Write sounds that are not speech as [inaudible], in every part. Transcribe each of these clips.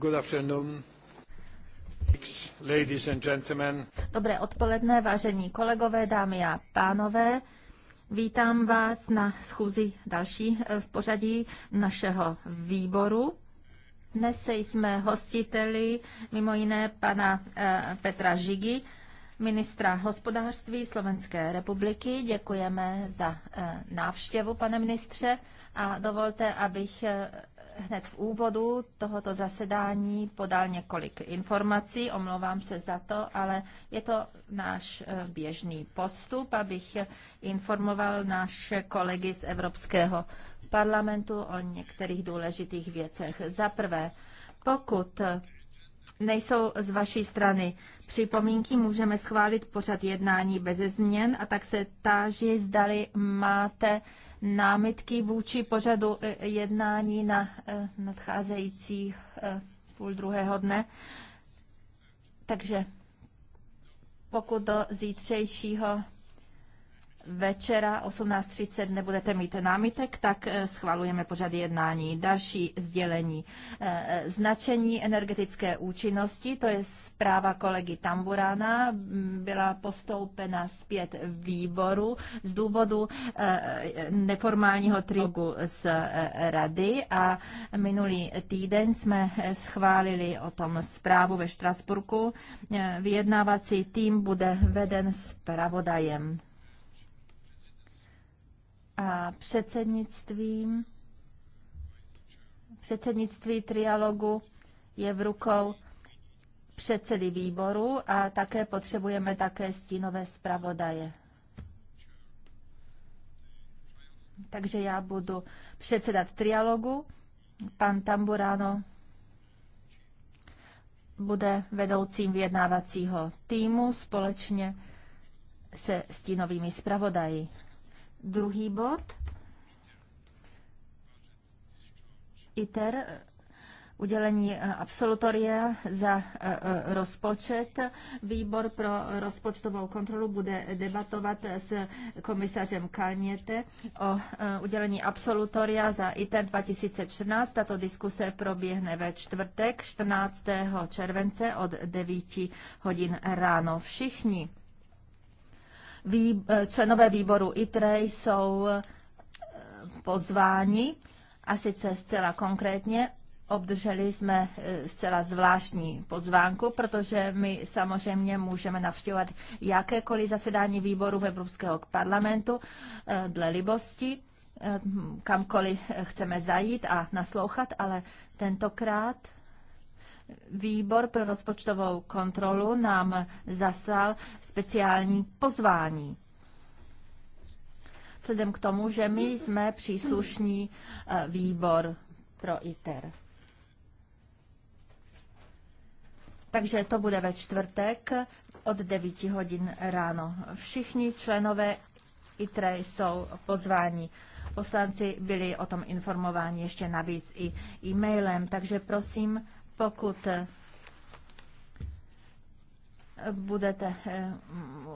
Good afternoon. Ladies and gentlemen. Dobré odpoledne, vážení kolegové, dámy a pánové. Vítám vás na schůzi další eh, v pořadí našeho výboru. Dnes jsme hostiteli mimo jiné pana eh, Petra Žigy, ministra hospodářství Slovenské republiky. Děkujeme za eh, návštěvu, pane ministře, a dovolte, abych hned v úvodu tohoto zasedání podal několik informací, omlouvám se za to, ale je to náš eh, běžný postup, abych informoval naše kolegy z Evropského parlamentu o některých důležitých věcech. Za prvé, pokud nejsou z vaší strany připomínky, můžeme schválit pořad jednání bez změn a tak se táží, zdali máte námitky vůči pořadu e, jednání na e, nadcházející e, půl druhého dne. Takže pokud do zítřejšího večera 18.30 nebudete mít námitek, tak eh, schvalujeme pořad jednání. Další sdělení. Eh, eh, značení energetické účinnosti, to je zpráva kolegy Tamburána, mm, byla postoupena zpět výboru z důvodu neformálního trigu z rady a minulý týden jsme schválili o tom zprávu ve Štrasburku. Vyjednávací tým bude veden zpravodajem a předsednictvím. Předsednictví trialogu je v rukou předsedy výboru a také potřebujeme také stínové zpravodaje. Takže já budu předsedat trialogu, pan Tamburano bude vedoucím vyjednávacího týmu společně se stínovými zpravodaji. Druhý bod. ITER udělení eh, absolutoria za eh, eh, rozpočet. Výbor pro rozpočtovou kontrolu bude debatovat s komisařem Kalněte o udělení absolutoria za ITER 2014. Tato diskuse proběhne ve čtvrtek 14. července od 9 hodin ráno. Všichni vý, eh, členové výboru ITRE jsou eh, pozváni a sice zcela konkrétně obdrželi jsme eh, zcela zvláštní pozvánku, protože my samozřejmě můžeme navštěvovat jakékoliv zasedání výboru v Evropského parlamentu dle libosti, kamkoliv chceme zajít a naslouchat, ale tentokrát Výbor pro rozpočtovou kontrolu nám zaslal speciální pozvání vzhledem k tomu, že my jsme příslušní eh, výbor pro ITER. Takže to bude ve čtvrtek od 9 hodin ráno. Všichni členové ITRE jsou pozváni. Poslanci byli o tom informováni ještě navíc i e-mailem, takže prosím, pokud eh, budete eh,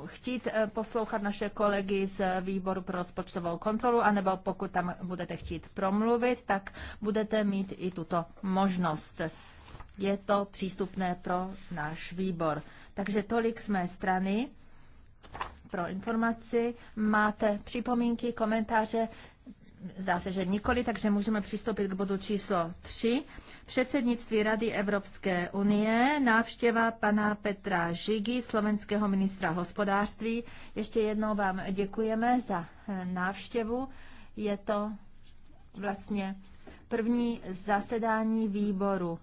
chtít eh, poslouchat naše kolegy z výboru pro rozpočtovou kontrolu, anebo pokud tam budete chtít promluvit, tak budete mít i tuto možnost. Je to přístupné pro náš výbor. Takže tolik z mé strany pro informaci. Máte připomínky, komentáře? Zdá se, že nikoli, takže můžeme přistoupit k bodu číslo 3. Předsednictví Rady Evropské unie, návštěva pana Petra Žigy, slovenského ministra hospodářství. Ještě jednou vám děkujeme za eh, návštěvu. Je to vlastně první zasedání výboru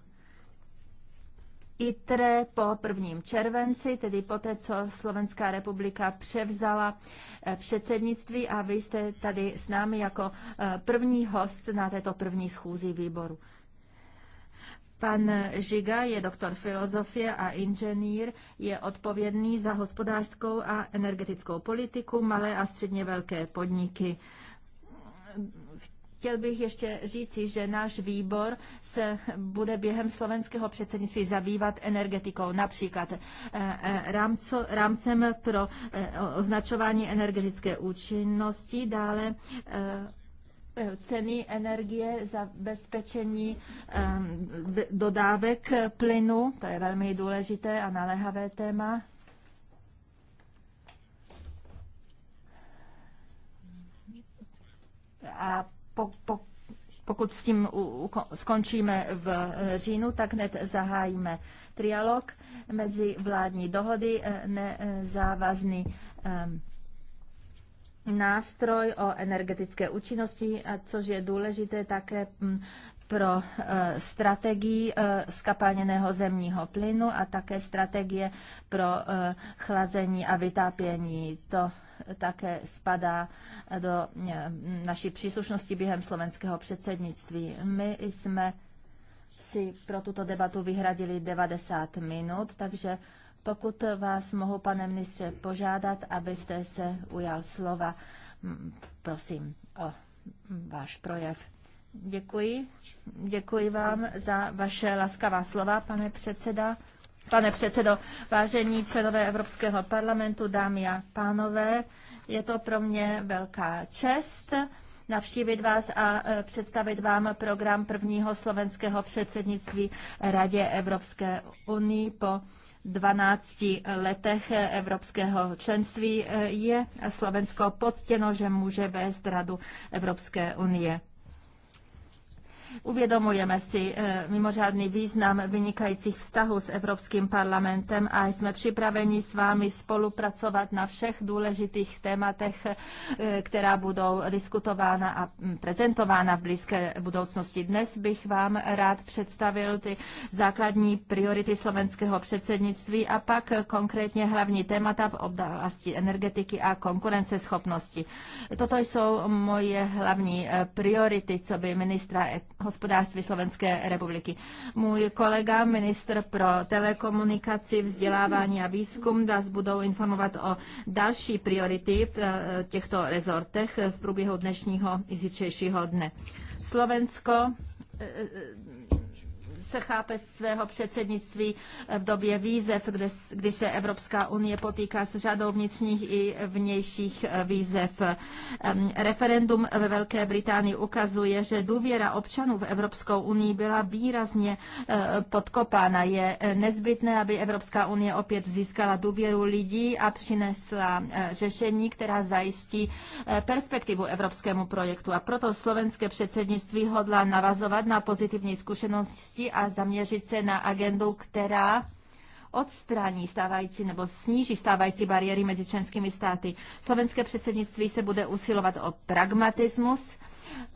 ITRE po 1. červenci, tedy poté, co Slovenská republika převzala eh, předsednictví a vy jste tady s námi jako eh, první host na této první schůzi výboru. Pan Žiga je doktor filozofie a inženýr, je odpovědný za hospodářskou a energetickou politiku, malé a středně velké podniky Chtěl bych ještě říci, že náš výbor se bude během slovenského předsednictví zabývat energetikou, například eh, eh, rámco, rámcem pro eh, označování energetické účinnosti, dále ceny energie, zabezpečení dodávek plynu, to je velmi důležité a naléhavé téma. A po, po, pokud s tím u, skončíme v eh, říjnu, tak hned zahájíme trialog mezi vládní dohody, eh, nezávazný eh, nástroj o energetické účinnosti, a což je důležité také mm, pro eh, strategii eh, skapalněného zemního plynu a také strategie pro eh, chlazení a vytápění. To také spadá do naší příslušnosti během slovenského předsednictví. My jsme si pro tuto debatu vyhradili 90 minut, takže pokud vás mohu, pane ministře, požádat, abyste se ujal slova, prosím o váš projev. Děkuji. Děkuji vám za vaše laskavá slova, pane předseda. Pane předsedo, vážení členové Evropského parlamentu, dámy a pánové, je to pro mě velká čest navštívit vás a e, představit vám program prvního slovenského předsednictví Radě Evropské unii po 12 letech evropského členství e, je Slovensko poctěno, že může vést Radu Evropské unie. Uvědomujeme si eh, mimořádný význam vynikajících vztahů s Evropským parlamentem a jsme připraveni s vámi spolupracovat na všech důležitých tématech, eh, která budou diskutována a mm, prezentována v blízké budoucnosti. Dnes bych vám rád představil ty základní priority slovenského předsednictví a pak konkrétně hlavní témata v oblasti energetiky a konkurenceschopnosti. Toto jsou moje hlavní eh, priority, co by ministra hospodářství Slovenské republiky. Můj kolega, ministr pro telekomunikaci, vzdělávání a výzkum, vás budou informovat o další priority v eh, těchto rezortech v průběhu dnešního i zítřejšího dne. Slovensko eh, eh, se chápe svého předsednictví v době výzev, kde, kdy se Evropská unie potýká s řadou vnitřních i vnějších eh, výzev. Referendum ve Velké Británii ukazuje, že důvěra občanů v Evropskou unii byla výrazně eh, podkopána. Je eh, nezbytné, aby Evropská unie opět získala důvěru lidí a přinesla řešení, která zajistí perspektivu evropskému projektu. A proto slovenské předsednictví hodlá navazovat na pozitivní zkušenosti a a zaměřit se na agendu, která odstraní stávající nebo sníží stávající bariéry mezi členskými státy. Slovenské předsednictví se bude usilovat o pragmatismus.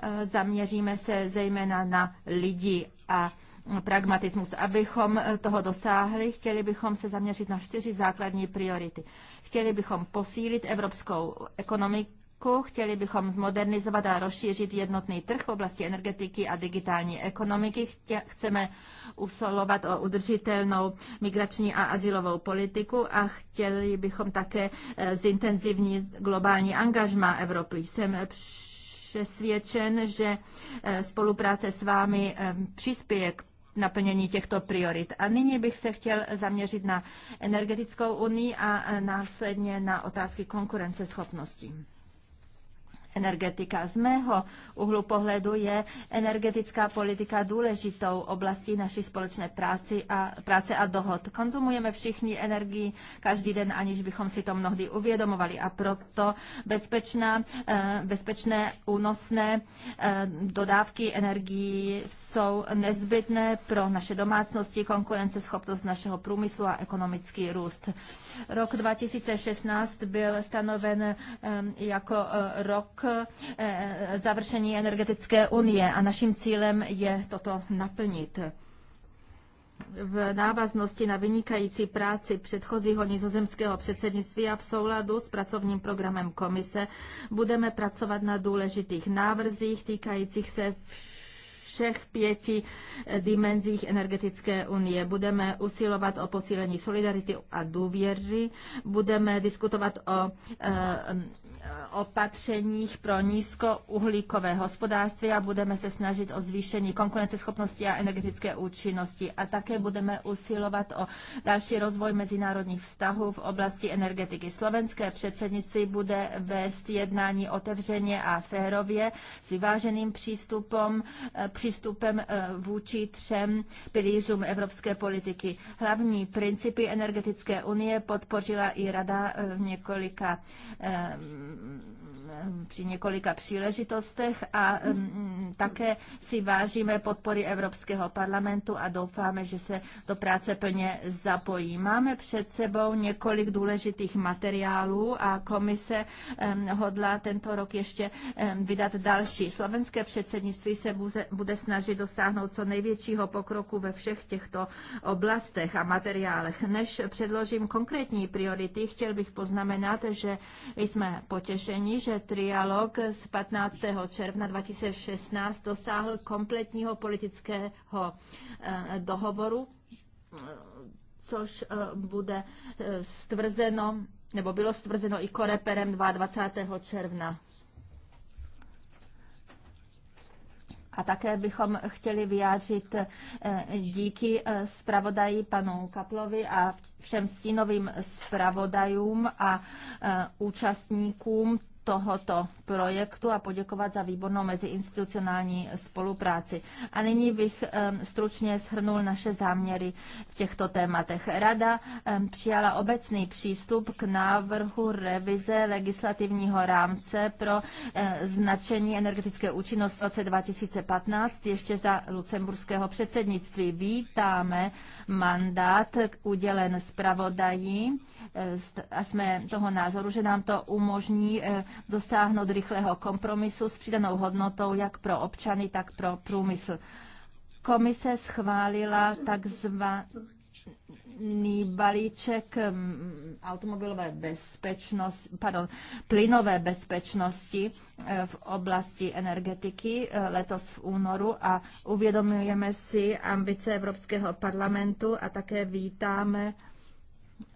E, zaměříme se zejména na lidi a pragmatismus. Abychom toho dosáhli, chtěli bychom se zaměřit na čtyři základní priority. Chtěli bychom posílit evropskou ekonomiku, roku. Chtěli bychom zmodernizovat a rozšířit jednotný trh v oblasti energetiky a digitální ekonomiky. Chtě, chceme usolovat o udržitelnou migrační a asilovou politiku a chtěli bychom také eh, zintenzivní globální angažma Evropy. Jsem přesvědčen, že eh, spolupráce s vámi eh, přispěje k naplnění těchto priorit. A nyní bych se chtěl zaměřit na energetickou unii a následně na otázky konkurenceschopnosti energetika. Z mého uhlu pohledu je energetická politika důležitou oblastí naší společné práci a, práce a dohod. Konzumujeme všichni energii každý den, aniž bychom si to mnohdy uvědomovali a proto bezpečná, eh, bezpečné, únosné eh, dodávky energii jsou nezbytné pro naše domácnosti, konkurenceschopnost našeho průmyslu a ekonomický růst. Rok 2016 byl stanoven eh, jako rok Eh, završení energetické unie a naším cílem je toto naplnit. V návaznosti na vynikající práci předchozího nizozemského předsednictví a v souladu s pracovním programem komise budeme pracovat na důležitých návrzích týkajících se všech pěti eh, dimenzích energetické unie. Budeme usilovat o posílení solidarity a důvěry, budeme diskutovat o e, opatřeních pro nízkouhlíkové hospodářství a budeme se snažit o zvýšení konkurenceschopnosti a energetické účinnosti. A také budeme usilovat o další rozvoj mezinárodních vztahů v oblasti energetiky. Slovenské předsednictví bude vést jednání otevřeně a férově s vyváženým eh, přístupem, přístupem eh, vůči třem pilířům evropské politiky. Hlavní principy energetické unie podpořila i Rada eh, v několika Mm, při několika příležitostech a mm, mm, také si vážíme podpory Evropského parlamentu a doufáme, že se do práce plně zapojí. Máme před sebou několik důležitých materiálů a komise hodlá tento rok ještě vydat další. Slovenské předsednictví se bude snažit dosáhnout co největšího pokroku ve všech těchto oblastech a materiálech. Než předložím konkrétní priority, chtěl bych poznamenat, že jsme počítali potěšení, že trialog z 15. června 2016 dosáhl kompletního politického eh, dohovoru, eh, což eh, bude stvrzeno, nebo bylo stvrzeno i koreperem 22. června. A také bychom chtěli vyjádřit eh, díky eh, zpravodaji panu Kaplovi a všem stínovým zpravodajům a eh, účastníkům tohoto projektu a poděkovat za výbornou meziinstitucionální spolupráci. A nyní bych stručně shrnul naše záměry v těchto tématech. Rada přijala obecný přístup k návrhu revize legislativního rámce pro e, značení energetické účinnosti v roce 2015 ještě za lucemburského předsednictví. Vítáme mandát udělen zpravodají e, a jsme toho názoru, že nám to umožní e, dosáhnout rychlého kompromisu s přidanou hodnotou jak pro občany, tak pro průmysl. Komise schválila takzvaný balíček mm, automobilové bezpečnosti, pardon, plynové bezpečnosti eh, v oblasti energetiky eh, letos v únoru a uvědomujeme si ambice Evropského parlamentu a také vítáme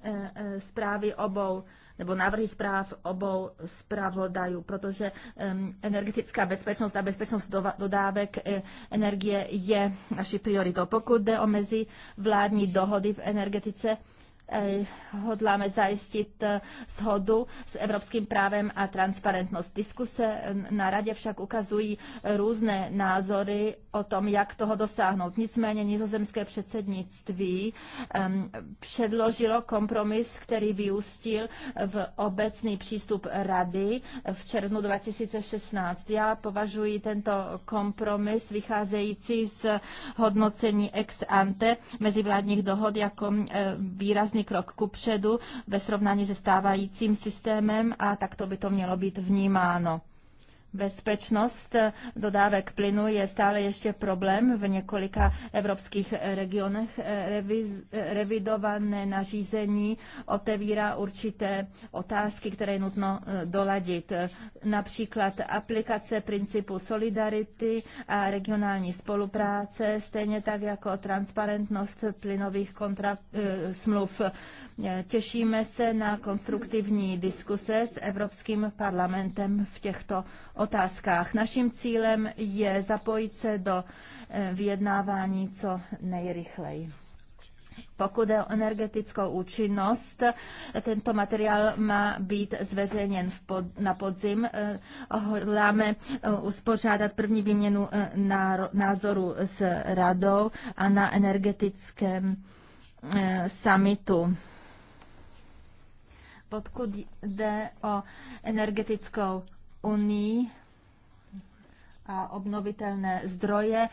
eh, zprávy obou nebo návrhy zpráv obou zpravodajů, protože energetická bezpečnost a bezpečnost dodávek e, energie je naší prioritou. Pokud jde o mezi vládní dohody v energetice, Eh, hodláme zajistit eh, shodu s evropským právem a transparentnost. Diskuse eh, na radě však ukazují různé názory o tom, jak toho dosáhnout. Nicméně nizozemské předsednictví ehm, předložilo kompromis, který vyústil v obecný přístup rady v červnu 2016. Já považuji tento kompromis vycházející z hodnocení ex ante mezivládních dohod jako výrazný výrazný krok předu ve srovnání se stávajícím systémem a takto by to mělo být vnímáno. Bezpečnost dodávek plynu je stále ještě problém v několika evropských regionech. Reviz, revidované nařízení otevírá určité otázky, které je nutno eh, doladit. Například aplikace principu solidarity a regionální spolupráce, stejně tak jako transparentnost plynových kontra, eh, smluv. Eh, těšíme se na konstruktivní diskuse s Evropským parlamentem v těchto otázkách. Naším cílem je zapojit se do eh, vyjednávání co nejrychleji. Pokud je o energetickou účinnost, tento materiál má být zveřejněn v pod, na podzim. Eh, hodláme eh, uspořádat první výměnu názoru s radou a na energetickém summitu. Pokud jde o energetickou unii a obnovitelné zdroje.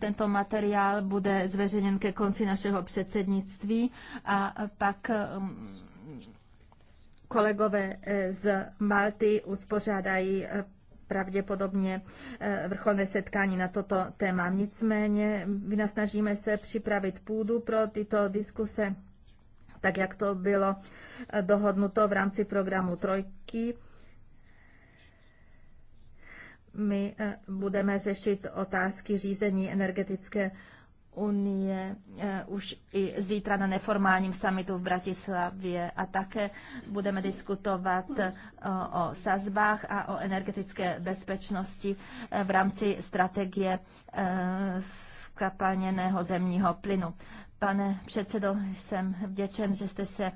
Tento materiál bude zveřejněn ke konci našeho předsednictví a pak kolegové eh, z Malty uspořádají eh, pravděpodobně eh, vrcholné setkání na toto téma. Nicméně nasnažíme se připravit půdu pro tyto diskuse, tak jak to bylo dohodnuto v rámci programu Trojky my eh, budeme řešit otázky řízení energetické unie eh, už i zítra na neformálním samitu v Bratislavě a také budeme diskutovat eh, o sazbách a o energetické bezpečnosti v rámci strategie skapalněného zemního plynu. Pane předsedo, jsem vděčen, že jste se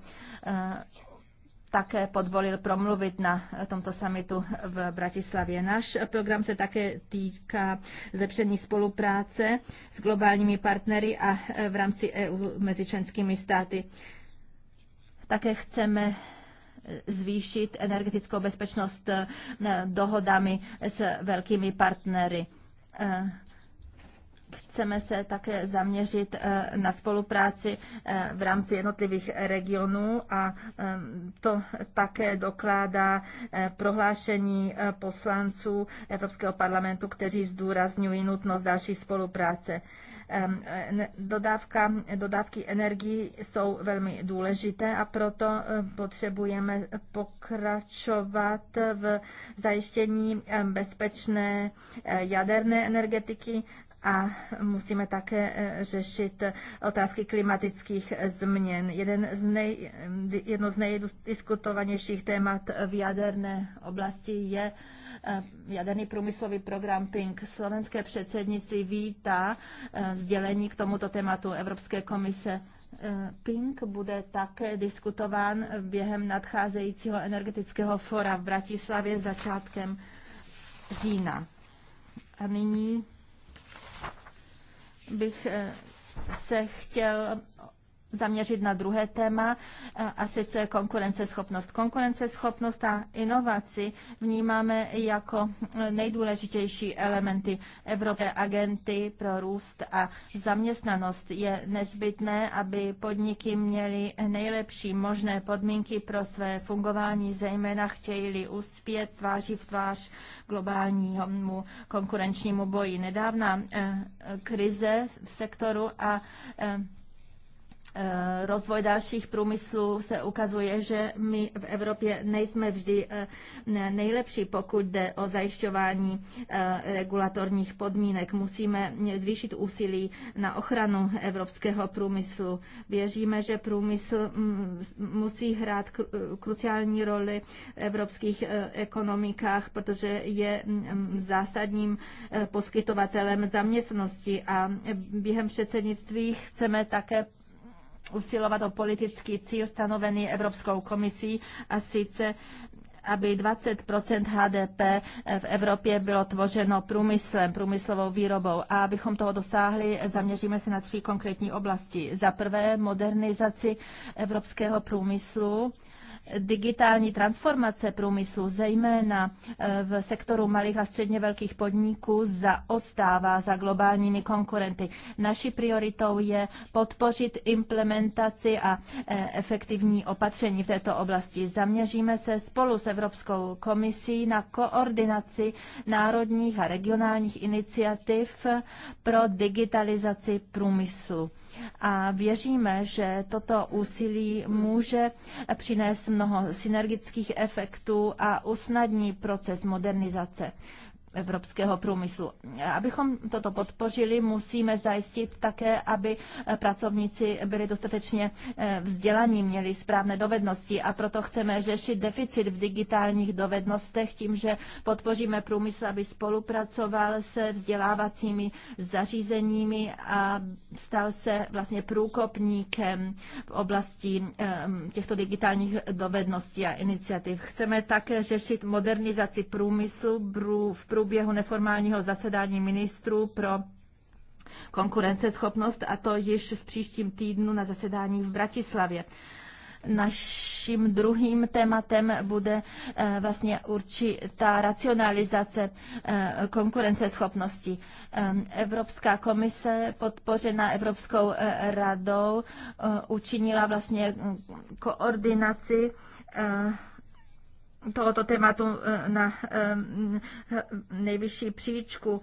také podvolil promluvit na tomto samitu v Bratislavě. Náš program se také týká zlepšení spolupráce s globálními partnery a v rámci EU mezi členskými státy. Také chceme zvýšit energetickou bezpečnost eh, dohodami s velkými partnery eh, Chceme se také zaměřit eh, na spolupráci eh, v rámci jednotlivých regionů a eh, to také dokládá prohlášení poslanců Evropského parlamentu, kteří zdůrazňují nutnost další spolupráce. Ehm, dodávka, dodávky energii jsou velmi důležité a proto potřebujeme pokračovat v zajištění bezpečné jaderné energetiky a musíme také eh, řešit otázky klimatických změn. Jeden z nej, jedno z nejdiskutovanějších témat v jaderné oblasti je eh, jaderný průmyslový program PINK. Slovenské předsednictví vítá eh, sdělení k tomuto tématu Evropské komise. PINK bude také diskutován během nadcházejícího energetického fora v Bratislavě začátkem října. A nyní bych eh, se chtěl zaměřit na druhé téma, e, a sice konkurenceschopnost. Konkurenceschopnost a inovaci vnímáme jako nejdůležitější elementy Evropské agenty pro růst a zaměstnanost. Je nezbytné, aby podniky měly nejlepší možné podmínky pro své fungování, zejména chtějí uspět tváří v tvář globálnímu konkurenčnímu boji. Nedávná e, krize v sektoru a e, Eh, rozvoj dalších průmyslů se ukazuje, že my v Evropě nejsme vždy eh, nejlepší, pokud jde o zajišťování eh, regulatorních podmínek. Musíme zvýšit úsilí na ochranu evropského průmyslu. Věříme, že průmysl mm, musí hrát kruciální roli v evropských ekonomikách, protože je mm, zásadním poskytovatelem zaměstnosti a během předsednictví chceme také usilovat o politický cíl stanovený Evropskou komisí a sice aby 20 HDP v Evropě bylo tvořeno průmyslem, průmyslovou výrobou. A abychom toho dosáhli, zaměříme se na tři konkrétní oblasti. Za prvé modernizaci evropského průmyslu digitální transformace průmyslu, zejména eh, v sektoru malých a středně velkých podniků, zaostává za globálními konkurenty. Naší prioritou je podpořit implementaci a eh, efektivní opatření v této oblasti. Zaměříme se spolu s Evropskou komisí na koordinaci národních a regionálních iniciativ pro digitalizaci průmyslu. A věříme, že toto úsilí může přinést mnoho synergických efektů a usnadní proces modernizace evropského průmyslu. Abychom toto podpořili, musíme zajistit také, aby pracovníci byli dostatečně eh, vzdělaní, měli správné dovednosti a proto chceme řešit deficit v digitálních dovednostech tím, že podpoříme průmysl, aby spolupracoval se vzdělávacími zařízeními a stal se vlastně průkopníkem v oblasti ehm, těchto digitálních dovedností a iniciativ. Chceme také řešit modernizaci průmyslu v průmyslu průběhu neformálního zasedání ministrů pro konkurenceschopnost a to již v příštím týdnu na zasedání v Bratislavě. Naším druhým tématem bude eh, vlastně určitá racionalizace eh, konkurenceschopnosti. Eh, Evropská komise podpořena Evropskou radou učinila vlastně mm, koordinaci tohoto tématu eh, na eh, eh, nejvyšší příčku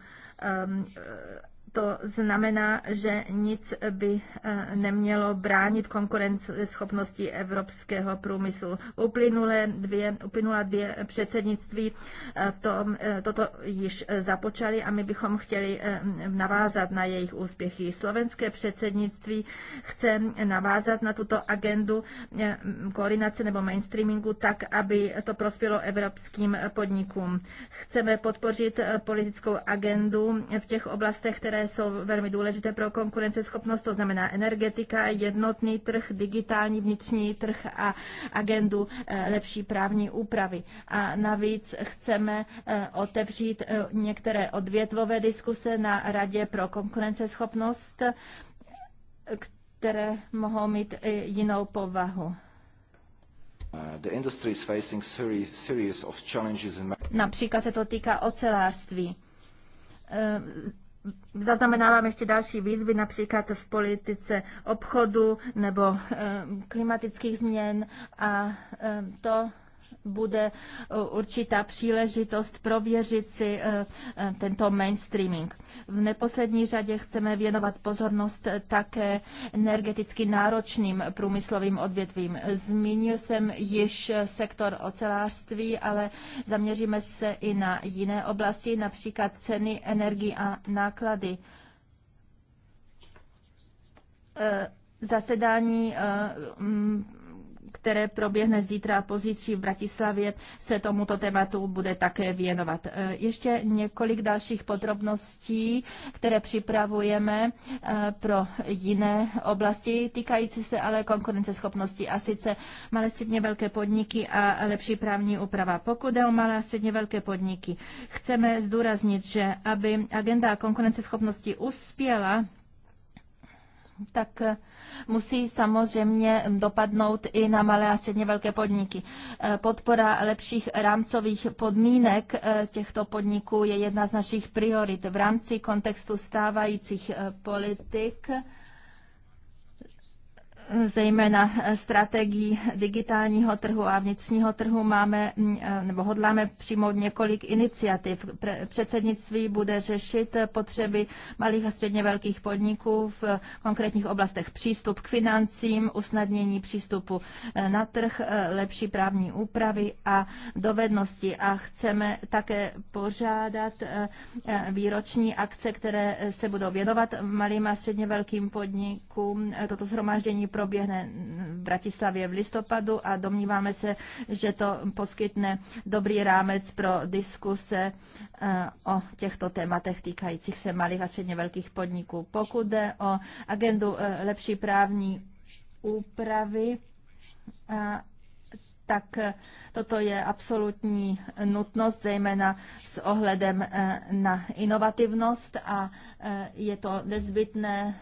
to znamená, že nic by eh, nemělo bránit konkurenceschopnosti evropského průmyslu. Uplynulé dvě, uplynula dvě předsednictví eh, v tom, eh, toto již započali a my bychom chtěli navázat na jejich úspěchy. Slovenské předsednictví chce navázat na tuto agendu koordinace nebo mainstreamingu tak, aby to prospělo evropským podnikům. Chceme podpořit politickou agendu v těch oblastech, které jsou velmi důležité pro konkurenceschopnost, to znamená energetika, jednotný trh, digitální vnitřní trh a agendu eh, lepší právní úpravy. A navíc chceme eh, otevřít eh, některé odvětvové diskuse na Radě pro konkurenceschopnost, které mohou mít jinou povahu. Uh, Například se to týká ocelářství Zaznamenávám ještě další výzvy, například v politice obchodu nebo eh, klimatických změn a eh, to bude eh, určitá příležitost prověřit si eh, eh, tento mainstreaming. V neposlední řadě chceme věnovat pozornost také energeticky náročným průmyslovým odvětvím. Zmínil jsem již sektor ocelářství, ale zaměříme se i na jiné oblasti, například ceny energii a náklady zasedání které proběhne zítra a pozítří v Bratislavě, se tomuto tématu bude také věnovat. E, ještě několik dalších podrobností, které připravujeme e, pro jiné oblasti, týkající se ale konkurenceschopnosti a sice malé středně velké podniky a lepší právní úprava. Pokud jde o malé středně velké podniky, chceme zdůraznit, že aby agenda konkurenceschopnosti uspěla, tak eh, musí samozřejmě dopadnout i na malé a středně velké podniky. Eh, podpora lepších rámcových podmínek eh, těchto podniků je jedna z našich priorit v rámci kontextu stávajících politik zejména strategií digitálního trhu a vnitřního trhu máme, nebo hodláme přijmout několik iniciativ. Předsednictví bude řešit potřeby malých a středně velkých podniků v konkrétních oblastech přístup k financím, usnadnění přístupu na trh, lepší právní úpravy a dovednosti. A chceme také pořádat eh, výroční akce, které se budou věnovat malým a středně velkým podnikům. Toto zhromáždění proběhne v Bratislavě v listopadu a domníváme se, že to poskytne dobrý rámec pro diskuse eh, o těchto tématech týkajících se malých a středně velkých podniků. Pokud jde o agendu eh, lepší právní úpravy, eh, tak toto je absolutní nutnost, zejména s ohledem na inovativnost a je to nezbytné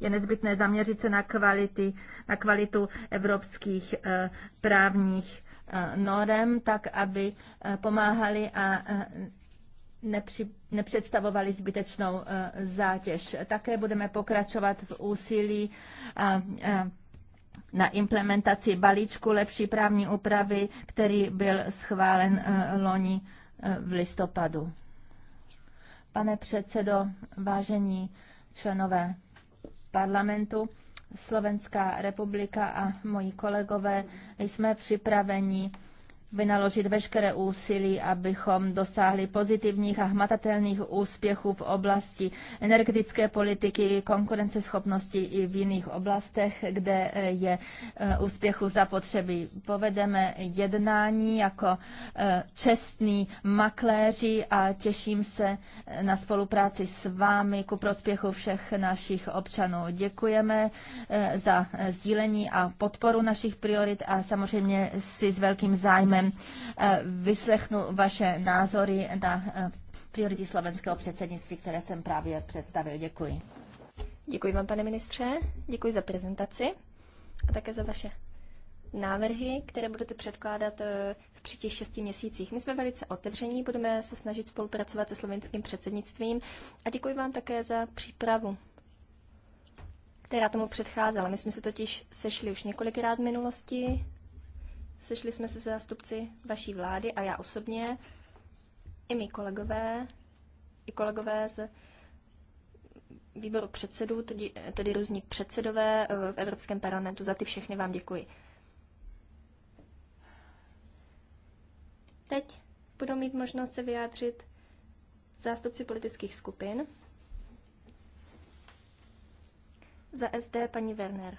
je nezbytné zaměřit se na, kvality, na kvalitu evropských eh, právních eh, norem, tak aby eh, pomáhali a nepři, nepředstavovali zbytečnou zátěž. Také budeme pokračovat v úsilí na implementaci balíčku lepší právní úpravy, který byl schválen loni v listopadu. Pane předsedo, vážení členové parlamentu. Slovenská republika a moji kolegové jsme připraveni vynaložit veškeré úsilí, abychom dosáhli pozitivních a hmatatelných úspěchů v oblasti energetické politiky, konkurenceschopnosti i v jiných oblastech, kde eh, je eh, úspěchu zapotřebí. Povedeme jednání jako eh, čestní makléři a těším se na spolupráci s vámi ku prospěchu všech našich občanů. Děkujeme za sdílení a podporu našich priorit a samozřejmě si s velkým zájmem zájmem eh, vyslechnu vaše názory na eh, priority slovenského předsednictví, které jsem právě představil. Děkuji. Děkuji vám, pane ministře, děkuji za prezentaci a také za vaše návrhy, které budete předkládat eh, v příštích šesti měsících. My jsme velice otevření, budeme se snažit spolupracovat se slovenským předsednictvím a děkuji vám také za přípravu, která tomu předcházela. My jsme se totiž sešli už několikrát v minulosti Sešli jsme se zástupci vaší vlády a já osobně, i mý kolegové, i kolegové z výboru předsedů, tedy, tedy různí předsedové eh, v Evropském parlamentu. Za ty všechny vám děkuji. Teď budou mít možnost se vyjádřit zástupci politických skupin. Za SD paní Werner.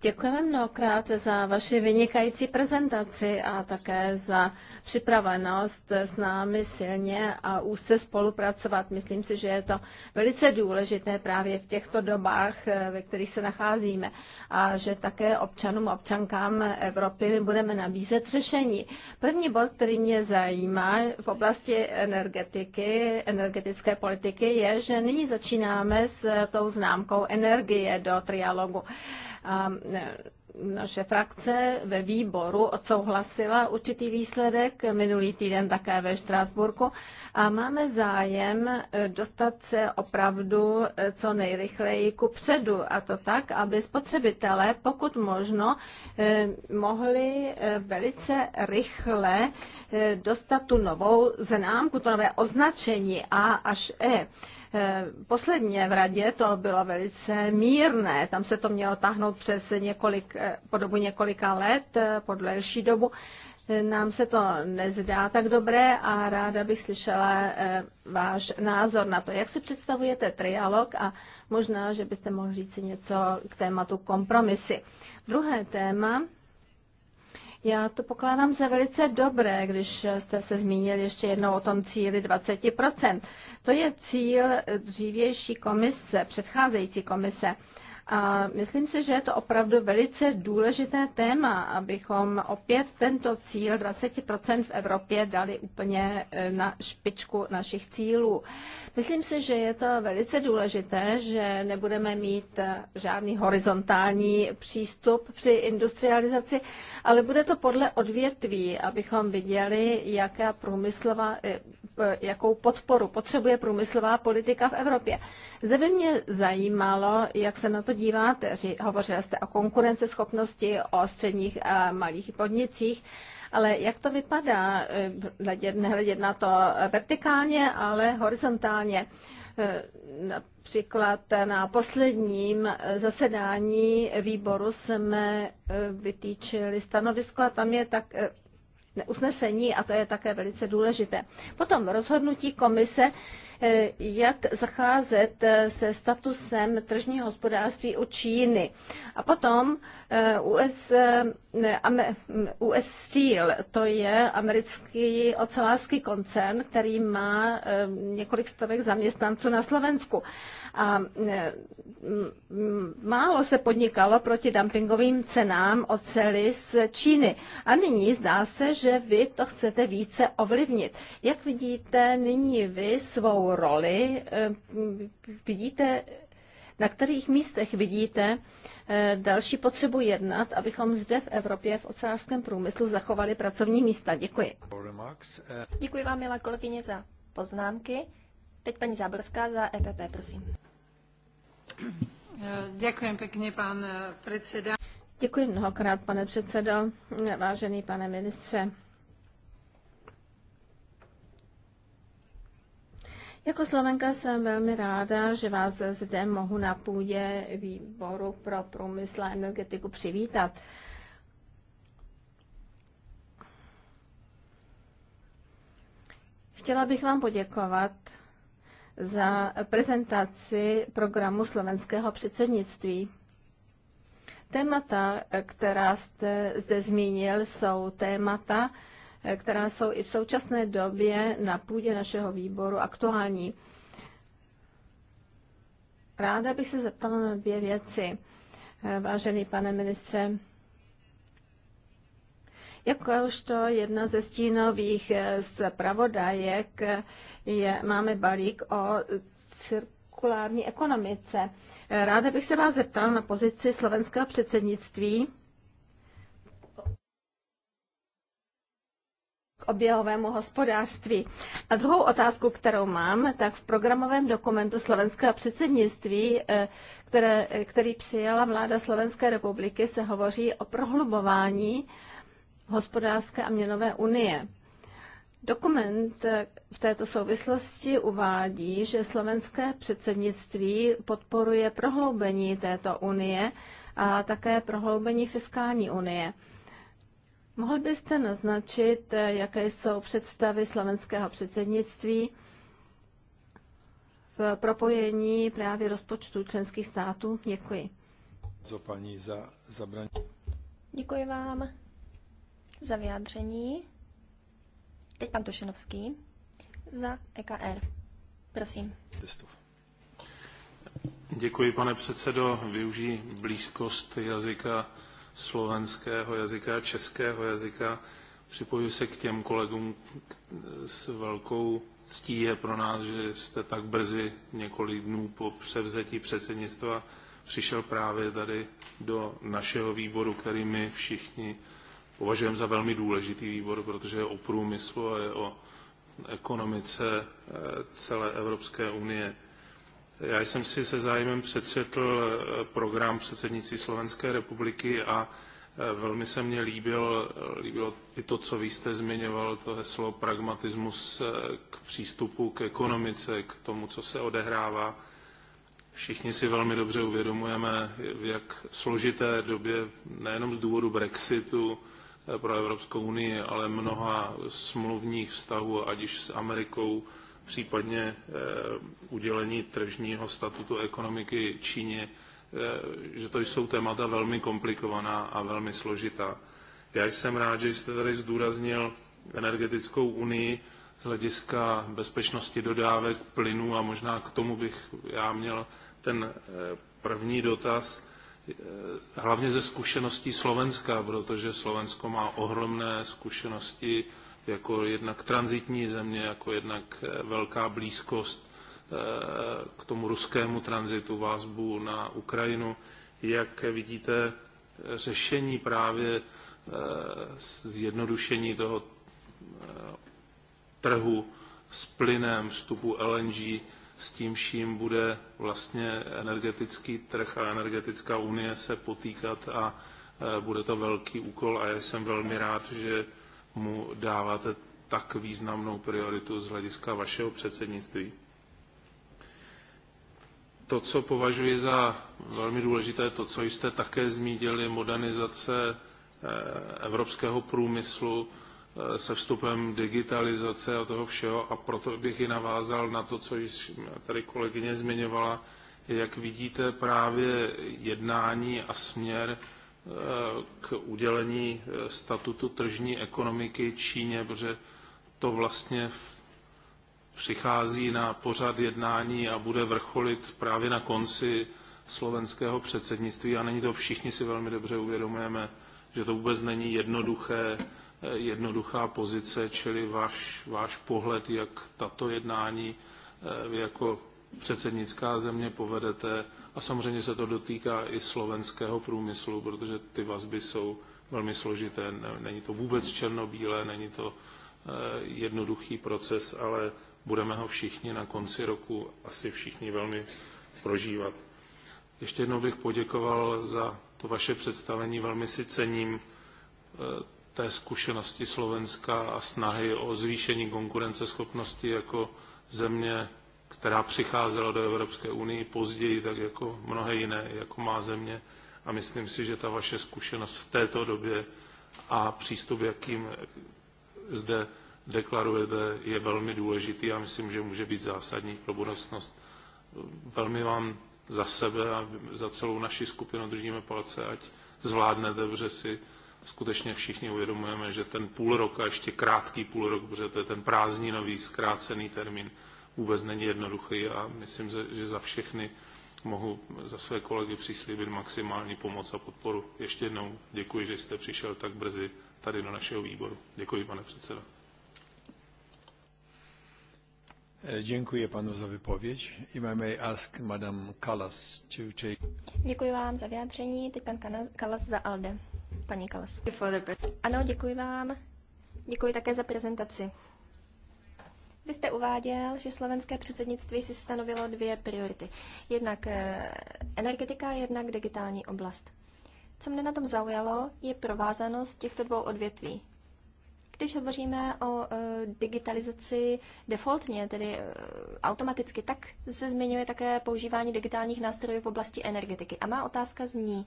Děkujeme mnohokrát za vaši vynikající prezentaci a také za připravenost s námi silně a úzce spolupracovat. Myslím si, že je to velice důležité právě v těchto dobách, eh, ve kterých se nacházíme a že také občanům, občankám Evropy budeme nabízet řešení. První bod, který mě zajímá v oblasti energetiky, energetické politiky, je, že nyní začínáme s tou známkou energie do trialogu. A e, naše frakce ve výboru odsouhlasila určitý výsledek minulý týden také ve Štrásburku a máme zájem e, dostat se opravdu e, co nejrychleji ku předu a to tak, aby spotřebitelé pokud možno mohli velice rychle dostat tu novou známku, to nové označení A až E Posledně v radě to bylo velice mírné, tam se to mělo táhnout přes několik, eh, po dobu několika let, eh, po delší dobu. Nám se to nezdá tak dobré a ráda bych slyšela eh, váš názor na to, jak si představujete trialog a možná, že byste mohl říct něco k tématu kompromisy. Druhé téma já to pokládám za velice dobré, když jste se zmínili ještě jednou o tom cíli 20%. To je cíl dřívější komise, předcházející komise. A myslím si, že je to opravdu velice důležité téma, abychom opět tento cíl 20% v Evropě dali úplně e, na špičku našich cílů. Myslím si, že je to velice důležité, že nebudeme mít e, žádný horizontální přístup při industrializaci, ale bude to podle odvětví, abychom viděli, jaká průmyslová, e, jakou podporu potřebuje průmyslová politika v Evropě. Zde by mě zajímalo, jak se na to díváte. Hovořila jste o konkurenceschopnosti, o středních a malých podnicích, ale jak to vypadá, nehledět na to vertikálně, ale horizontálně? Například na posledním zasedání výboru jsme eh, vytýčili stanovisko a tam je tak eh, usnesení a to je také velice důležité. Potom rozhodnutí komise Eh, jak zacházet eh, se statusem tržního hospodářství u Číny. A potom eh, US, hm, US Steel, to je americký ocelářský koncern, který má několik stovek zaměstnanců na Slovensku. A hm, málo se podnikalo proti dumpingovým cenám oceli z Číny. A nyní zdá se, že vy to chcete více ovlivnit. Jak vidíte nyní vy svou svou roli? Eh, vidíte, na kterých místech vidíte eh, další potřebu jednat, abychom zde v Evropě v ocelářském průmyslu zachovali pracovní místa? Děkuji. Děkuji vám, milá kolegyně, za poznámky. Teď paní Záborská za EPP, prosím. Děkuji pěkně, pan eh, předseda. Děkuji mnohokrát, pane předsedo, vážený pane ministře. Jako Slovenka jsem velmi ráda, že vás zde mohu na půdě výboru pro průmysl a energetiku přivítat. Chtěla bych vám poděkovat za prezentaci programu slovenského předsednictví. Témata, která jste zde zmínil, jsou témata, která jsou i v současné době na půdě našeho výboru aktuální. Ráda bych se zeptala na dvě věci. Vážený pane ministře, Jakožto jedna ze stínových zpravodajek je, máme balík o cirkulární ekonomice. Ráda bych se vás zeptala na pozici slovenského předsednictví oběhovému hospodářství. A druhou otázku, kterou mám, tak v programovém dokumentu slovenského předsednictví, eh, které, eh, který přijala vláda Slovenské republiky, se hovoří o prohlubování hospodářské a měnové unie. Dokument eh, v této souvislosti uvádí, že slovenské předsednictví podporuje prohloubení této unie a také prohloubení fiskální unie. Mohl byste naznačit, eh, jaké jsou představy slovenského předsednictví v propojení právě rozpočtu členských států? Děkuji. Zopaní za zabraní? Děkuji vám za vyjádření. Teď pan Tošenovský za EKR. Prosím. Děkuji, pane předsedo. Využij blízkost jazyka slovenského jazyka a českého jazyka. Připojuji se k těm kolegům s velkou ctí je pro nás, že jste tak brzy, několik dnů po převzetí předsednictva, přišel právě tady do našeho výboru, který my všichni považujeme za velmi důležitý výbor, protože je o průmyslu a je o ekonomice eh, celé Evropské unie. Já jsem si se zájmem přečetl eh, program předsednictví Slovenské republiky a eh, velmi se mně líbil, eh, líbilo i to, co vy jste zmiňoval, to heslo pragmatismus k přístupu k ekonomice, k tomu, co se odehrává. Všichni si velmi dobře uvědomujeme, v jak složité době, nejenom z důvodu Brexitu pro Evropskou unii, ale mnoha smluvních vztahů, ať již s Amerikou, případně eh, udělení tržního statutu ekonomiky Číně, eh, že to jsou témata velmi komplikovaná a velmi složitá. Já jsem rád, že jste tady zdůraznil energetickou unii z hlediska bezpečnosti dodávek plynu a možná k tomu bych já měl ten eh, první dotaz, hlavně ze zkušeností Slovenska, protože Slovensko má ohromné zkušenosti jako jednak transitní země, jako jednak eh, velká blízkost eh, k tomu ruskému tranzitu, vázbu na Ukrajinu. Jak vidíte eh, řešení právě zjednodušení toho trhu s plynem, vstupu LNG, s tím vším bude vlastně energetický trh a energetická unie se potýkat a bude to velký úkol a já jsem velmi rád, že mu dáváte tak významnou prioritu z hlediska vašeho předsednictví. To, co považuji za velmi důležité, to, co jste také zmínil, modernizace eh, evropského průmyslu eh, se vstupem digitalizace a toho všeho a proto bych i navázal na to, co již tady kolegyně zmiňovala, jak vidíte právě jednání a směr k udělení eh, statutu tržní ekonomiky Číně, protože to vlastně přichází na pořad jednání a bude vrcholit právě na konci slovenského předsednictví a není to všichni si velmi dobře uvědomujeme, že to vůbec není jednoduché, eh, jednoduchá pozice, čili váš, váš pohled, jak tato jednání eh, jako předsednická země povedete a samozřejmě se to dotýká i slovenského průmyslu, protože ty vazby jsou velmi složité. Není to vůbec černobílé, není to eh, jednoduchý proces, ale budeme ho všichni na konci roku asi všichni velmi prožívat. Ještě jednou bych poděkoval za to vaše představení. Velmi si cením eh, té zkušenosti Slovenska a snahy o zvýšení konkurenceschopnosti jako země která přicházela do Evropské unie později, tak jako mnohé jiné, jako má země. A myslím si, že ta vaše zkušenost v této době a přístup, jakým zde deklarujete, je velmi důležitý a myslím, že může být zásadní pro budoucnost. Velmi vám za sebe a za celou naši skupinu držíme palce, ať zvládnete, protože si skutečně všichni uvědomujeme, že ten půl rok a ještě krátký půl rok, protože to je ten prázdninový, zkrácený termín, vůbec není jednoduchý a myslím, že za všechny mohu za své kolegy přislíbit maximální pomoc a podporu. Ještě jednou děkuji, že jste přišel tak brzy tady do našeho výboru. Děkuji, pane předsedo. Děkuji panu za vypověď. I máme ask madam Kalas. Děkuji vám za vyjádření. Teď pan Kalas za ALDE. Paní Kalas. Ano, děkuji vám. Děkuji také za prezentaci. Vy jste uváděl, že slovenské předsednictví si stanovilo dvě priority. Jednak eh, energetika, jednak digitální oblast. Co mne na tom zaujalo, je provázanost těchto dvou odvětví. Když hovoříme o eh, digitalizaci defaultně, tedy eh, automaticky, tak se zmiňuje také používání digitálních nástrojů v oblasti energetiky. A má otázka zní,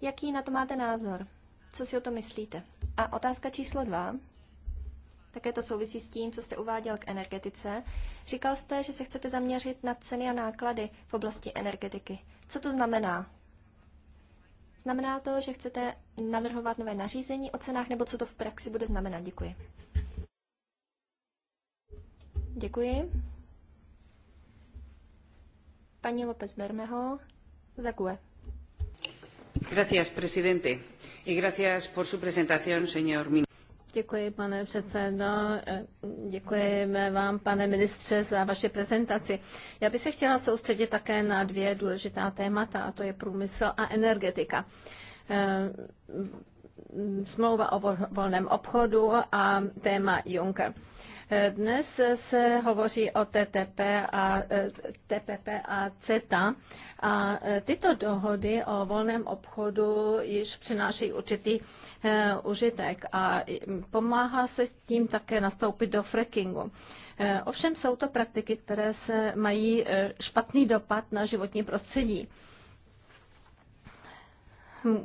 jaký na to máte názor? Co si o to myslíte? A otázka číslo dva také to souvisí s tím, co jste uváděl k energetice. Říkal jste, že se chcete zaměřit na ceny a náklady v oblasti energetiky. Co to znamená? Znamená to, že chcete navrhovat nové nařízení o cenách, nebo co to v praxi bude znamenat? Děkuji. Děkuji. Paní López Bermeho, za QE. Gracias, presidente. Y gracias por su presentación, señor ministro. Děkuji, pane předsedo. Děkuji vám, pane ministře, za vaše prezentaci. Já bych se chtěla soustředit také na dvě důležitá témata, a to je průmysl a energetika ehm, smlouva o volném obchodu a téma Juncker. Dnes se hovoří o TTP a, e, TPP a CETA a e, tyto dohody o volném obchodu již přináší určitý e, užitek a pomáhá se tím také nastoupit do frackingu. Ovšem jsou to praktiky, které se mají špatný dopad na životní prostředí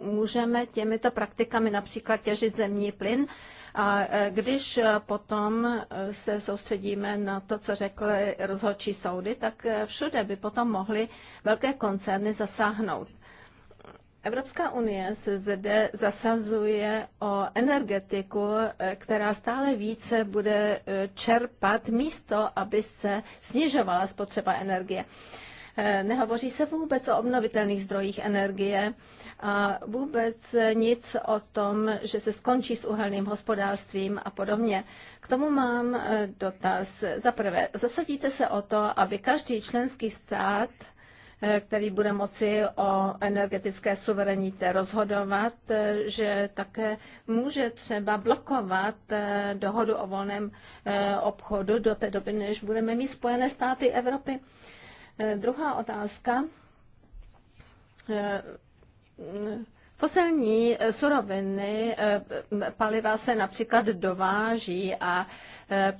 můžeme těmito praktikami například těžit zemní plyn. A e, když e, potom e, se soustředíme na to, co řekly rozhodčí soudy, tak všude by potom mohly velké koncerny zasáhnout. Evropská unie se zde zasazuje o energetiku, která stále více bude čerpat místo, aby se snižovala spotřeba energie. Eh, nehovoří se vůbec o obnovitelných zdrojích energie a vůbec nic o tom, že se skončí s uhelným hospodářstvím a podobně. K tomu mám eh, dotaz. Za prvé, zasadíte se o to, aby každý členský stát eh, který bude moci o energetické suverenitě rozhodovat, že také může třeba blokovat dohodu o volném obchodu do té doby, než budeme mít Spojené státy Evropy. Eh, druhá otázka. Eh, fosilní eh, suroviny, paliva se například dováží a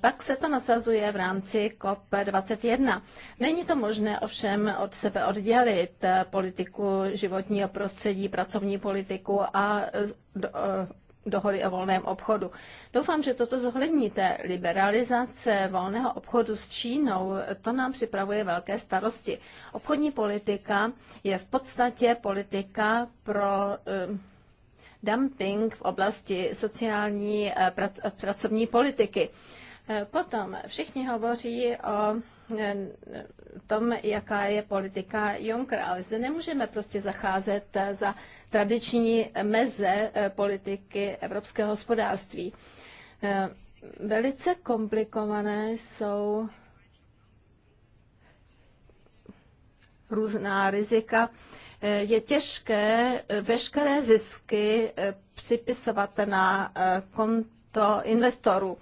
pak se to nasazuje v rámci COP21. Není to možné ovšem od sebe oddělit politiku životního prostředí, pracovní politiku a dohody o volném obchodu. Doufám, že toto zohledníte. Liberalizace volného obchodu s Čínou, to nám připravuje velké starosti. Obchodní politika je v podstatě politika pro eh, dumping v oblasti sociální eh, pracovní politiky. Eh, potom všichni hovoří o E, e, tom, jaká je politika Junckera. Ale zde nemůžeme prostě zacházet za tradiční meze e, politiky evropského hospodářství. Velice komplikované jsou různá rizika. Je těžké veškeré zisky připisovat na konto investorů.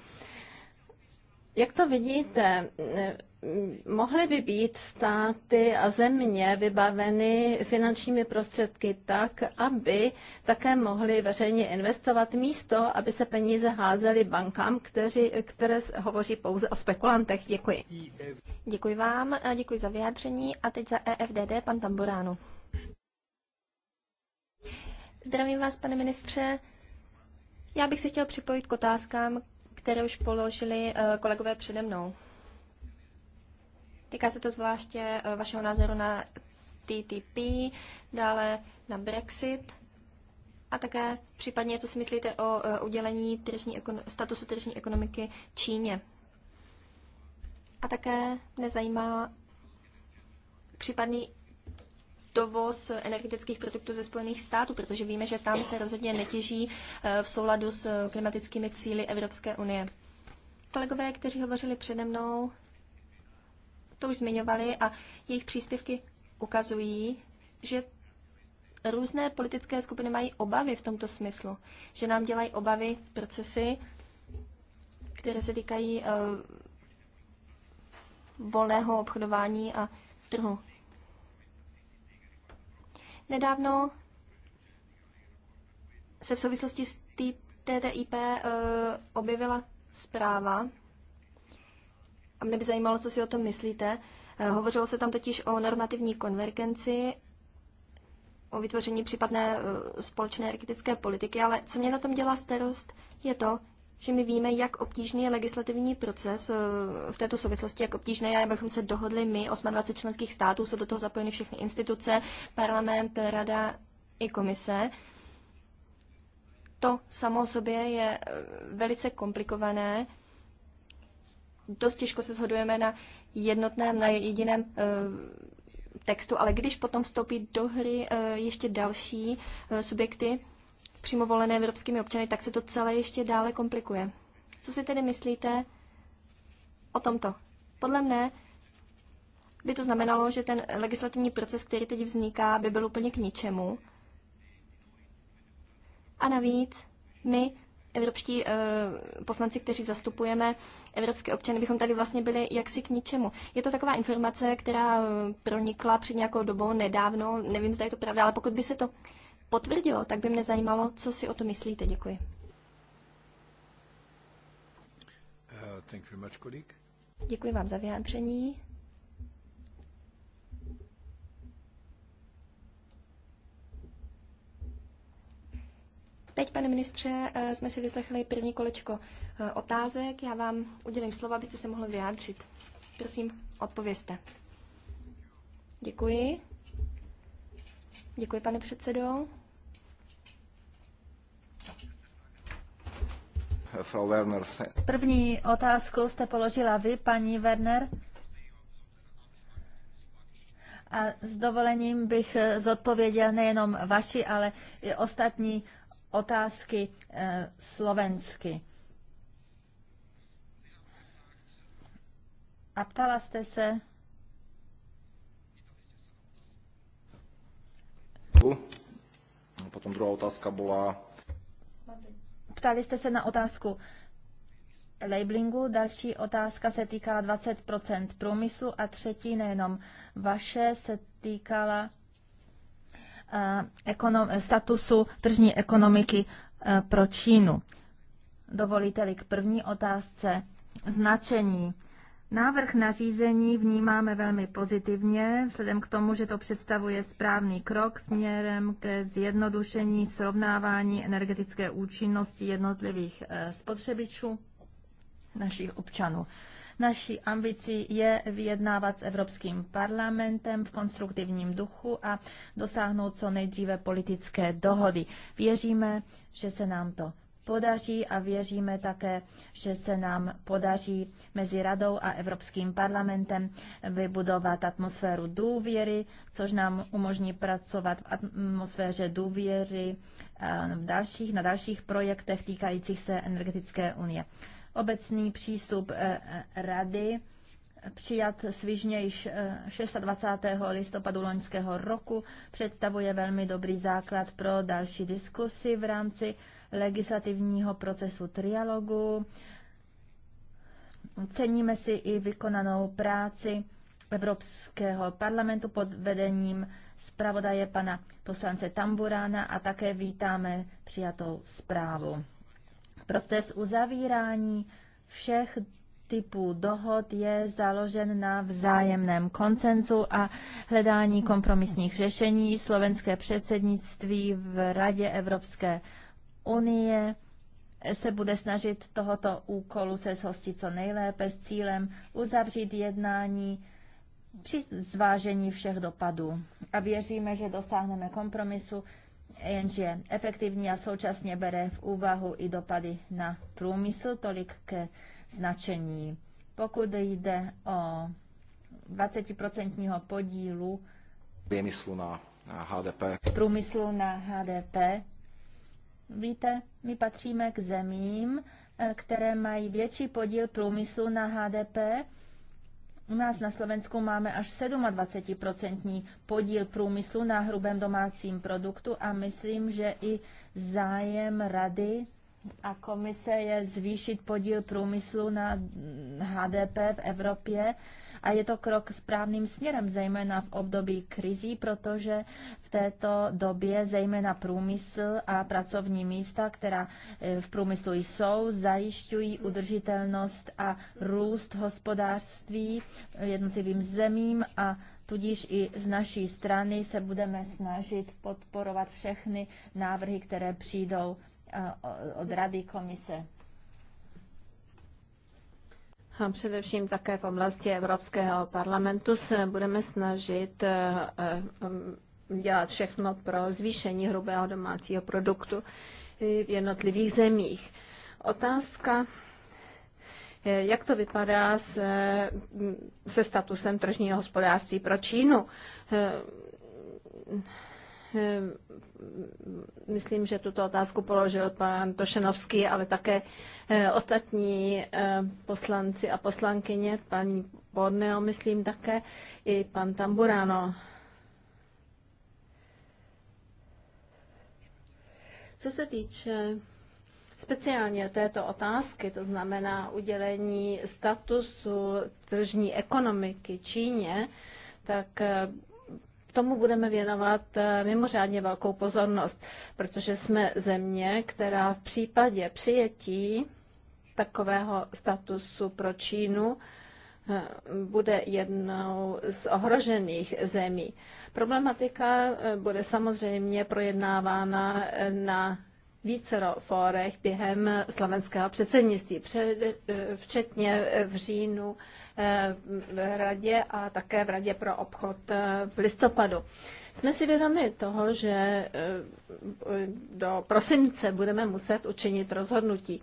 Jak to vidíte, mohly by být státy a země vybaveny finančními prostředky tak, aby také mohly veřejně investovat místo, aby se peníze házely bankám, kteři, které hovoří pouze o spekulantech. Děkuji. Děkuji vám, děkuji za vyjádření a teď za EFDD pan Tamburánu. Zdravím vás, pane ministře. Já bych se chtěl připojit k otázkám, které už položili eh, kolegové přede mnou. Týká se to zvláště eh, vašeho názoru na TTP, dále na Brexit a také případně, co si myslíte o eh, udělení tržní, statusu tržní ekonomiky Číně. A také mě zajímá případný dovoz energetických produktů ze Spojených států, protože víme, že tam se rozhodně netěží eh, v souladu s klimatickými cíly Evropské unie. Kolegové, kteří hovořili přede mnou, to už zmiňovali a jejich příspěvky ukazují, že různé politické skupiny mají obavy v tomto smyslu, že nám dělají obavy procesy, které se týkají uh, volného obchodování a trhu. Nedávno se v souvislosti s TTIP uh, eh, objevila zpráva a mě by zajímalo, co si o tom myslíte. Eh, hovořilo se tam totiž o normativní konvergenci, o vytvoření případné eh, společné energetické politiky, ale co mě na tom dělá starost, je to, že my víme, jak obtížný je legislativní proces eh, v této souvislosti, jak obtížné je, abychom se dohodli my, 28 členských států, jsou do toho zapojeny všechny instituce, parlament, rada i komise. To samo o sobě je velice komplikované dost těžko se shodujeme na jednotném, na jediném eh, textu, ale když potom vstoupí do hry eh, ještě další eh, subjekty, přímo volené evropskými občany, tak se to celé ještě dále komplikuje. Co si tedy myslíte o tomto? Podle mne by to znamenalo, že ten legislativní proces, který teď vzniká, by byl úplně k ničemu. A navíc my evropští eh, poslanci, kteří zastupujeme evropské občany, bychom tady vlastně byli jaksi k ničemu. Je to taková informace, která eh, pronikla před nějakou dobou nedávno, nevím, zda je to pravda, ale pokud by se to potvrdilo, tak by mě zajímalo, co si o to myslíte. Děkuji. Uh, thank you very much, colleague. Děkuji vám za vyjádření. Teď, pane ministře, eh, jsme si vyslechli první kolečko eh, otázek. Já vám udělím slovo, abyste se mohli vyjádřit. Prosím, odpovězte. Děkuji. Děkuji, pane předsedo. Frau Werner. První otázku jste položila vy, paní Werner. A s dovolením bych eh, zodpověděl nejenom vaši, ale i ostatní otázky eh, slovensky. A ptala jste se, no, Potom druhá otázka byla... Ptali jste se na otázku labelingu, další otázka se týkala 20% průmyslu a třetí nejenom vaše se týkala Eh, statusu tržní ekonomiky eh, pro Čínu. Dovolíte-li k první otázce značení. Návrh nařízení vnímáme velmi pozitivně, vzhledem k tomu, že to představuje správný krok směrem ke zjednodušení srovnávání energetické účinnosti jednotlivých eh, spotřebičů našich občanů. Naší ambicí je vyjednávat s Evropským parlamentem v konstruktivním duchu a dosáhnout co nejdříve politické dohody. Věříme, že se nám to podaří a věříme také, že se nám podaří mezi Radou a Evropským parlamentem vybudovat atmosféru důvěry, což nám umožní pracovat v atmosféře důvěry eh, dalších, na dalších projektech týkajících se energetické unie. Obecný přístup eh, eh, rady přijat svižně již 26. Eh, listopadu loňského roku představuje velmi dobrý základ pro další diskusy v rámci legislativního procesu trialogu. Ceníme si i vykonanou práci Evropského parlamentu pod vedením zpravodaje pana poslance Tamburána a také vítáme přijatou zprávu. Proces uzavírání všech typů dohod je založen na vzájemném koncenzu a hledání kompromisních řešení. Slovenské předsednictví v Radě Evropské unie se bude snažit tohoto úkolu se zhostit co nejlépe s cílem uzavřít jednání při zvážení všech dopadů. A věříme, že dosáhneme kompromisu, jenže efektivní a současně bere v úvahu i dopady na průmysl, tolik ke značení. Pokud jde o 20% podílu průmyslu na HDP. Průmyslu na HDP. Víte, my patříme k zemím, eh, které mají větší podíl průmyslu na HDP u nás na Slovensku máme až 27% podíl průmyslu na hrubém domácím produktu a myslím, že i zájem rady a komise je zvýšit podíl průmyslu na HDP v Evropě a je to krok správným směrem, zejména v období krizí, protože v této době zejména průmysl a pracovní místa, která eh, v průmyslu jsou, zajišťují udržitelnost a růst hospodářství jednotlivým zemím a Tudíž i z naší strany se budeme snažit podporovat všechny návrhy, které přijdou Eh, od Rady komise? A především také v oblasti Evropského parlamentu se budeme snažit eh, eh, dělat všechno pro zvýšení hrubého domácího produktu v jednotlivých zemích. Otázka, jak to vypadá se, se statusem tržního hospodářství pro Čínu. Ehm, myslím, že tuto otázku položil pan Tošenovský, ale také eh, ostatní eh, poslanci a poslankyně, paní Borneo, myslím také, i pan Tamburano. Co se týče speciálně této otázky, to znamená udělení statusu tržní ekonomiky Číně, tak eh, tomu budeme věnovat eh, mimořádně velkou pozornost, protože jsme země, která v případě přijetí takového statusu pro Čínu eh, bude jednou z ohrožených zemí. Problematika eh, bude samozřejmě projednávána na vícero fórech během slovenského předsednictví, včetně v říjnu v radě a také v radě pro obchod eh, v listopadu. Jsme si vědomi toho, že eh, do prosince budeme muset učinit rozhodnutí.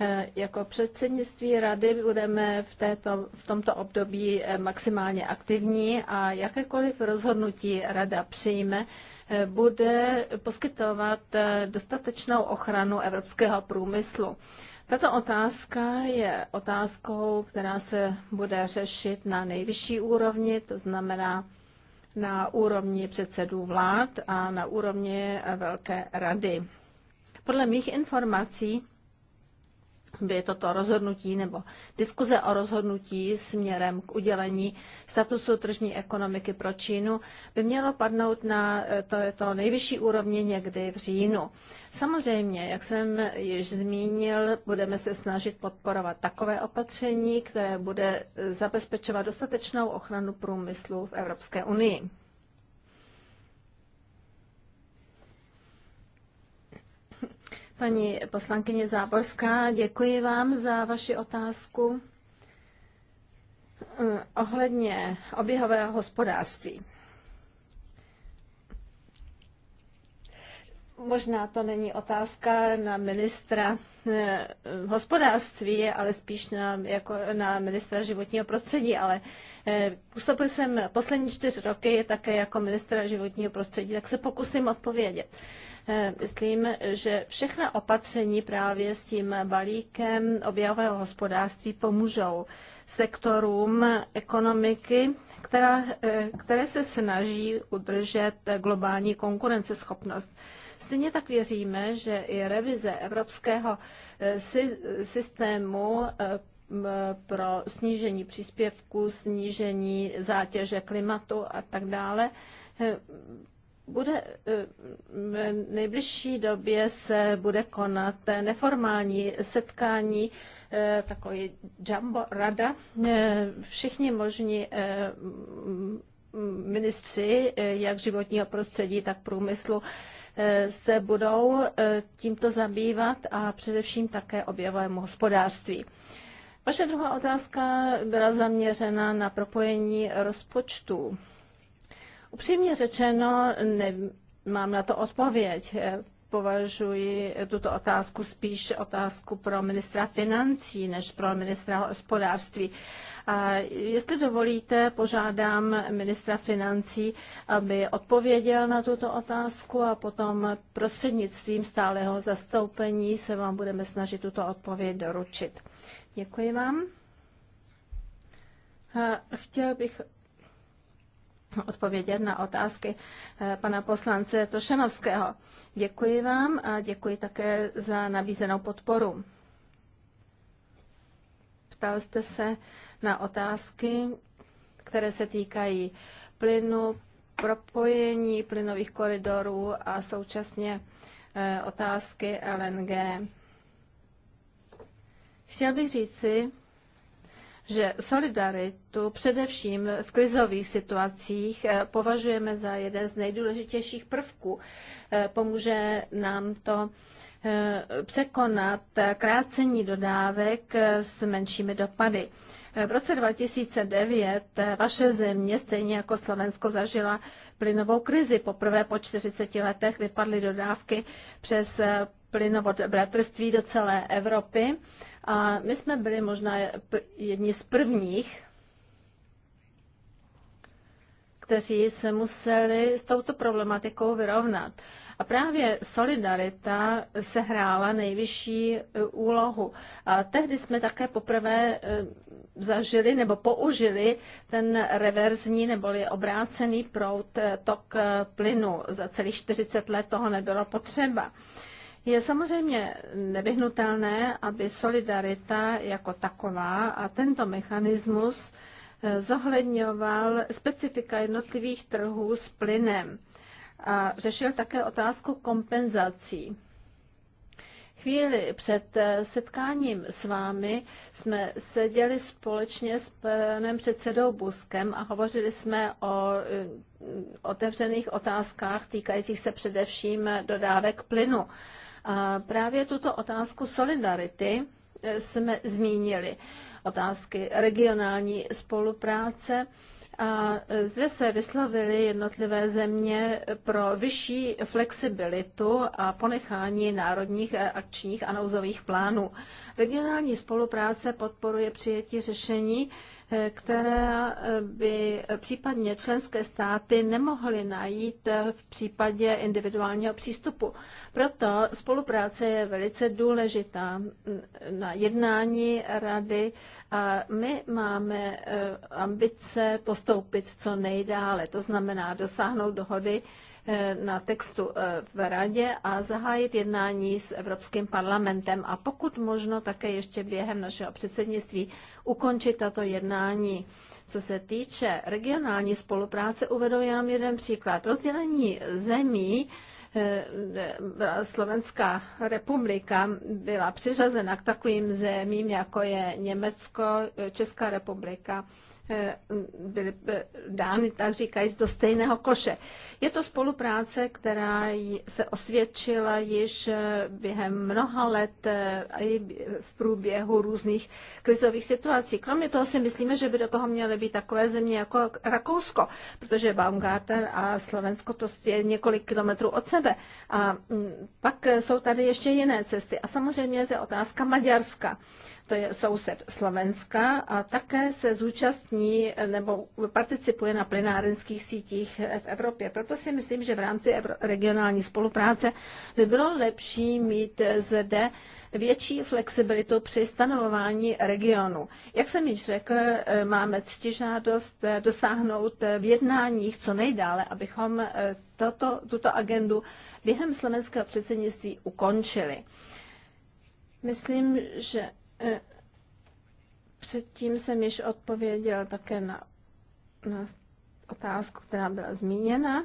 Eh, jako předsednictví rady budeme v, této, v tomto období maximálně aktivní a jakékoliv rozhodnutí rada přijme, bude poskytovat dostatečnou ochranu evropského průmyslu. Tato otázka je otázkou, která se bude řešit na nejvyšší úrovni, to znamená na úrovni předsedů vlád a na úrovni Velké rady. Podle mých informací by toto rozhodnutí nebo diskuze o rozhodnutí směrem k udělení statusu tržní ekonomiky pro Čínu by mělo padnout na eh, to, je to nejvyšší úrovni někdy v říjnu. Samozřejmě, jak jsem již zmínil, budeme se snažit podporovat takové opatření, které bude zabezpečovat dostatečnou ochranu průmyslu v Evropské unii. Paní poslankyně Záborská, děkuji vám za vaši otázku eh, ohledně oběhového hospodářství. Možná to není otázka na ministra eh, hospodářství, ale spíš na, jako na ministra životního prostředí, ale eh, působil jsem poslední čtyři roky také jako ministra životního prostředí, tak se pokusím odpovědět. Eh, myslím, že všechna opatření právě s tím balíkem objevového hospodářství pomůžou sektorům ekonomiky, která, eh, které se snaží udržet globální konkurenceschopnost. Stejně tak věříme, že i revize evropského eh, systému pro snížení příspěvků, snížení zátěže klimatu a tak dále bude eh, v nejbližší době se bude konat neformální setkání, eh, takový jumbo rada. Eh, všichni možní ministři, jak životního prostředí, tak průmyslu, se budou tímto zabývat a především také objevovému hospodářství. Vaše druhá otázka byla zaměřena na propojení rozpočtu Upřímně řečeno, nemám na to odpověď. Považuji tuto otázku spíš otázku pro ministra financí než pro ministra hospodářství. A jestli dovolíte, požádám ministra financí, aby odpověděl na tuto otázku a potom prostřednictvím stáleho zastoupení se vám budeme snažit tuto odpověď doručit. Děkuji vám. A chtěl bych odpovědět na otázky eh, pana poslance Tošenovského. Děkuji vám a děkuji také za nabízenou podporu. Ptal jste se na otázky, které se týkají plynu, propojení plynových koridorů a současně eh, otázky LNG. Chtěl bych říci, že solidaritu především v krizových situacích eh, považujeme za jeden z nejdůležitějších prvků. Eh, pomůže nám to eh, překonat krácení dodávek s menšími dopady. V roce 2009 vaše země, stejně jako Slovensko, zažila plynovou krizi. Poprvé po 40 letech vypadly dodávky přes plynovod bratrství do celé Evropy a my jsme byli možná jedni z prvních, kteří se museli s touto problematikou vyrovnat. A právě solidarita se hrála nejvyšší e, úlohu. A tehdy jsme také poprvé e, zažili nebo použili ten reverzní neboli obrácený prout e, tok plynu. Za celých 40 let toho nebylo potřeba. Je samozřejmě nevyhnutelné, aby solidarita jako taková a tento mechanismus eh, zohledňoval specifika jednotlivých trhů s plynem a řešil také otázku kompenzací. Chvíli před eh, setkáním s vámi jsme seděli společně s panem předsedou Buskem a hovořili jsme o eh, otevřených otázkách týkajících se především dodávek plynu. A právě tuto otázku solidarity eh, jsme zmínili. Otázky regionální spolupráce. A eh, zde se vyslovily jednotlivé země pro vyšší flexibilitu a ponechání národních eh, akčních a nouzových plánů. Regionální spolupráce podporuje přijetí řešení, které by případně členské státy nemohly najít v případě individuálního přístupu. Proto spolupráce je velice důležitá na jednání rady a my máme eh, ambice postoupit co nejdále, to znamená dosáhnout dohody Eh, na textu eh, v radě a zahájit jednání s Evropským parlamentem a pokud možno také ještě během našeho předsednictví ukončit tato jednání. Co se týče regionální spolupráce, uvedu jenom jeden příklad. Rozdělení zemí eh, Slovenská republika byla přiřazena k takovým zemím, jako je Německo, Česká republika Eh, byly eh, dány, tak říkají, do stejného koše. Je to spolupráce, která se osvědčila již eh, během mnoha let a i v průběhu různých krizových situací. Kromě toho si myslíme, že by do toho měly být takové země jako Rakousko, protože Baumgarten a Slovensko to je několik kilometrů od sebe. A mm, pak jsou tady ještě jiné cesty. A samozřejmě je otázka Maďarska to je soused Slovenska a také se zúčastní nebo participuje na plynárenských sítích v Evropě. Proto si myslím, že v rámci regionální spolupráce by bylo lepší mít zde větší flexibilitu při stanovování regionu. Jak jsem již řekl, máme ctižádost dosáhnout v jednáních co nejdále, abychom toto, tuto agendu během slovenského předsednictví ukončili. Myslím, že E, předtím jsem již odpověděl také na, na otázku, která byla zmíněna.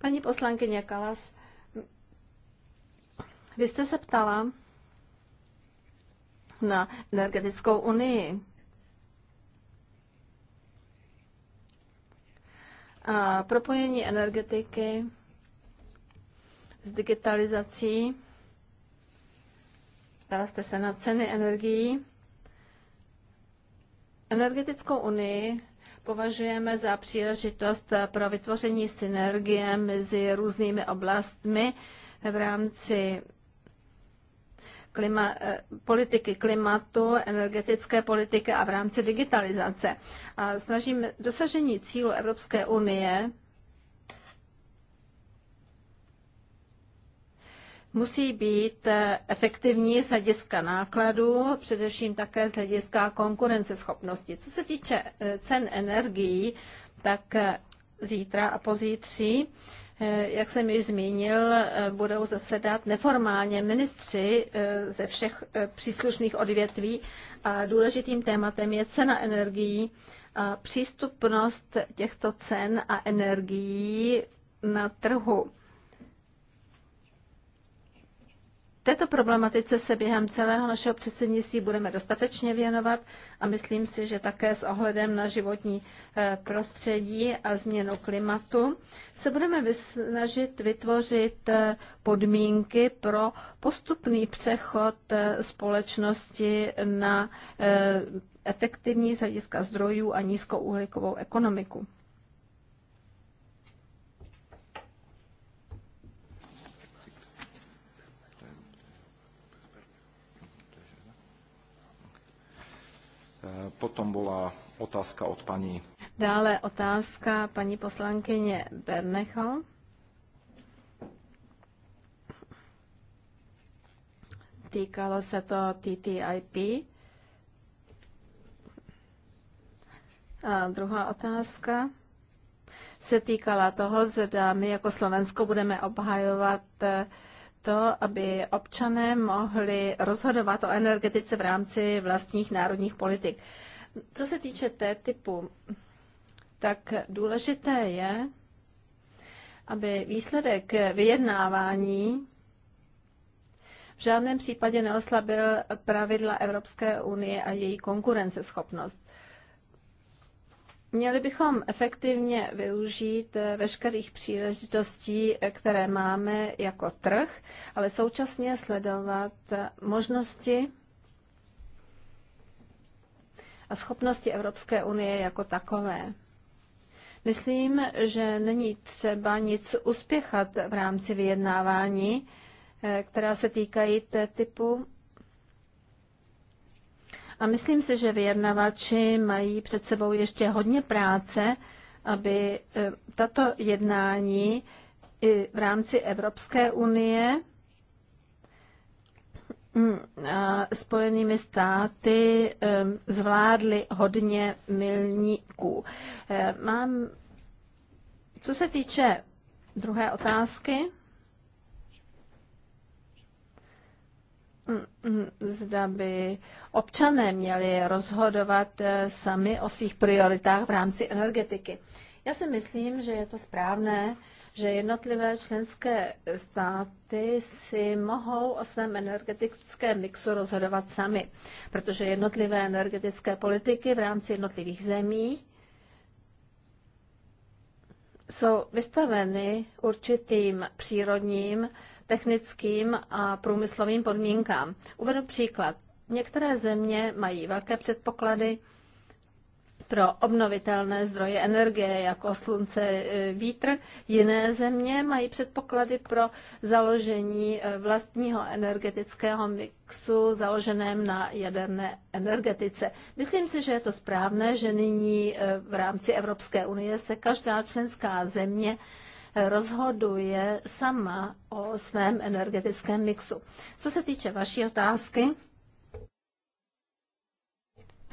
Paní poslankyně Kalas, vy jste se ptala na energetickou unii. A propojení energetiky s digitalizací. Ptala jste se na ceny energií. Energetickou unii považujeme za příležitost pro vytvoření synergie mezi různými oblastmi v rámci klima, eh, politiky klimatu, energetické politiky a v rámci digitalizace. A snažíme dosažení cílu Evropské unie musí být eh, efektivní z hlediska nákladů, především také z hlediska konkurenceschopnosti. Co se týče eh, cen energií, tak eh, zítra a pozítří, jak jsem již zmínil, budou zasedat neformálně ministři ze všech příslušných odvětví a důležitým tématem je cena energií a přístupnost těchto cen a energií na trhu. Této problematice se během celého našeho předsednictví budeme dostatečně věnovat a myslím si, že také s ohledem na životní eh, prostředí a změnu klimatu se budeme snažit vytvořit eh, podmínky pro postupný přechod eh, společnosti na efektivní z hlediska zdrojů a nízkouhlíkovou ekonomiku. Potom byla otázka od paní. Dále otázka paní poslankyně Bernecho. Týkalo se to TTIP. A druhá otázka se týkala toho, zda my jako Slovensko budeme obhajovat eh, to, aby občané mohli rozhodovat o energetice v rámci vlastních národních politik. Co se týče té typu, tak důležité je, aby výsledek vyjednávání v žádném případě neoslabil pravidla Evropské unie a její konkurenceschopnost. Měli bychom efektivně využít eh, veškerých příležitostí, eh, které máme jako trh, ale současně sledovat eh, možnosti a schopnosti Evropské unie jako takové. Myslím, že není třeba nic uspěchat v rámci vyjednávání, která se týkají té typu a myslím si, že vyjednavači mají před sebou ještě hodně práce, aby e, tato jednání i v rámci Evropské unie mm, a Spojenými státy e, zvládly hodně milníků. E, mám, co se týče druhé otázky, Mm, mm, zda by občané měli rozhodovat eh, sami o svých prioritách v rámci energetiky. Já si myslím, že je to správné, že jednotlivé členské státy si mohou o svém energetickém mixu rozhodovat sami, protože jednotlivé energetické politiky v rámci jednotlivých zemí jsou vystaveny určitým přírodním technickým a průmyslovým podmínkám. Uvedu příklad. Některé země mají velké předpoklady pro obnovitelné zdroje energie, jako slunce, e, vítr. Jiné země mají předpoklady pro založení e, vlastního energetického mixu založeném na jaderné energetice. Myslím si, že je to správné, že nyní e, v rámci Evropské unie se každá členská země rozhoduje sama o svém energetickém mixu. Co se týče vaší otázky,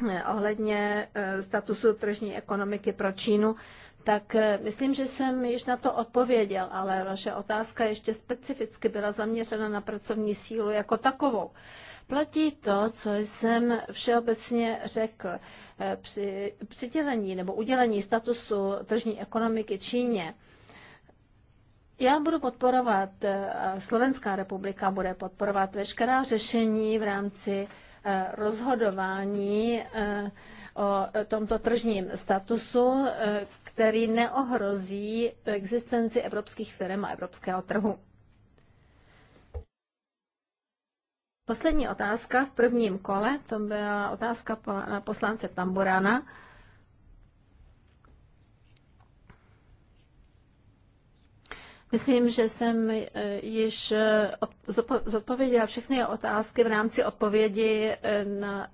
eh, ohledně eh, statusu tržní ekonomiky pro Čínu, tak eh, myslím, že jsem již na to odpověděl, ale vaše otázka ještě specificky byla zaměřena na pracovní sílu jako takovou. Platí to, co jsem všeobecně řekl. Při přidělení nebo udělení statusu tržní ekonomiky Číně já budu podporovat, eh, Slovenská republika bude podporovat veškerá řešení v rámci eh, rozhodování eh, o tomto tržním statusu, který neohrozí existenci evropských firm a evropského trhu. Poslední otázka v prvním kole, to byla otázka na poslance Tamburana. Myslím, že jsem eh, již eh, zodpověděla všechny otázky v rámci odpovědi eh, na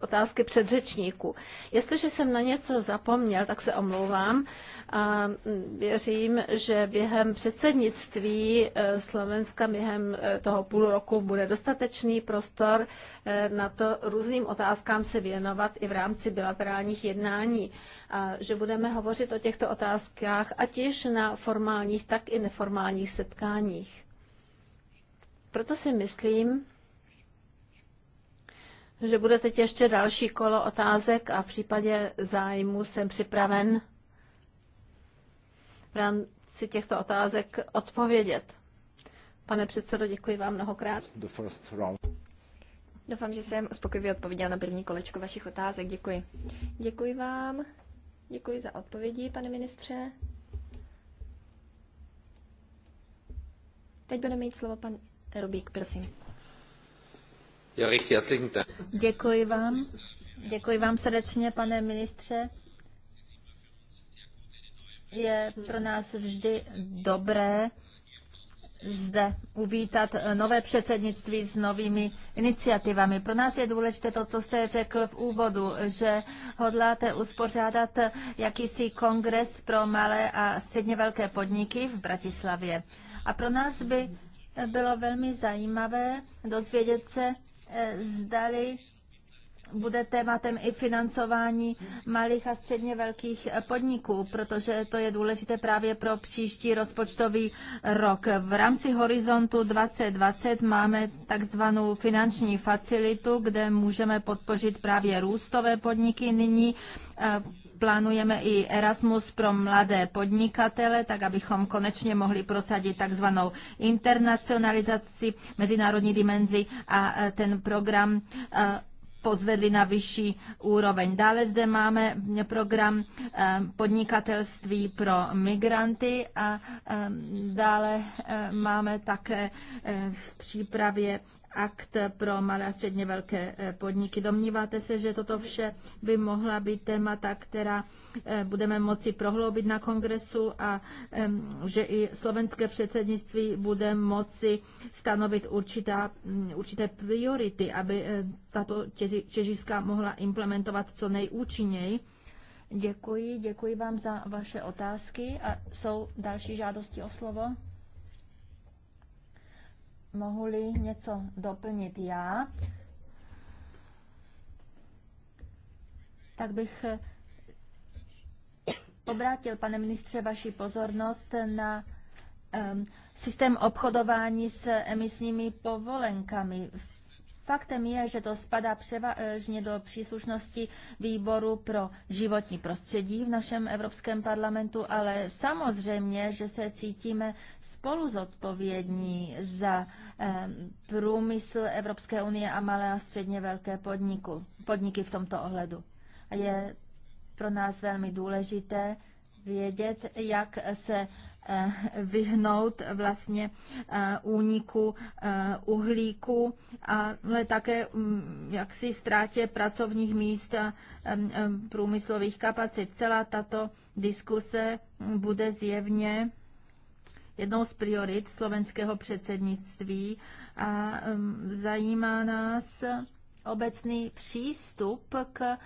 otázky předřečníků. Jestliže jsem na něco zapomněl, tak se omlouvám a mm, věřím, že během předsednictví Slovenska během toho půl roku bude dostatečný prostor na to různým otázkám se věnovat i v rámci bilaterálních jednání a že budeme hovořit o těchto otázkách ať již na formálních, tak i neformálních setkáních. Proto si myslím, že bude teď ještě další kolo otázek a v případě zájmu jsem připraven v rámci těchto otázek odpovědět. Pane předsedo, děkuji vám mnohokrát. Doufám, že jsem uspokojivě odpověděl na první kolečko vašich otázek. Děkuji. Děkuji vám. Děkuji za odpovědi, pane ministře. Teď bude mít slovo pan Rubík, prosím. Děkuji vám. Děkuji vám srdečně, pane ministře. Je pro nás vždy dobré zde uvítat nové předsednictví s novými iniciativami. Pro nás je důležité to, co jste řekl v úvodu, že hodláte uspořádat jakýsi kongres pro malé a středně velké podniky v Bratislavě. A pro nás by bylo velmi zajímavé dozvědět se, eh, zdali bude tématem i financování malých a středně velkých podniků, protože to je důležité právě pro příští rozpočtový rok. V rámci horizontu 2020 máme takzvanou finanční facilitu, kde můžeme podpořit právě růstové podniky. Nyní eh, plánujeme i Erasmus pro mladé podnikatele, tak abychom konečně mohli prosadit takzvanou internacionalizaci, mezinárodní dimenzi a e, ten program e, pozvedli na vyšší úroveň. Dále zde máme program e, podnikatelství pro migranty a dále máme také v přípravě akt pro malé a středně velké eh, podniky. Domníváte se, že toto vše by mohla být témata, která eh, budeme moci prohloubit na kongresu a že i slovenské předsednictví bude moci stanovit určitá, mm, určité priority, aby eh, tato těžiska mohla implementovat co nejúčinněji. Děkuji, děkuji vám za vaše otázky a jsou další žádosti o slovo? Mohu-li něco doplnit já, tak bych obrátil, pane ministře, vaši pozornost na systém obchodování s emisními povolenkami v Faktem je, že to spadá převážně do příslušnosti výboru pro životní prostředí v našem Evropském parlamentu, ale samozřejmě, že se cítíme spolu zodpovědní za průmysl Evropské unie a malé a středně velké podniku, podniky v tomto ohledu. A je pro nás velmi důležité vědět, jak se Eh, vyhnout vlastně eh, úniku eh, uhlíku, ale také mm, jaksi ztrátě pracovních míst a průmyslových kapacit. Celá tato diskuse bude zjevně jednou z priorit slovenského předsednictví a zajímá nás obecný přístup k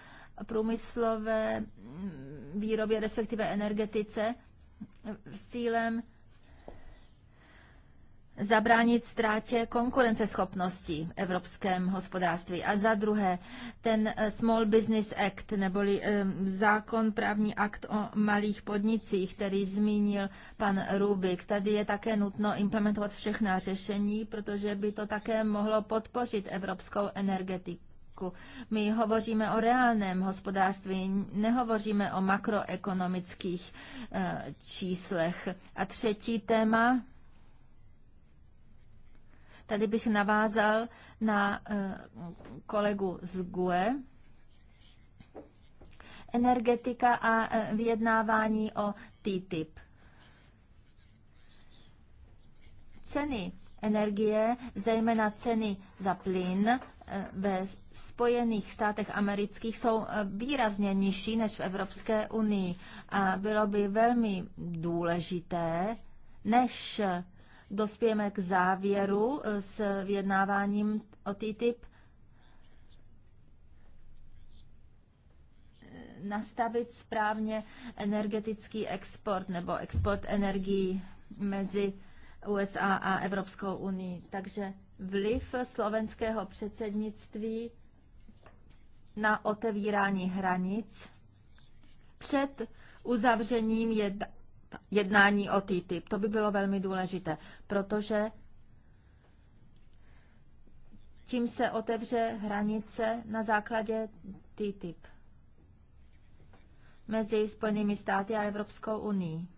průmyslové mm, výrobě, respektive energetice s cílem zabránit ztrátě konkurenceschopnosti v evropském hospodářství. A za druhé, ten eh, Small Business Act, neboli eh, zákon, právní akt o malých podnicích, který zmínil pan Rubik. Tady je také nutno implementovat všechna řešení, protože by to také mohlo podpořit evropskou energetiku Česku. My hovoříme o reálném hospodářství, nehovoříme o makroekonomických eh, číslech. A třetí téma, tady bych navázal na eh, kolegu z GUE, energetika a eh, vyjednávání o TTIP. Ceny energie, zejména ceny za plyn, Eh, ve Spojených státech amerických jsou eh, výrazně nižší než v Evropské unii. A bylo by velmi důležité, než eh, dospějeme k závěru s vyjednáváním o TTIP, nastavit správně energetický export nebo export energií mezi USA a Evropskou unii. Takže vliv slovenského předsednictví na otevírání hranic před uzavřením jednání o TTIP. To by bylo velmi důležité, protože tím se otevře hranice na základě TTIP mezi Spojenými státy a Evropskou unii.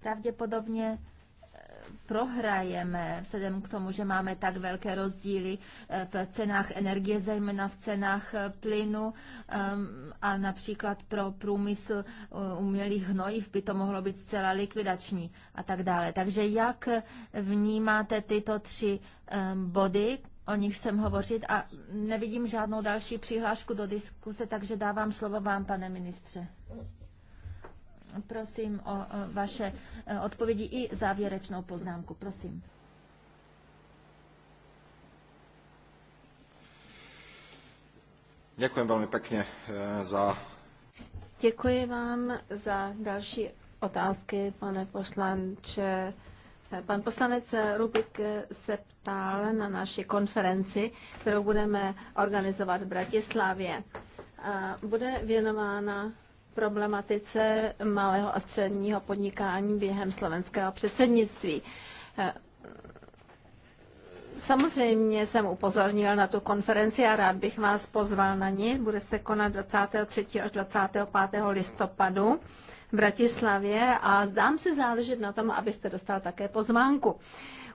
Pravděpodobně prohrajeme, vzhledem k tomu, že máme tak velké rozdíly eh, v cenách energie, zejména v cenách eh, plynu ehm, a například pro průmysl eh, umělých hnojiv by to mohlo být zcela likvidační a tak dále. Takže jak vnímáte tyto tři ehm, body, o nich jsem hovořit a nevidím žádnou další přihlášku do diskuse, takže dávám slovo vám, pane ministře prosím o vaše e, odpovědi i závěrečnou poznámku. Prosím. Děkuji velmi pěkně e, za... Děkuji vám za další otázky, pane poslanče. E, pan poslanec Rubik se ptal na naši konferenci, kterou budeme organizovat v Bratislavě. Bude věnována problematice malého a středního podnikání během slovenského předsednictví. Samozřejmě jsem upozornil na tu konferenci a rád bych vás pozval na ní. Bude se konat 23. až 25. listopadu v Bratislavě a dám se záležet na tom, abyste dostal také pozvánku.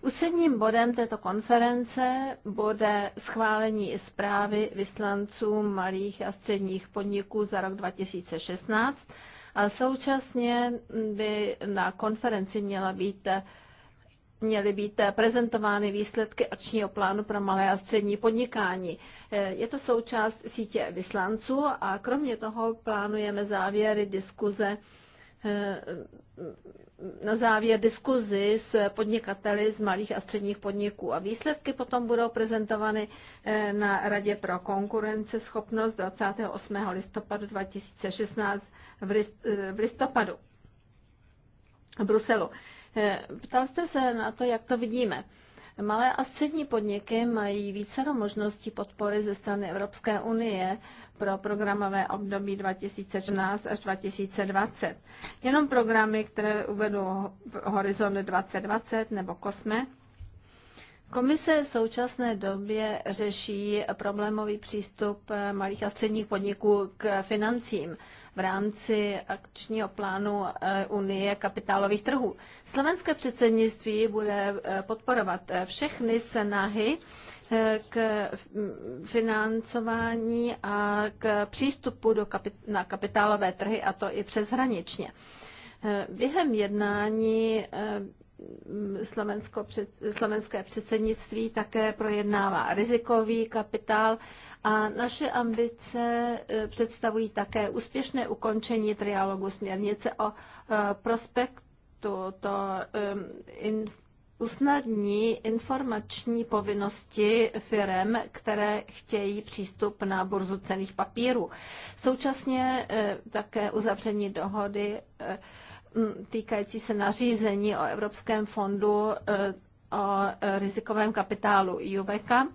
Ústředním bodem této konference bude schválení zprávy vyslanců malých a středních podniků za rok 2016 a současně by na konferenci měla být měly být prezentovány výsledky akčního plánu pro malé a střední podnikání. Je to součást sítě vyslanců a kromě toho plánujeme závěry diskuze Eh, na závěr diskuzi s podnikateli z malých a středních podniků. A výsledky potom budou prezentovány eh, na Radě pro konkurenceschopnost 28. listopadu 2016 eh, v listopadu v Bruselu. Ptal jste se na to, jak to vidíme. Malé a střední podniky mají více možností podpory ze strany Evropské unie pro programové období 2014 až 2020. Jenom programy, které uvedou Horizont 2020 nebo COSME. Komise v současné době řeší problémový přístup malých a středních podniků k financím v rámci akčního plánu eh, Unie kapitálových trhů. Slovenské předsednictví bude eh, podporovat eh, všechny snahy, k financování a k přístupu do kapit- na kapitálové trhy, a to i přeshraničně. Během jednání eh, Slovensko, slovenské předsednictví také projednává rizikový kapitál a naše ambice eh, představují také úspěšné ukončení trialogu směrnice o eh, prospektu. To usnadní informační povinnosti firm, které chtějí přístup na burzu cených papírů. Současně eh, také uzavření dohody eh, týkající se nařízení o Evropském fondu eh, o rizikovém kapitálu Juveka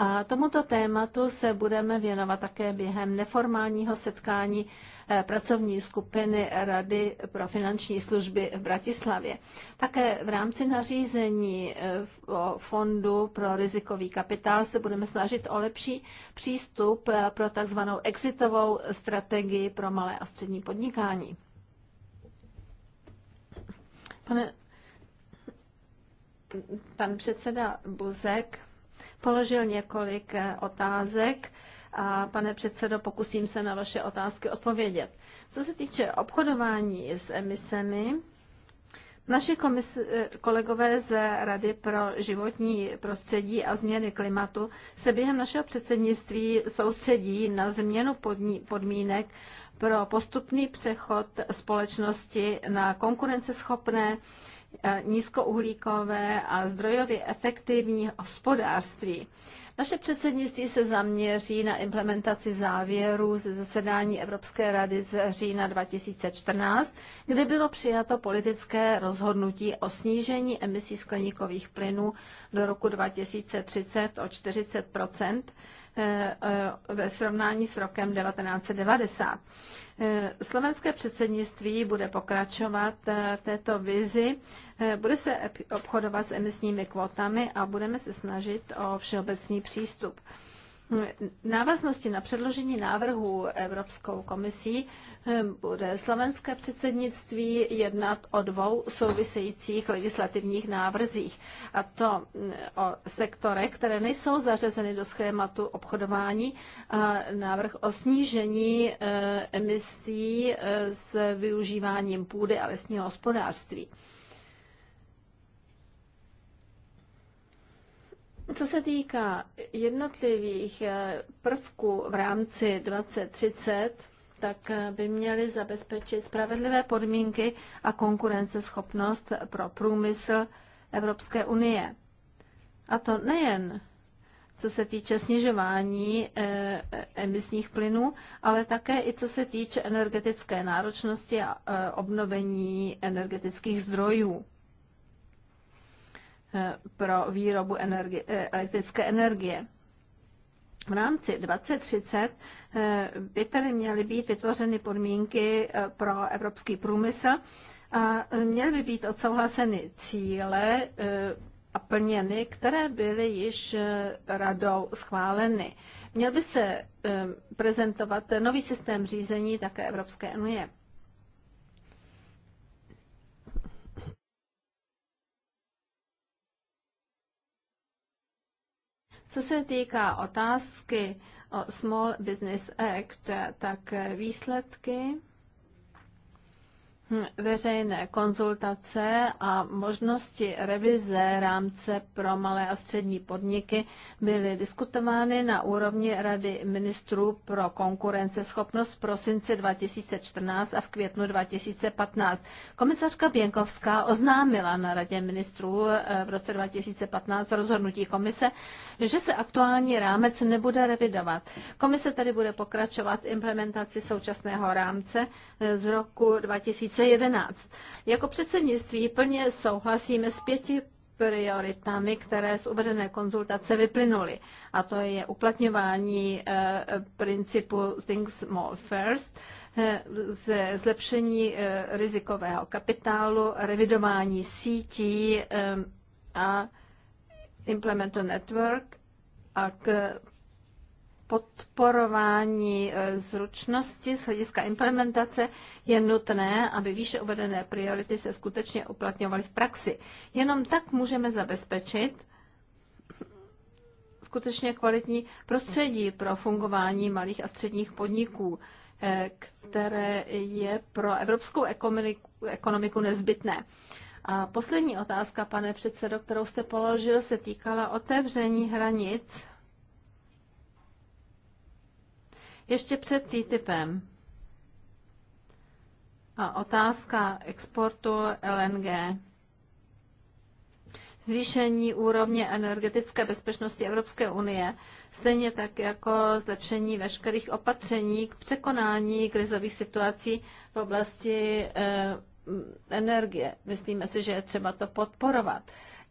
a tomuto tématu se budeme věnovat také během neformálního setkání eh, pracovní skupiny Rady pro finanční služby v Bratislavě. Také v rámci nařízení eh, o Fondu pro rizikový kapitál se budeme snažit o lepší přístup eh, pro tzv. exitovou strategii pro malé a střední podnikání. Pane, pan předseda Buzek položil několik eh, otázek a pane předsedo, pokusím se na vaše otázky odpovědět. Co se týče obchodování s emisemi, naši komis- eh, kolegové z Rady pro životní prostředí a změny klimatu se během našeho předsednictví soustředí na změnu podmínek pro postupný přechod společnosti na konkurenceschopné nízkouhlíkové a zdrojově efektivní hospodářství. Naše předsednictví se zaměří na implementaci závěrů ze zasedání Evropské rady z října 2014, kde bylo přijato politické rozhodnutí o snížení emisí skleníkových plynů do roku 2030 o 40 Eh, eh, ve srovnání s rokem 1990. Eh, slovenské předsednictví bude pokračovat v této vizi, bude se obchodovat s emisními kvotami a budeme se snažit o všeobecný přístup návaznosti na předložení návrhu Evropskou komisí eh, bude slovenské předsednictví jednat o dvou souvisejících legislativních návrzích, a to mm, o sektorech, které nejsou zařazeny do schématu obchodování, a návrh o snížení eh, emisí eh, s využíváním půdy a lesního hospodářství. Co se týká jednotlivých eh, prvků v rámci 2030, tak eh, by měly zabezpečit spravedlivé podmínky a konkurenceschopnost pro průmysl Evropské unie. A to nejen co se týče snižování eh, emisních plynů, ale také i co se týče energetické náročnosti a obnovení energetických zdrojů. Eh, pro výrobu energie, eh, elektrické energie. V rámci 2030 eh, by tedy měly být vytvořeny podmínky pro evropský průmysl a měly by být odsouhlaseny cíle a plněny, které byly již radou schváleny. Měl by se prezentovat nový systém řízení také Evropské unie. Co se týká otázky o Small Business Act, tak výsledky veřejné konzultace a možnosti revize rámce pro malé a střední podniky byly diskutovány na úrovni Rady ministrů pro konkurenceschopnost v prosinci 2014 a v květnu 2015. Komisařka Pěnkovská oznámila na Radě ministrů eh, v roce 2015 rozhodnutí komise, že se aktuální rámec nebude revidovat. Komise tedy bude pokračovat implementaci současného rámce eh, z roku 2015 2011. Jako předsednictví plně souhlasíme s pěti prioritami, které z uvedené konzultace vyplynuly. A to je uplatňování eh, principu Think Small First, eh, zlepšení eh, rizikového kapitálu, revidování sítí a Implement a Network a k podporování e, zručnosti z hlediska implementace je nutné, aby výše uvedené priority se skutečně uplatňovaly v praxi. Jenom tak můžeme zabezpečit skutečně kvalitní prostředí pro fungování malých a středních podniků, e, které je pro evropskou ekonomiku nezbytné. A poslední otázka, pane předsedo, kterou jste položil, se týkala otevření hranic ještě před TTIPem. A otázka exportu LNG. Zvýšení úrovně energetické bezpečnosti Evropské unie, stejně tak jako zlepšení veškerých opatření k překonání krizových situací v oblasti eh, energie. Myslíme si, že je třeba to podporovat.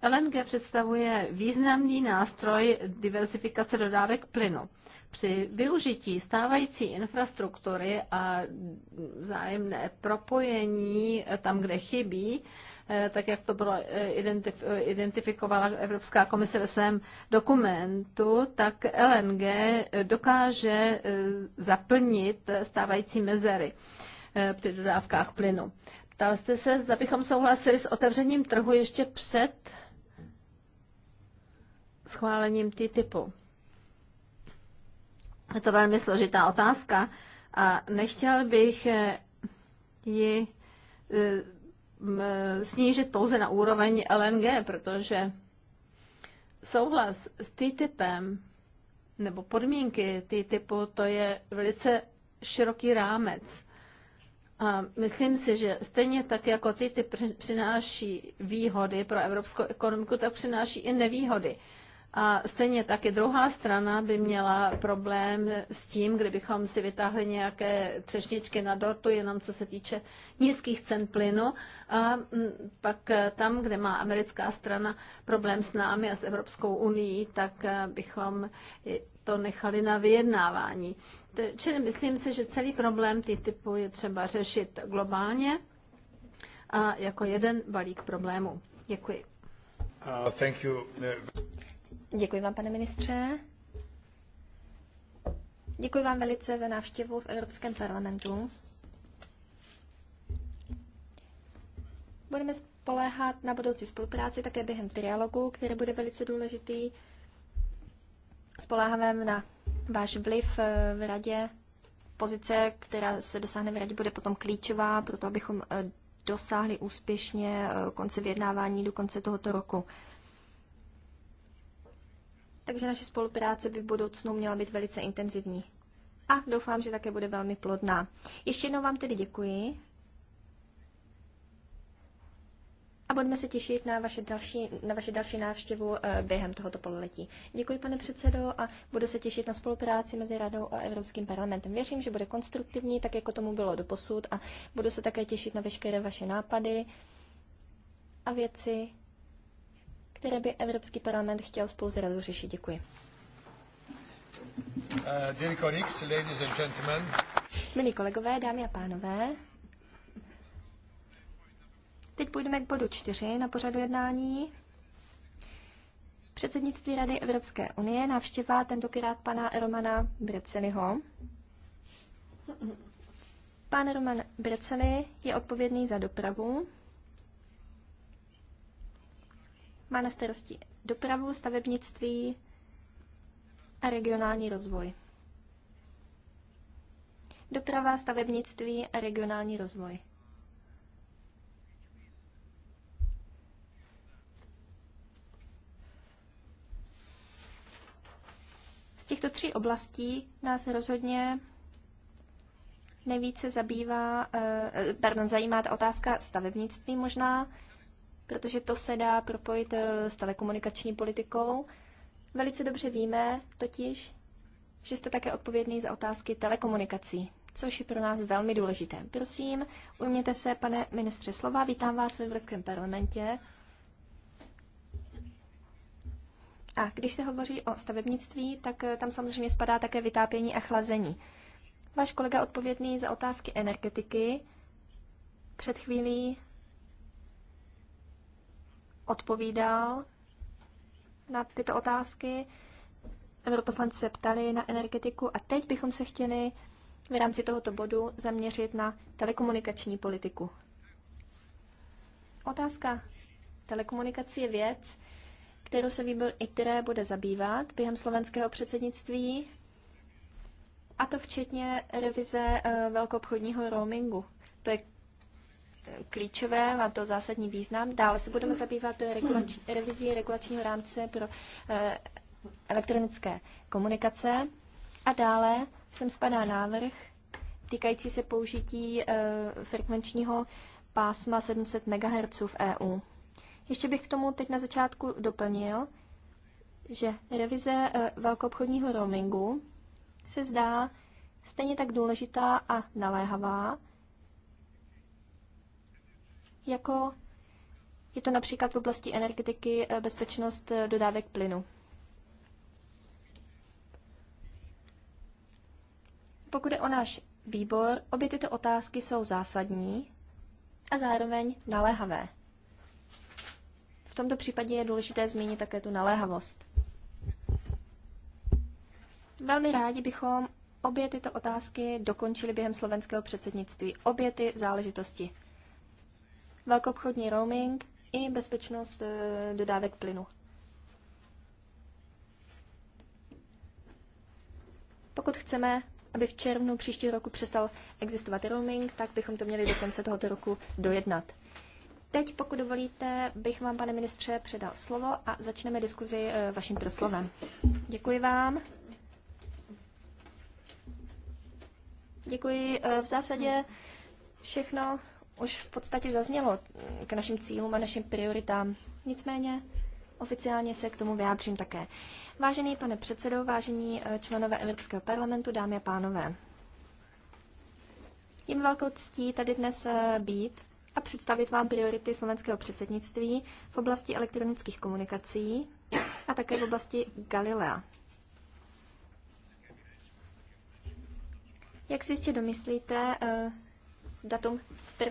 LNG představuje významný nástroj diversifikace dodávek plynu. Při využití stávající infrastruktury a vzájemné propojení tam, kde chybí, eh, tak jak to bylo eh, identif- eh, identifikovala Evropská komise ve svém dokumentu, tak LNG dokáže zaplnit stávající mezery při dodávkách plynu. Ptal jste se, zda bychom souhlasili s otevřením trhu ještě před schválením TTIPu? Je to velmi složitá otázka a nechtěl bych eh, ji eh, eh, snížit pouze na úroveň LNG, protože souhlas s TTIPem nebo podmínky TTIPu, to je velice široký rámec. A myslím si, že stejně tak, jako TTIP přináší výhody pro evropskou ekonomiku, tak přináší i nevýhody. A stejně taky druhá strana by měla problém s tím, kdybychom si vytáhli nějaké třešničky na dortu, jenom co se týče nízkých cen plynu. A mm, pak eh, tam, kde má americká strana problém s námi a s Evropskou unii, tak eh, bychom to nechali na vyjednávání. Čili myslím si, že celý problém ty typu je třeba řešit globálně a jako jeden balík problémů. Děkuji. Uh, thank you. Uh, Děkuji vám, pane ministře. Děkuji vám velice za návštěvu v Evropském parlamentu. Budeme spoléhat na budoucí spolupráci také během trialogu, který bude velice důležitý. Spoléháme na váš vliv eh, v radě. Pozice, která se dosáhne v radě, bude potom klíčová pro to, abychom eh, dosáhli úspěšně eh, konce vyjednávání do konce tohoto roku takže naše spolupráce by v budoucnu měla být velice intenzivní. A doufám, že také bude velmi plodná. Ještě jednou vám tedy děkuji a budeme se těšit na vaše další, na vaše další návštěvu eh, během tohoto pololetí. Děkuji, pane předsedo, a budu se těšit na spolupráci mezi Radou a Evropským parlamentem. Věřím, že bude konstruktivní, tak jako tomu bylo doposud, a budu se také těšit na veškeré vaše nápady a věci, které by Evropský parlament chtěl spolu s radou řešit. Děkuji. Uh, Milí kolegové, dámy a pánové, teď půjdeme k bodu čtyři na pořadu jednání. Předsednictví Rady Evropské unie, návštěva tentokrát pana Romana Breceliho. Pan Roman Breceli je odpovědný za dopravu má na starosti dopravu, stavebnictví a regionální rozvoj. Doprava, stavebnictví a regionální rozvoj. Z těchto tří oblastí nás rozhodně nejvíce zabývá, eh, pardon, zajímá ta otázka stavebnictví možná, protože to se dá propojit eh, s telekomunikační politikou. Velice dobře víme totiž, že jste také odpovědný za otázky telekomunikací, což je pro nás velmi důležité. Prosím, ujměte se, pane ministře slova, vítám vás v Evropském parlamentě. A když se hovoří o stavebnictví, tak eh, tam samozřejmě spadá také vytápění a chlazení. Váš kolega odpovědný za otázky energetiky před chvílí odpovídal na tyto otázky. Europoslanci se ptali na energetiku a teď bychom se chtěli v rámci tohoto bodu zaměřit na telekomunikační politiku. Otázka Telekomunikace je věc, kterou se výbor ITRE bude zabývat během slovenského předsednictví, a to včetně revize eh, velkoobchodního roamingu. To je klíčové, má to zásadní význam. Dále se budeme zabývat regulač, revizí regulačního rámce pro eh, elektronické komunikace. A dále sem spadá návrh týkající se použití eh, frekvenčního pásma 700 MHz v EU. Ještě bych k tomu teď na začátku doplnil, že revize eh, velkoobchodního roamingu se zdá stejně tak důležitá a naléhavá jako je to například v oblasti energetiky eh, bezpečnost eh, dodávek plynu. Pokud je o náš výbor, obě tyto otázky jsou zásadní a zároveň naléhavé. V tomto případě je důležité zmínit také tu naléhavost. Velmi rádi bychom obě tyto otázky dokončili během slovenského předsednictví. Obě ty záležitosti velkoobchodní roaming i bezpečnost eh, dodávek plynu. Pokud chceme, aby v červnu příštího roku přestal existovat roaming, tak bychom to měli do konce tohoto roku dojednat. Teď, pokud dovolíte, bych vám, pane ministře, předal slovo a začneme diskuzi eh, vaším proslovem. Děkuji vám. Děkuji. Eh, v zásadě všechno už v podstatě zaznělo k našim cílům a našim prioritám. Nicméně oficiálně se k tomu vyjádřím také. Vážený pane předsedo, vážení eh, členové Evropského parlamentu, dámy a pánové. Je mi velkou ctí tady dnes eh, být a představit vám priority slovenského předsednictví v oblasti elektronických komunikací a také v oblasti Galilea. Jak si jistě domyslíte, eh, datum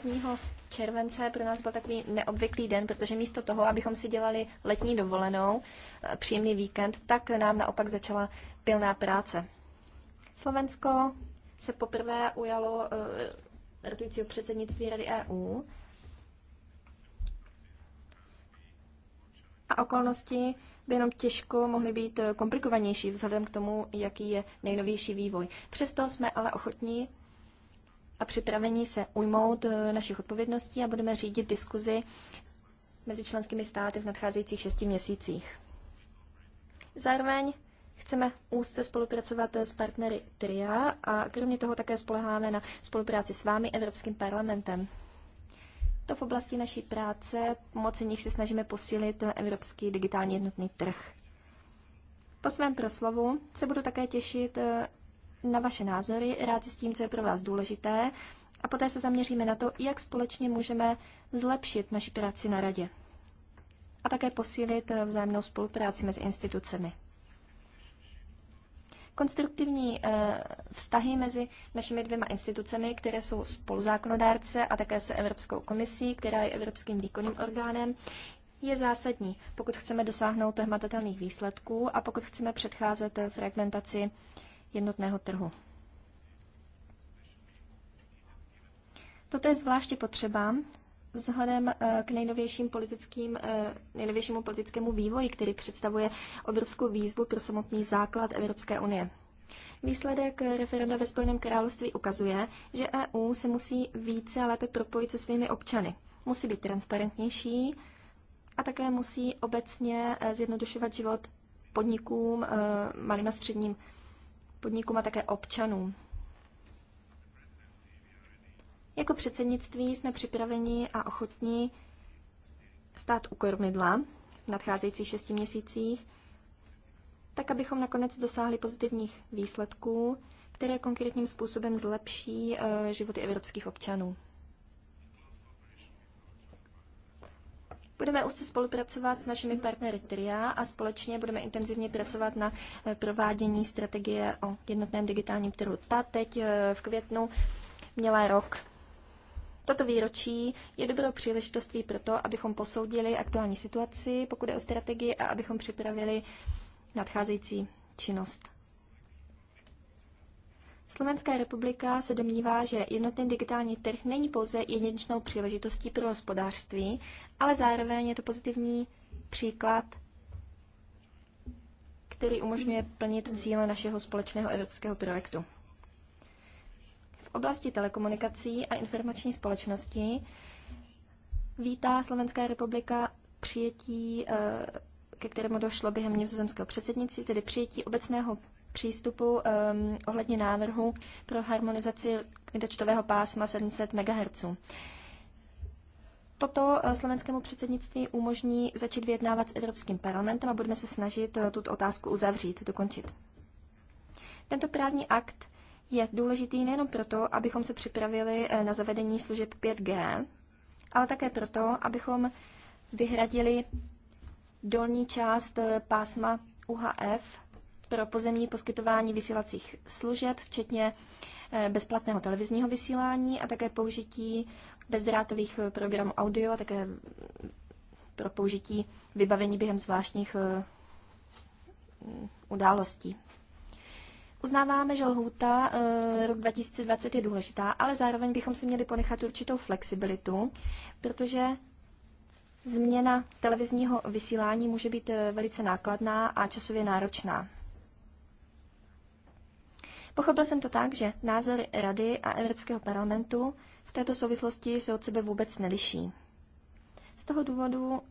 1. července pro nás byl takový neobvyklý den, protože místo toho, abychom si dělali letní dovolenou, eh, příjemný víkend, tak nám naopak začala pilná práce. Slovensko se poprvé ujalo uh, rotujícího předsednictví Rady EU a okolnosti by jenom těžko mohly být eh, komplikovanější vzhledem k tomu, jaký je nejnovější vývoj. Přesto jsme ale ochotní a připravení se ujmout eh, našich odpovědností a budeme řídit diskuzi mezi členskými státy v nadcházejících šesti měsících. Zároveň chceme úzce spolupracovat eh, s partnery TRIA a kromě toho také spoleháme na spolupráci s vámi, Evropským parlamentem. To v oblasti naší práce, pomocí nich se snažíme posílit eh, evropský digitální jednotný trh. Po svém proslovu se budu také těšit na vaše názory, rád s tím, co je pro vás důležité a poté se zaměříme na to, jak společně můžeme zlepšit naši práci na radě a také posílit vzájemnou spolupráci mezi institucemi. Konstruktivní eh, vztahy mezi našimi dvěma institucemi, které jsou spoluzákonodárce a také se Evropskou komisí, která je Evropským výkonným orgánem, je zásadní, pokud chceme dosáhnout hmatatelných výsledků a pokud chceme předcházet fragmentaci jednotného trhu. Toto je zvláště potřeba vzhledem eh, k nejnovějším politickým, eh, nejnovějšímu politickému vývoji, který představuje obrovskou výzvu pro samotný základ Evropské unie. Výsledek referenda ve Spojeném království ukazuje, že EU se musí více a lépe propojit se svými občany. Musí být transparentnější a také musí obecně eh, zjednodušovat život podnikům, malým a středním podnikům a také občanům. Jako předsednictví jsme připraveni a ochotní stát u kormidla v nadcházejících šesti měsících, tak abychom nakonec dosáhli pozitivních výsledků, které konkrétním způsobem zlepší eh, životy evropských občanů. Budeme už se spolupracovat s našimi partnery TRIA a společně budeme intenzivně pracovat na eh, provádění strategie o jednotném digitálním trhu. Ta teď eh, v květnu měla rok. Toto výročí je dobrou příležitostí pro to, abychom posoudili aktuální situaci, pokud je o strategii, a abychom připravili nadcházející činnost. Slovenská republika se domnívá, že jednotný digitální trh není pouze jedinečnou příležitostí pro hospodářství, ale zároveň je to pozitivní příklad, který umožňuje plnit cíle našeho společného evropského projektu. V oblasti telekomunikací a informační společnosti vítá Slovenská republika přijetí, eh, ke kterému došlo během nizozemského předsednictví, tedy přijetí obecného přístupu um, ohledně návrhu pro harmonizaci dočtového pásma 700 MHz. Toto eh, slovenskému předsednictví umožní začít vyjednávat s Evropským parlamentem a budeme se snažit eh, tuto otázku uzavřít, dokončit. Tento právní akt je důležitý nejen proto, abychom se připravili eh, na zavedení služeb 5G, ale také proto, abychom vyhradili dolní část pásma UHF pro pozemní poskytování vysílacích služeb, včetně eh, bezplatného televizního vysílání a také použití bezdrátových eh, programů audio a také mm, pro použití vybavení během zvláštních eh, mm, událostí. Uznáváme, že lhůta rok 2020 je důležitá, ale zároveň bychom si měli ponechat určitou flexibilitu, protože změna televizního vysílání může být velice nákladná a časově náročná. Pochopil jsem to tak, že názory Rady a Evropského parlamentu v této souvislosti se od sebe vůbec neliší. Z toho důvodu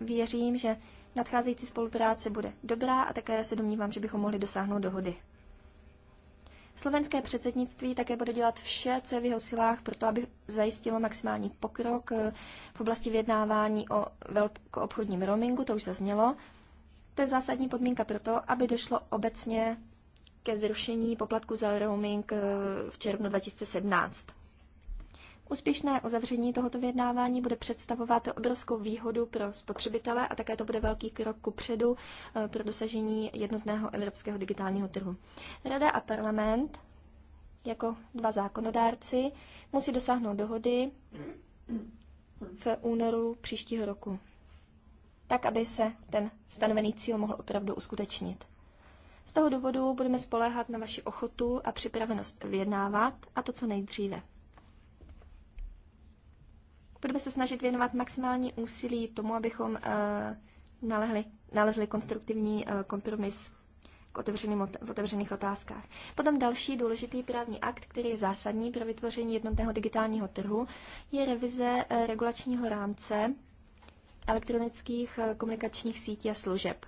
věřím, že nadcházející spolupráce bude dobrá a také se domnívám, že bychom mohli dosáhnout dohody. Slovenské předsednictví také bude dělat vše, co je v jeho silách, proto aby zajistilo maximální pokrok eh, v oblasti vyjednávání o obchodním roamingu, to už zaznělo. To je zásadní podmínka pro to, aby došlo obecně ke zrušení poplatku za roaming eh, v červnu 2017. Úspěšné uzavření tohoto vyjednávání bude představovat obrovskou výhodu pro spotřebitele a také to bude velký krok ku předu eh, pro dosažení jednotného evropského digitálního trhu. Rada a parlament jako dva zákonodárci musí dosáhnout dohody v únoru příštího roku, tak aby se ten stanovený cíl mohl opravdu uskutečnit. Z toho důvodu budeme spoléhat na vaši ochotu a připravenost vyjednávat a to co nejdříve. Budeme se snažit věnovat maximální úsilí tomu, abychom uh, nalehli, nalezli konstruktivní uh, kompromis k otevřeným, v otevřených otázkách. Potom další důležitý právní akt, který je zásadní pro vytvoření jednotného digitálního trhu, je revize eh, regulačního rámce elektronických komunikačních sítí a služeb.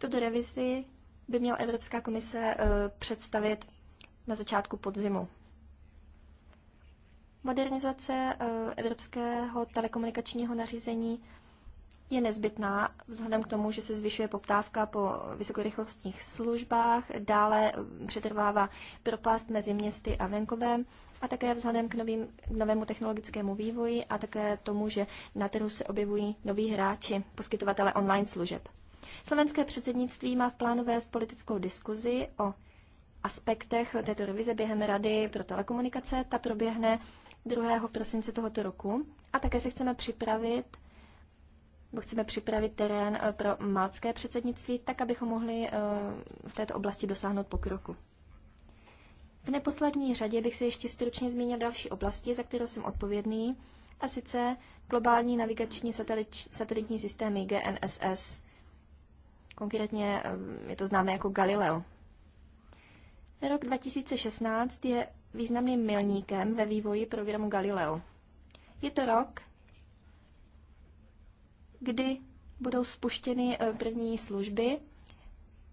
Tuto revizi by měla Evropská komise eh, představit na začátku podzimu. Modernizace eh, evropského telekomunikačního nařízení je nezbytná vzhledem k tomu, že se zvyšuje poptávka po vysokorychlostních službách, dále eh, přetrvává propast mezi městy a venkovem a také vzhledem k, novým, k novému technologickému vývoji a také tomu, že na trhu se objevují noví hráči, poskytovatele online služeb. Slovenské předsednictví má v plánu vést politickou diskuzi o aspektech této revize během Rady pro telekomunikace. Ta proběhne 2. prosince tohoto roku a také se chceme připravit chceme připravit terén eh, pro malcké předsednictví, tak abychom mohli eh, v této oblasti dosáhnout pokroku. V neposlední řadě bych se ještě stručně zmínil další oblasti, za kterou jsem odpovědný, a sice globální navigační satelit, satelitní systémy GNSS. Konkrétně je to známé jako Galileo. Rok 2016 je významným milníkem ve vývoji programu Galileo. Je to rok, kdy budou spuštěny e, první služby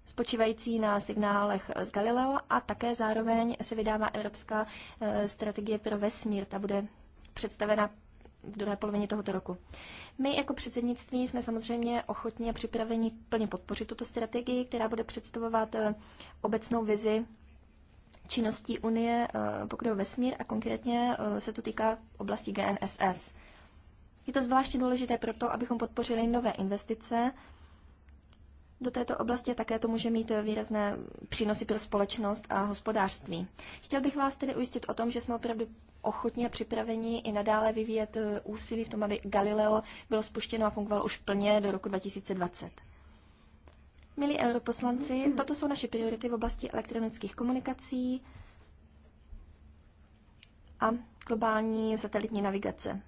spočívající na signálech z Galileo a také zároveň se vydává Evropská e, strategie pro vesmír. Ta bude představena v druhé polovině tohoto roku. My jako předsednictví jsme samozřejmě ochotní a připraveni plně podpořit tuto strategii, která bude představovat eh, obecnou vizi činností Unie, eh, pokud vesmír a konkrétně eh, se to týká oblasti GNSS. Je to zvláště důležité proto, abychom podpořili nové investice, do této oblasti a také to může mít výrazné přínosy pro společnost a hospodářství. Chtěl bych vás tedy ujistit o tom, že jsme opravdu ochotně a připraveni i nadále vyvíjet eh, úsilí v tom, aby Galileo bylo spuštěno a fungovalo už plně do roku 2020. Milí europoslanci, toto jsou naše priority v oblasti elektronických komunikací a globální satelitní navigace.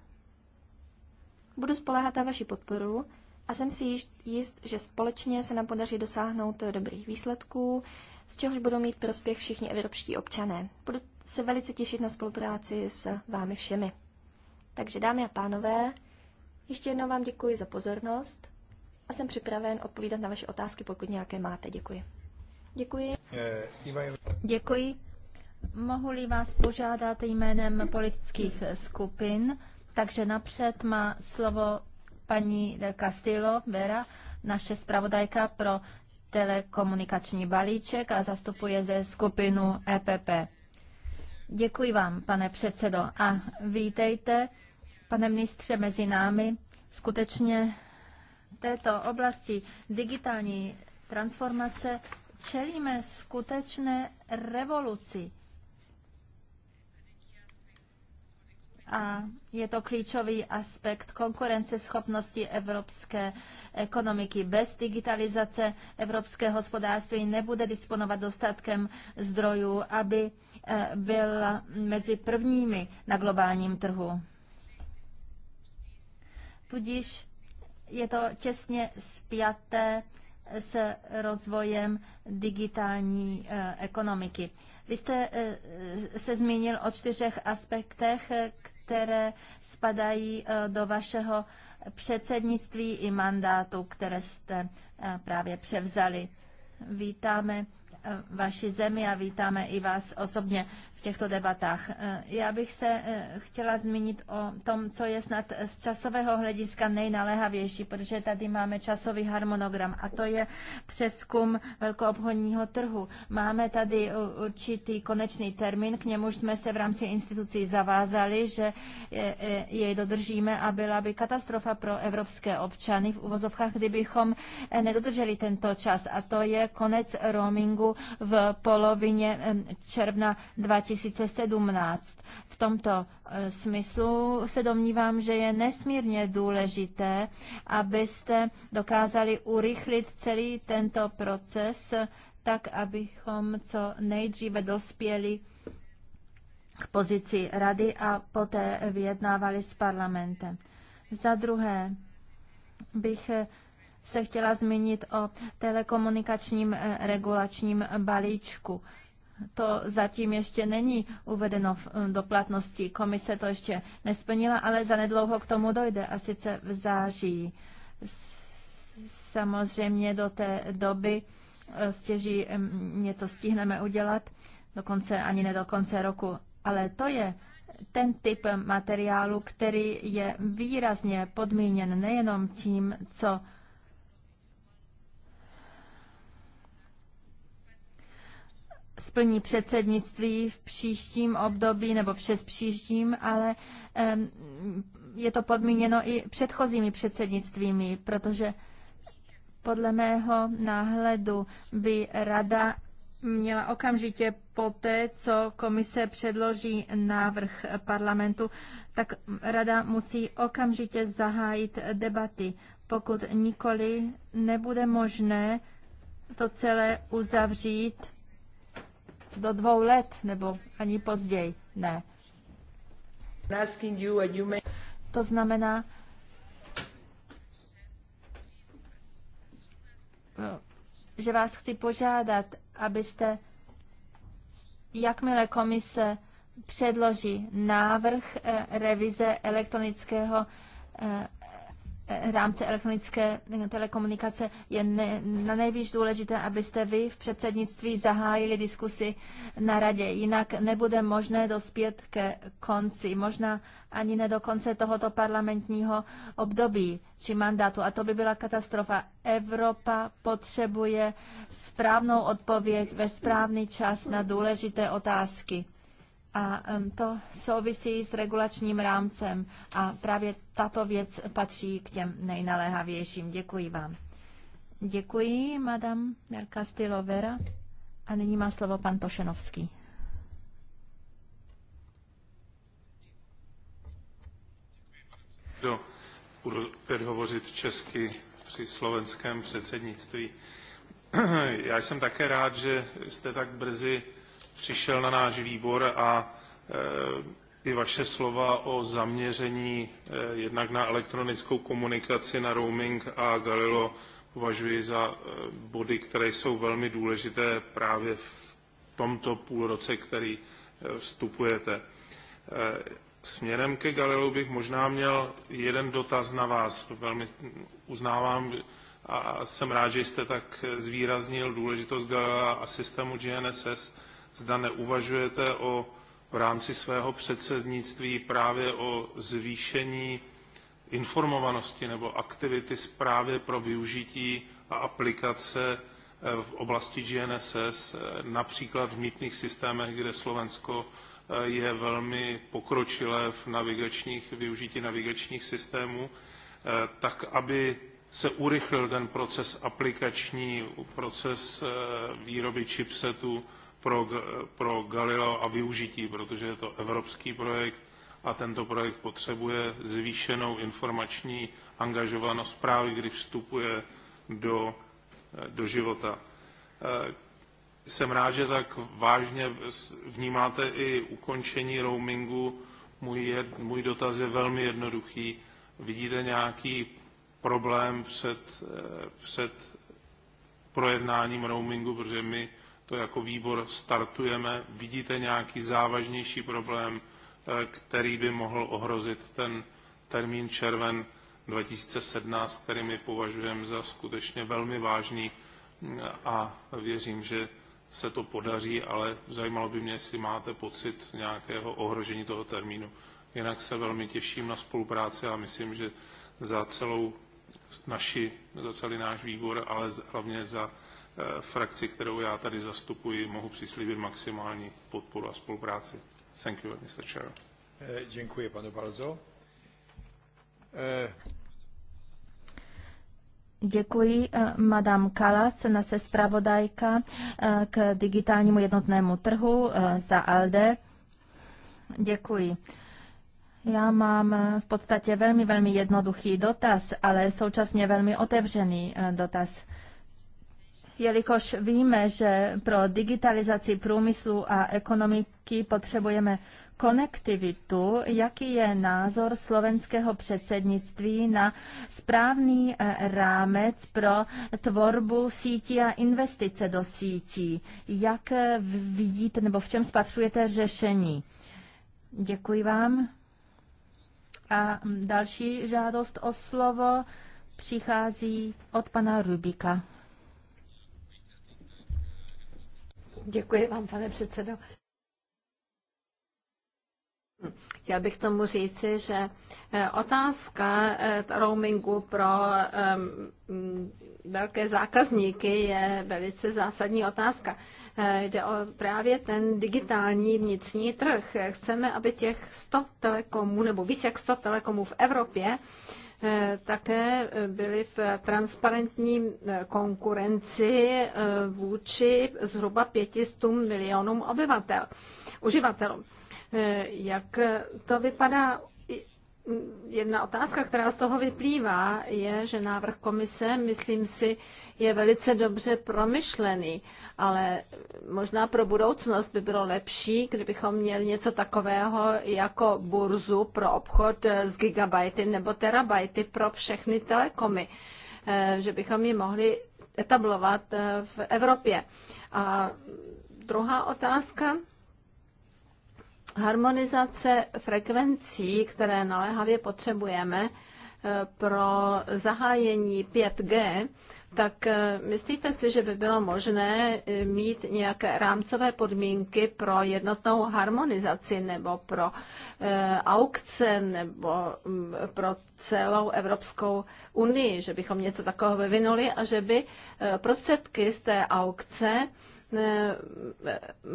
Budu spoléhat na vaši podporu a jsem si jist, že společně se nám podaří dosáhnout dobrých výsledků, z čehož budou mít prospěch všichni evropští občané. Budu se velice těšit na spolupráci s vámi všemi. Takže dámy a pánové, ještě jednou vám děkuji za pozornost a jsem připraven odpovídat na vaše otázky, pokud nějaké máte. Děkuji. Děkuji. Děkuji. Mohu-li vás požádat jménem politických skupin, takže napřed má slovo Paní del Castillo Vera, naše zpravodajka pro telekomunikační balíček a zastupuje ze skupinu EPP. Děkuji vám, pane předsedo, a vítejte, pane ministře, mezi námi. Skutečně v této oblasti digitální transformace čelíme skutečné revoluci. a je to klíčový aspekt konkurenceschopnosti evropské ekonomiky. Bez digitalizace evropské hospodářství nebude disponovat dostatkem zdrojů, aby eh, byl mezi prvními na globálním trhu. Tudíž je to těsně spjaté s rozvojem digitální eh, ekonomiky. Vy jste eh, se zmínil o čtyřech aspektech, které spadají eh, do vašeho předsednictví i mandátu, které jste eh, právě převzali. Vítáme eh, vaši zemi a vítáme i vás osobně v těchto debatách. Eh, já bych se eh, chtěla zmínit o tom, co je snad z časového hlediska nejnaléhavější, protože tady máme časový harmonogram a to je přeskum velkoobchodního trhu. Máme tady eh, určitý konečný termín, k němuž jsme se v rámci institucí zavázali, že jej dodržíme a byla by katastrofa pro evropské občany v uvozovkách, kdybychom nedodrželi tento čas a to je konec roamingu v polovině června 2020. 2017. V tomto eh, smyslu se domnívám, že je nesmírně důležité, abyste dokázali urychlit celý tento proces tak, abychom co nejdříve dospěli k pozici rady a poté vyjednávali s parlamentem. Za druhé bych eh, se chtěla zmínit o telekomunikačním eh, regulačním balíčku to zatím ještě není uvedeno v, mm, do platnosti. Komise to ještě nesplnila, ale zanedlouho k tomu dojde a sice v září. Samozřejmě do té doby e, stěží něco stihneme udělat, dokonce ani ne do konce roku. Ale to je ten typ materiálu, který je výrazně podmíněn nejenom tím, co splní předsednictví v příštím období nebo přes příštím, ale je to podmíněno i předchozími předsednictvími, protože podle mého náhledu by rada měla okamžitě poté, co komise předloží návrh parlamentu, tak rada musí okamžitě zahájit debaty. Pokud nikoli, nebude možné to celé uzavřít do dvou let nebo ani později. Ne. To znamená, že vás chci požádat, abyste, jakmile komise předloží návrh eh, revize elektronického eh, Eh, rámce elektronické eh, telekomunikace je ne, na nejvíc důležité, abyste vy v předsednictví zahájili diskusy na radě. Jinak nebude možné dospět ke konci, možná ani ne do konce tohoto parlamentního období či mandátu. A to by byla katastrofa. Evropa potřebuje správnou odpověď ve správný čas na důležité otázky a to souvisí s regulačním rámcem a právě tato věc patří k těm nejnaléhavějším. Děkuji vám. Děkuji, madam Castillo Vera. A nyní má slovo pan Tošenovský. Do, budu opět hovořit česky při slovenském předsednictví. [clears throat] Já jsem také rád, že jste tak brzy přišel na náš výbor a e, i vaše slova o zaměření e, jednak na elektronickou komunikaci, na roaming a Galileo považuji za e, body, které jsou velmi důležité právě v tomto půlroce, který vstupujete. Směrem ke Galilu bych možná měl jeden dotaz na vás. Velmi uznávám a jsem rád, že jste tak zvýraznil důležitost Galila a systému GNSS zda neuvažujete o v rámci svého předsednictví právě o zvýšení informovanosti nebo aktivity zprávy pro využití a aplikace eh, v oblasti GNSS, eh, například v mítných systémech, kde Slovensko eh, je velmi pokročilé v navigačních, využití navigačních systémů, tak aby se urychlil ten proces aplikační, proces výroby chipsetů pro, pro Galileo a využití, protože je to evropský projekt a tento projekt potřebuje zvýšenou informační angažovanost právě, když vstupuje do, do života. Eh, jsem rád, že tak vážně vnímáte i ukončení roamingu. Můj, jed, můj dotaz je velmi jednoduchý. Vidíte nějaký problém před, eh, před projednáním roamingu, protože my to jako výbor startujeme. Vidíte nějaký závažnější problém, eh, který by mohl ohrozit ten termín červen 2017, který my považujeme za skutečně velmi vážný mm, a věřím, že se to podaří, ale zajímalo by mě, jestli máte pocit nějakého ohrožení toho termínu. Jinak se velmi těším na spolupráci a myslím, že za celou naši, za celý náš výbor, ale hlavně za Eh, frakci, kterou já tady zastupuji, mohu přislíbit maximální podporu a spolupráci. Thank you, Mr. Chair. Eh, děkuji panu Balzo. Eh. Děkuji. Madame Kalas, naše zpravodajka k digitálnímu jednotnému trhu za ALDE. Děkuji. Já mám v podstatě velmi, velmi jednoduchý dotaz, ale současně velmi otevřený dotaz jelikož víme, že pro digitalizaci průmyslu a ekonomiky potřebujeme konektivitu, jaký je názor slovenského předsednictví na správný eh, rámec pro tvorbu sítí a investice do sítí. Jak eh, vidíte nebo v čem spatřujete řešení? Děkuji vám. A mm, další žádost o slovo přichází od pana Rubika. Děkuji vám, pane předsedo. Chtěl bych tomu říci, že eh, otázka eh, roamingu pro ehm, mm, velké zákazníky je velice zásadní otázka. Eh, jde o právě ten digitální vnitřní trh. Chceme, aby těch 100 telekomů, nebo víc jak 100 telekomů v Evropě, Eh, také eh, byly v transparentní eh, konkurenci vůči zhruba 500 milionům obyvatel, uživatelům. Jak to vypadá jedna otázka, která z toho vyplývá, je, že návrh komise, myslím si, je velice dobře promyšlený, ale možná pro budoucnost by bylo lepší, kdybychom měli něco takového jako burzu pro obchod s gigabajty nebo terabajty pro všechny telekomy, eh, že bychom ji mohli etablovat eh, v Evropě. A druhá otázka, Harmonizace frekvencí, které naléhavě potřebujeme eh, pro zahájení 5G, tak eh, myslíte si, že by bylo možné eh, mít nějaké rámcové podmínky pro jednotnou harmonizaci nebo pro aukce nebo mm, pro celou Evropskou unii, že bychom něco takového vyvinuli a že by prostředky z té aukce Eh,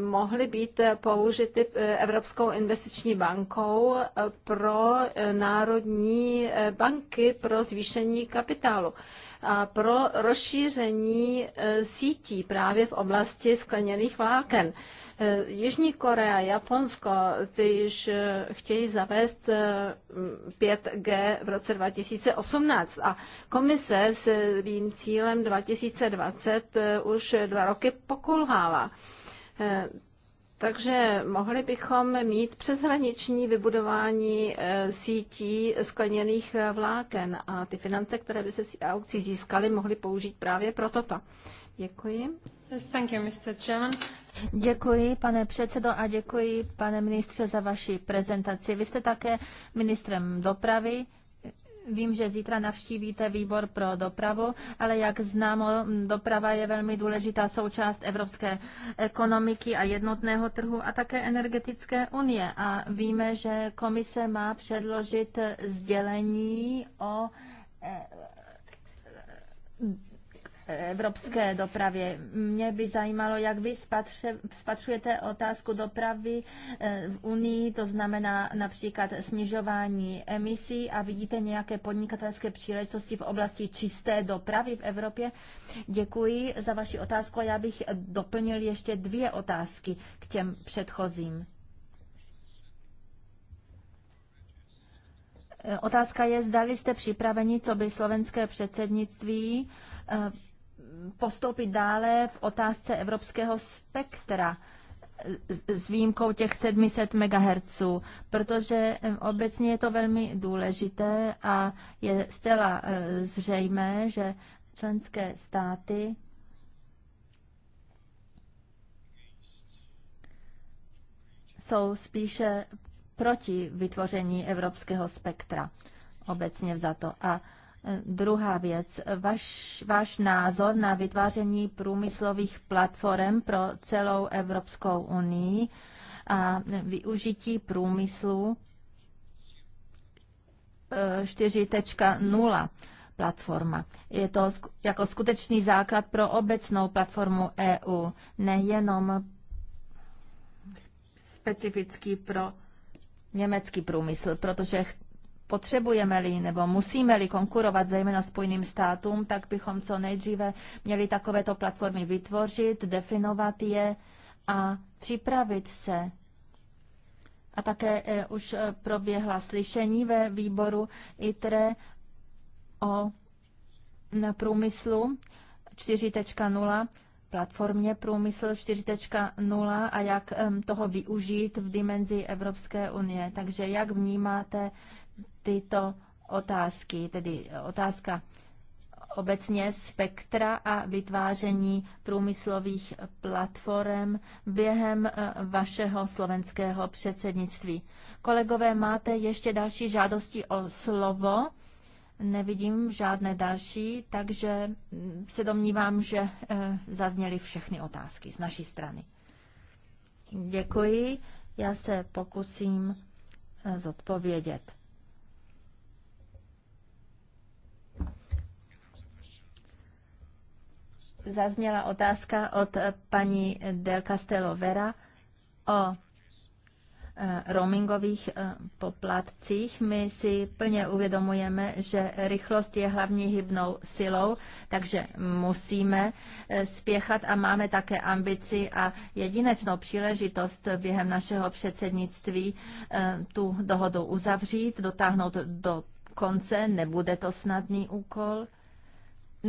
mohly být použity Evropskou investiční bankou pro národní banky pro zvýšení kapitálu a pro rozšíření eh, sítí právě v oblasti skleněných vláken. Eh, Jižní Korea, Japonsko, ty již eh, chtějí zavést 5G eh, v roce 2018 a komise s tím cílem 2020 už dva roky pokulhává. Takže mohli bychom mít přeshraniční vybudování sítí skleněných vláken a ty finance, které by se z aukcí získaly, mohly použít právě pro toto. Děkuji. Yes, thank you, Mr. Chairman. Děkuji, pane předsedo, a děkuji, pane ministře, za vaši prezentaci. Vy jste také ministrem dopravy. Vím, že zítra navštívíte výbor pro dopravu, ale jak známo, doprava je velmi důležitá součást evropské ekonomiky a jednotného trhu a také energetické unie. A víme, že komise má předložit sdělení o eh, evropské dopravě. Mě by zajímalo, jak vy spatřujete otázku dopravy eh, v Unii, to znamená například snižování emisí a vidíte nějaké podnikatelské příležitosti v oblasti čisté dopravy v Evropě. Děkuji za vaši otázku a já bych doplnil ještě dvě otázky k těm předchozím. Eh, otázka je, zdali jste připraveni, co by slovenské předsednictví eh, postoupit dále v otázce evropského spektra s výjimkou těch 700 MHz, protože eh, obecně je to velmi důležité a je zcela eh, zřejmé, že členské státy jsou spíše proti vytvoření evropského spektra obecně vzato. A Druhá věc, váš, váš názor na vytváření průmyslových platform pro celou Evropskou unii a využití průmyslu 4.0 e, platforma. Je to jako skutečný základ pro obecnou platformu EU, nejenom specifický pro německý průmysl, protože potřebujeme-li nebo musíme-li konkurovat zejména Spojeným státům, tak bychom co nejdříve měli takovéto platformy vytvořit, definovat je a připravit se. A také eh, už eh, proběhla slyšení ve výboru ITRE o průmyslu 4.0 platformě Průmysl 4.0 a jak toho využít v dimenzi Evropské unie. Takže jak vnímáte tyto otázky, tedy eh, otázka obecně spektra a vytváření průmyslových platform během eh, vašeho slovenského předsednictví. Kolegové, máte ještě další žádosti o slovo? Nevidím žádné další, takže mm, se domnívám, že eh, zazněly všechny otázky z naší strany. Děkuji, já se pokusím zodpovědět. zazněla otázka od eh, paní Del Castello Vera o eh, roamingových eh, poplatcích. My si plně uvědomujeme, že rychlost je hlavní hybnou silou, takže musíme spěchat a máme také ambici a jedinečnou příležitost během našeho předsednictví tu dohodu uzavřít, dotáhnout do konce. Nebude to snadný úkol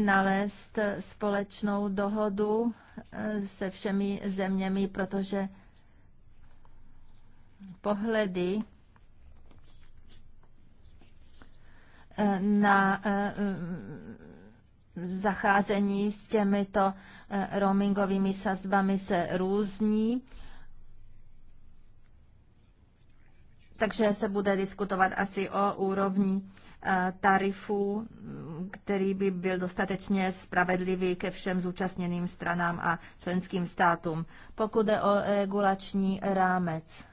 nalézt společnou dohodu eh, se všemi zeměmi, protože pohledy eh, na eh, zacházení s těmito roamingovými sazbami se různí. Takže se bude diskutovat asi o úrovni Eh, tarifu, mm, který by byl dostatečně spravedlivý ke všem zúčastněným stranám a členským státům. Pokud je o regulační rámec.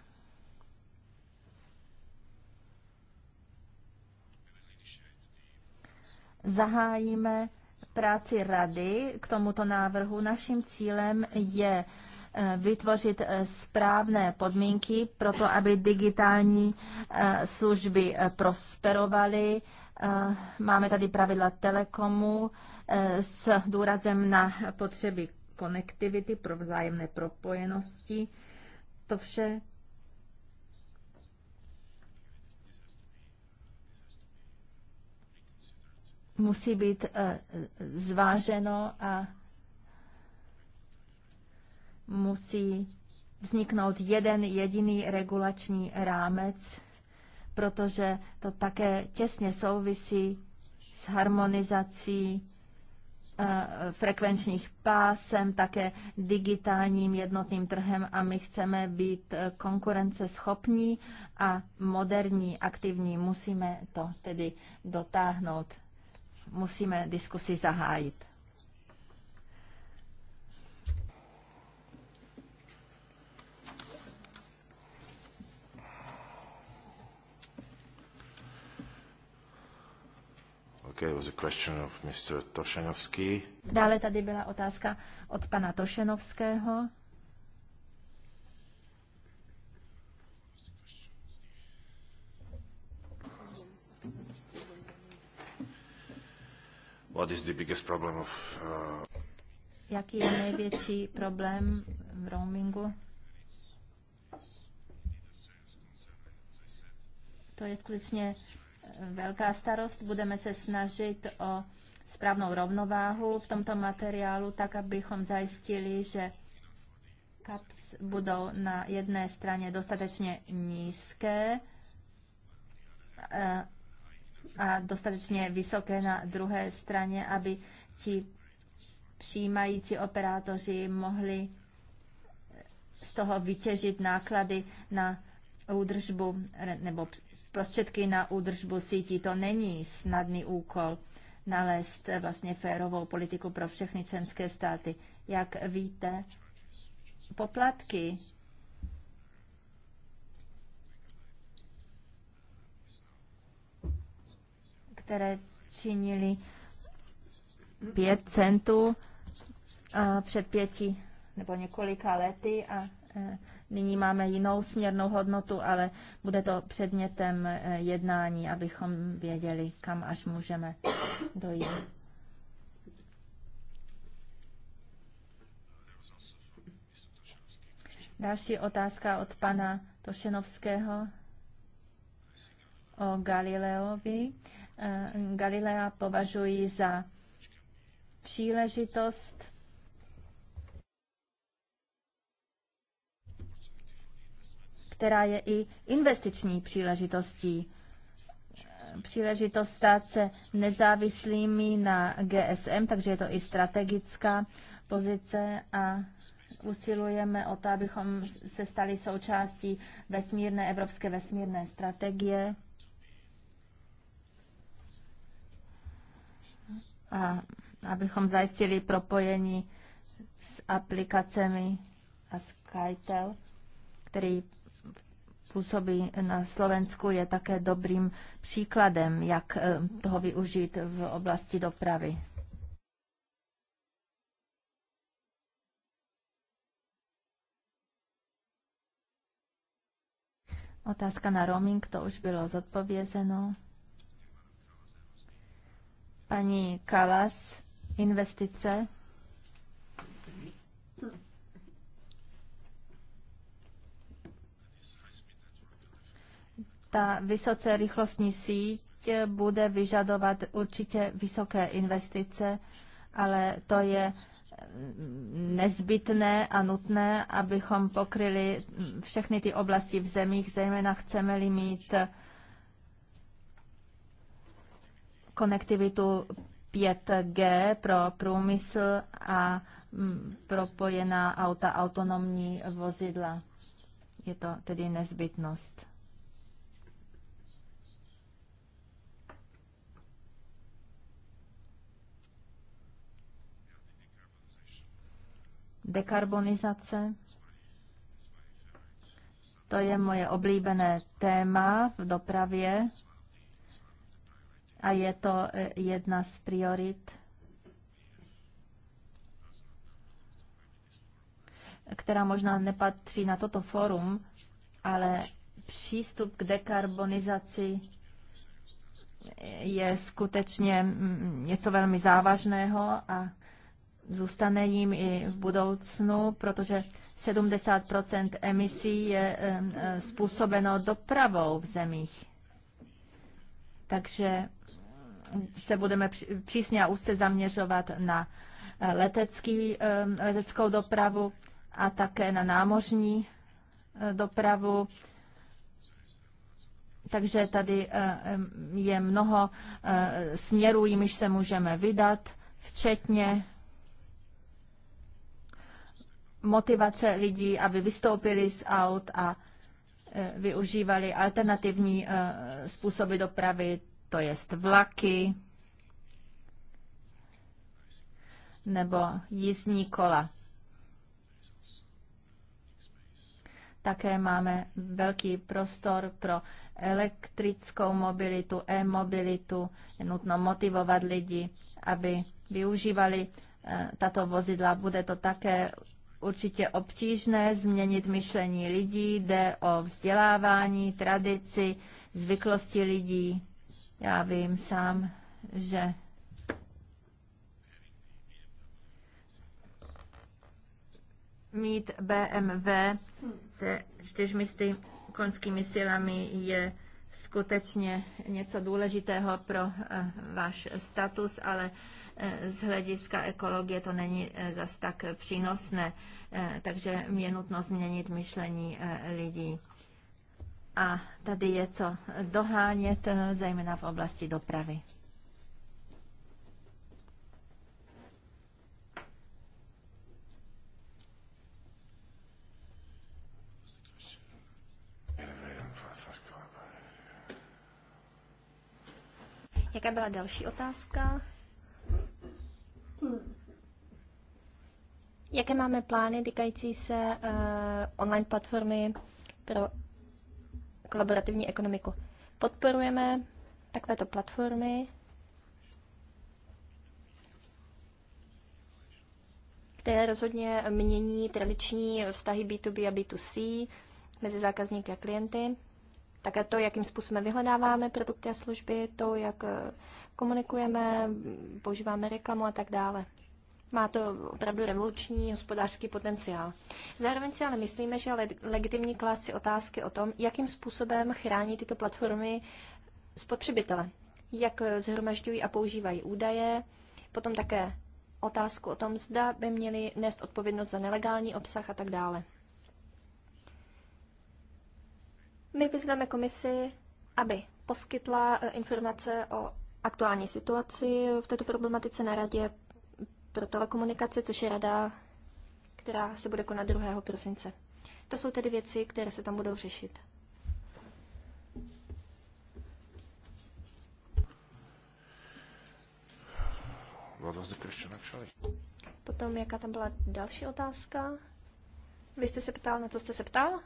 Zahájíme práci rady k tomuto návrhu. Naším cílem je vytvořit eh, správné podmínky pro to, aby digitální eh, služby eh, prosperovaly. Máme tady pravidla telekomu s důrazem na potřeby konektivity pro vzájemné propojenosti. To vše musí být zváženo a musí vzniknout jeden jediný regulační rámec, protože to také těsně souvisí s harmonizací eh, frekvenčních pásem, také digitálním jednotným trhem a my chceme být eh, konkurenceschopní a moderní, aktivní. Musíme to tedy dotáhnout, musíme diskusi zahájit. Okay, was a question of Mr. Tošenovský. Dále tady byla otázka od pana Tošenovského. What is the biggest problem of, uh... Jaký je největší problém v roamingu? To je skutečně velká starost. Budeme se snažit o správnou rovnováhu v tomto materiálu, tak abychom zajistili, že CAPS budou na jedné straně dostatečně nízké eh, a dostatečně vysoké na druhé straně, aby ti přijímající operátoři mohli z toho vytěžit náklady na údržbu nebo prostředky na údržbu sítí. To není snadný úkol nalézt vlastně férovou politiku pro všechny členské státy. Jak víte, poplatky které činili 5 centů eh, před pěti nebo několika lety a eh, Nyní máme jinou směrnou hodnotu, ale bude to předmětem eh, jednání, abychom věděli, kam až můžeme dojít. Další otázka od pana Tošenovského o Galileovi. Eh, Galilea považuji za příležitost, která je i investiční příležitostí. Příležitost stát se nezávislými na GSM, takže je to i strategická pozice a usilujeme o to, abychom se stali součástí vesmírné, evropské vesmírné strategie. A abychom zajistili propojení s aplikacemi a Skytel, který působí na Slovensku je také dobrým příkladem, jak eh, toho využít v oblasti dopravy. Otázka na roaming, to už bylo zodpovězeno. Paní Kalas, investice ta vysoce rychlostní síť bude vyžadovat určitě vysoké investice, ale to je eh, nezbytné a nutné, abychom pokryli hm, všechny ty oblasti v zemích, zejména chceme-li mít eh, konektivitu 5G pro průmysl a hm, propojená auta, autonomní vozidla. Je to tedy nezbytnost. dekarbonizace. To je moje oblíbené téma v dopravě a je to e, jedna z priorit, která možná nepatří na toto forum, ale přístup k dekarbonizaci je skutečně mm, něco velmi závažného a zůstane jim i v budoucnu, protože 70 emisí je e, způsobeno dopravou v zemích. Takže se budeme přísně a úzce zaměřovat na e, letecký, leteckou dopravu a také na námořní e, dopravu. Takže tady je mnoho směrů, jimiž se můžeme vydat, včetně motivace lidí, aby vystoupili z aut a e, využívali alternativní e, způsoby dopravy, to jest vlaky nebo jízdní kola. Také máme velký prostor pro elektrickou mobilitu, e-mobilitu. Je nutno motivovat lidi, aby využívali e, tato vozidla. Bude to také určitě obtížné změnit myšlení lidí, jde o vzdělávání, tradici, zvyklosti lidí. Já vím sám, že mít BMW se čtyřmi konskými silami je skutečně něco důležitého pro eh, váš status, ale z hlediska ekologie to není eh, zas tak přínosné, eh, takže je nutno změnit myšlení eh, lidí. A tady je co dohánět, zejména v oblasti dopravy. Jaká byla další otázka? Jaké máme plány týkající se uh, online platformy pro kolaborativní ekonomiku? Podporujeme takovéto platformy, které rozhodně mění tradiční vztahy B2B a B2C mezi zákazníky a klienty. Také to, jakým způsobem vyhledáváme produkty a služby, to, jak eh, komunikujeme, používáme reklamu a tak dále. Má to opravdu revoluční hospodářský potenciál. Zároveň si ale myslíme, že je legitimní klást si otázky o tom, jakým způsobem chrání tyto platformy spotřebitele, jak zhromažďují a používají údaje, potom také otázku o tom, zda by měli nést odpovědnost za nelegální obsah a tak dále. My vyzveme komisi, aby poskytla eh, informace o aktuální situaci v této problematice na radě pro telekomunikace, což je rada, která se bude konat 2. prosince. To jsou tedy věci, které se tam budou řešit. Potom, jaká tam byla další otázka? Vy jste se ptal, na co jste se ptal?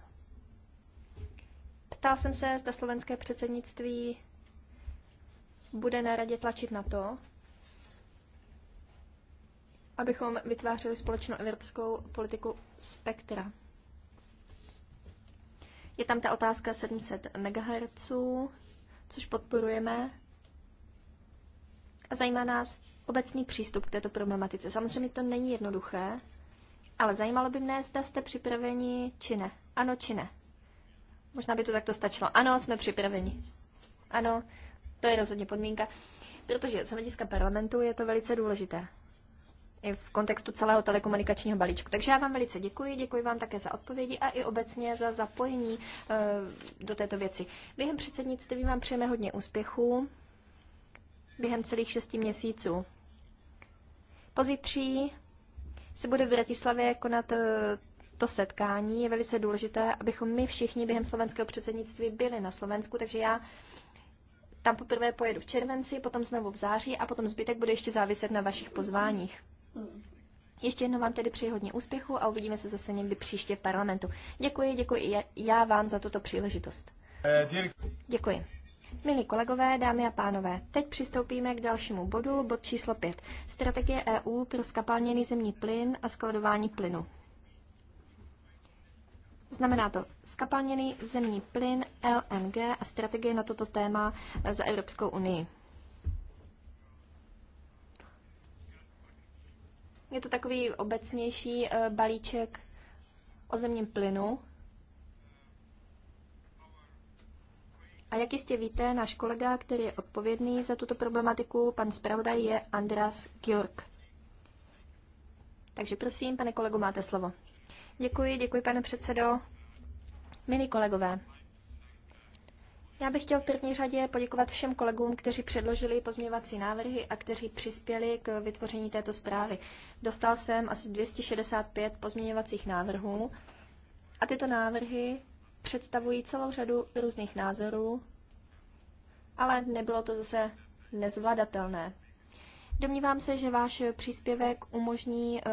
Ptal jsem se, zda slovenské předsednictví bude na radě tlačit na to, abychom vytvářeli společnou evropskou politiku spektra. Je tam ta otázka 700 MHz, což podporujeme. A zajímá nás obecný přístup k této problematice. Samozřejmě to není jednoduché, ale zajímalo by mne, zda jste připraveni či ne. Ano či ne. Možná by to takto stačilo. Ano, jsme připraveni. Ano, to je rozhodně podmínka, protože z hlediska parlamentu je to velice důležité i v kontextu celého telekomunikačního balíčku. Takže já vám velice děkuji, děkuji vám také za odpovědi a i obecně za zapojení eh, do této věci. Během předsednictví vám přejeme hodně úspěchů během celých šesti měsíců. Pozítří se bude v Bratislavě konat eh, to setkání. Je velice důležité, abychom my všichni během slovenského předsednictví byli na Slovensku, takže já tam poprvé pojedu v červenci, potom znovu v září a potom zbytek bude ještě záviset na vašich pozváních. Ještě jednou vám tedy přeji hodně úspěchu a uvidíme se zase někdy příště v parlamentu. Děkuji, děkuji já vám za tuto příležitost. Eh, děkuji. Milí kolegové, dámy a pánové, teď přistoupíme k dalšímu bodu, bod číslo 5. Strategie EU pro skapalněný zemní plyn a skladování plynu. Znamená to skapalněný zemní plyn, LNG a strategie na toto téma za Evropskou unii. Je to takový obecnější eh, balíček o zemním plynu. A jak jistě víte, náš kolega, který je odpovědný za tuto problematiku, pan zpravodaj, je Andras Georg. Takže prosím, pane kolego, máte slovo. Děkuji, děkuji, pane předsedo. Milí kolegové, já bych chtěl v první řadě poděkovat všem kolegům, kteří předložili pozměňovací návrhy a kteří přispěli k vytvoření této zprávy. Dostal jsem asi 265 pozměňovacích návrhů a tyto návrhy představují celou řadu různých názorů, ale nebylo to zase nezvladatelné. Domnívám se, že váš příspěvek umožní eh,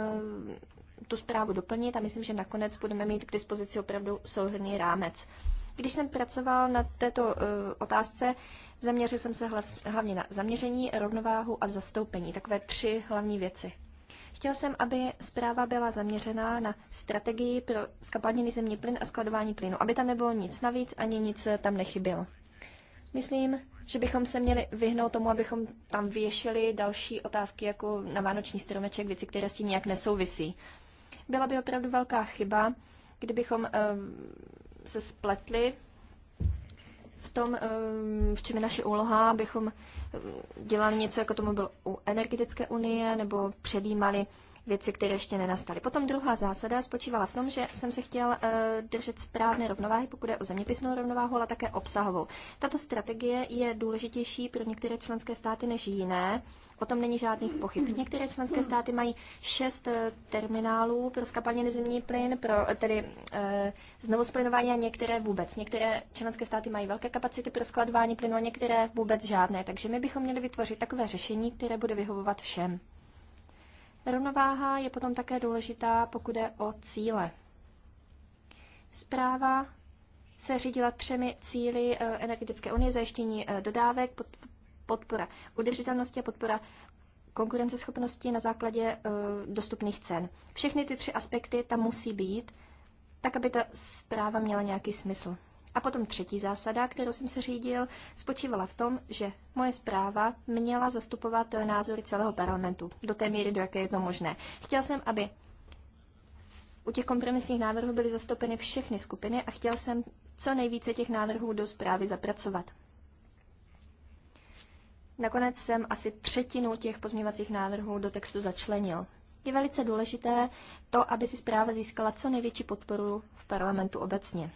tu zprávu doplnit a myslím, že nakonec budeme mít k dispozici opravdu souhrný rámec. Když jsem pracoval na této eh, otázce, zaměřil jsem se hlavně na zaměření, rovnováhu a zastoupení, takové tři hlavní věci. Chtěl jsem, aby zpráva byla zaměřená na strategii pro skapadněný zemní plyn a skladování plynu, aby tam nebylo nic navíc, ani nic tam nechybělo. Myslím, že bychom se měli vyhnout tomu, abychom tam věšili další otázky jako na vánoční stromeček, věci, které s tím nějak nesouvisí. Byla by opravdu velká chyba, kdybychom eh, se spletli v tom, eh, v čem je naše úloha, abychom eh, dělali něco, jako tomu bylo u energetické unie, nebo předjímali věci, které ještě nenastaly. Potom druhá zásada spočívala v tom, že jsem se chtěl eh, držet správné rovnováhy, pokud je o zeměpisnou rovnováhu, ale také obsahovou. Tato strategie je důležitější pro některé členské státy než jiné. O tom není žádných pochyb. Některé členské státy mají šest eh, terminálů pro skapalněný zemní plyn, pro eh, tedy e, znovu splinování a některé vůbec. Některé členské státy mají velké kapacity pro skladování plynu a některé vůbec žádné. Takže my bychom měli vytvořit takové řešení, které bude vyhovovat všem. Rovnováha je potom také důležitá, pokud je o cíle. Zpráva se řídila třemi cíly eh, energetické unie, zajištění eh, dodávek, podpora udržitelnosti a podpora konkurenceschopnosti na základě eh, dostupných cen. Všechny ty tři aspekty tam musí být, tak aby ta zpráva měla nějaký smysl. A potom třetí zásada, kterou jsem se řídil, spočívala v tom, že moje zpráva měla zastupovat názory celého parlamentu do té míry, do jaké je to možné. Chtěl jsem, aby u těch kompromisních návrhů byly zastoupeny všechny skupiny a chtěl jsem co nejvíce těch návrhů do zprávy zapracovat. Nakonec jsem asi třetinu těch pozměvacích návrhů do textu začlenil. Je velice důležité to, aby si zpráva získala co největší podporu v parlamentu obecně.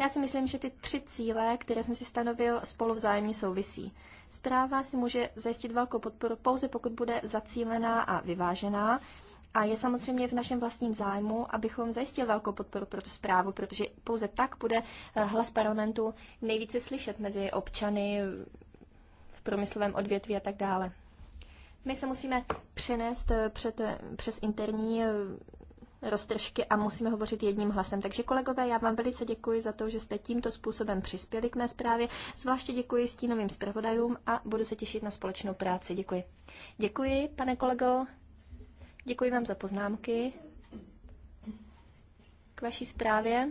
Já si myslím, že ty tři cíle, které jsem si stanovil, spolu vzájemně souvisí. Zpráva si může zajistit velkou podporu pouze pokud bude zacílená a vyvážená. A je samozřejmě v našem vlastním zájmu, abychom zajistili velkou podporu pro tu zprávu, protože pouze tak bude eh, hlas parlamentu nejvíce slyšet mezi občany v průmyslovém odvětví a tak dále. My se musíme přenést eh, před, eh, přes interní roztržky a musíme hovořit jedním hlasem. Takže kolegové, já vám velice děkuji za to, že jste tímto způsobem přispěli k mé zprávě. Zvláště děkuji stínovým zpravodajům a budu se těšit na společnou práci. Děkuji. Děkuji, pane kolego. Děkuji vám za poznámky k vaší zprávě.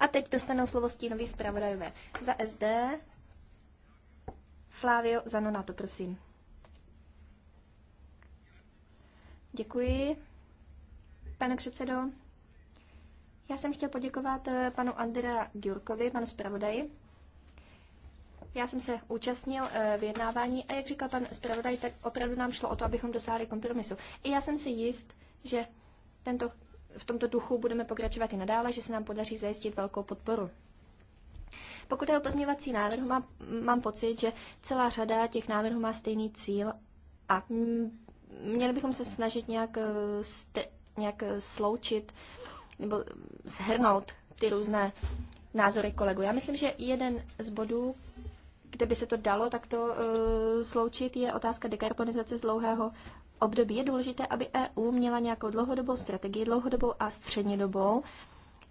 A teď dostanou slovo stínový zpravodajové. Za SD Flávio Zanonato, prosím. Děkuji pane předsedo. Já jsem chtěl poděkovat eh, panu Andrea Djurkovi, panu zpravodaji. Já jsem se účastnil eh, vyjednávání a jak říkal pan zpravodaj, tak opravdu nám šlo o to, abychom dosáhli kompromisu. I já jsem si jist, že tento, v tomto duchu budeme pokračovat i nadále, že se nám podaří zajistit velkou podporu. Pokud je o pozměvací návrh, mám, mám pocit, že celá řada těch návrhů má stejný cíl a měli bychom se snažit nějak eh, nějak eh, sloučit nebo shrnout ty různé názory kolegu. Já myslím, že jeden z bodů, kde by se to dalo takto uh, sloučit, je otázka dekarbonizace z dlouhého období. Je důležité, aby EU měla nějakou dlouhodobou strategii, dlouhodobou a střednědobou.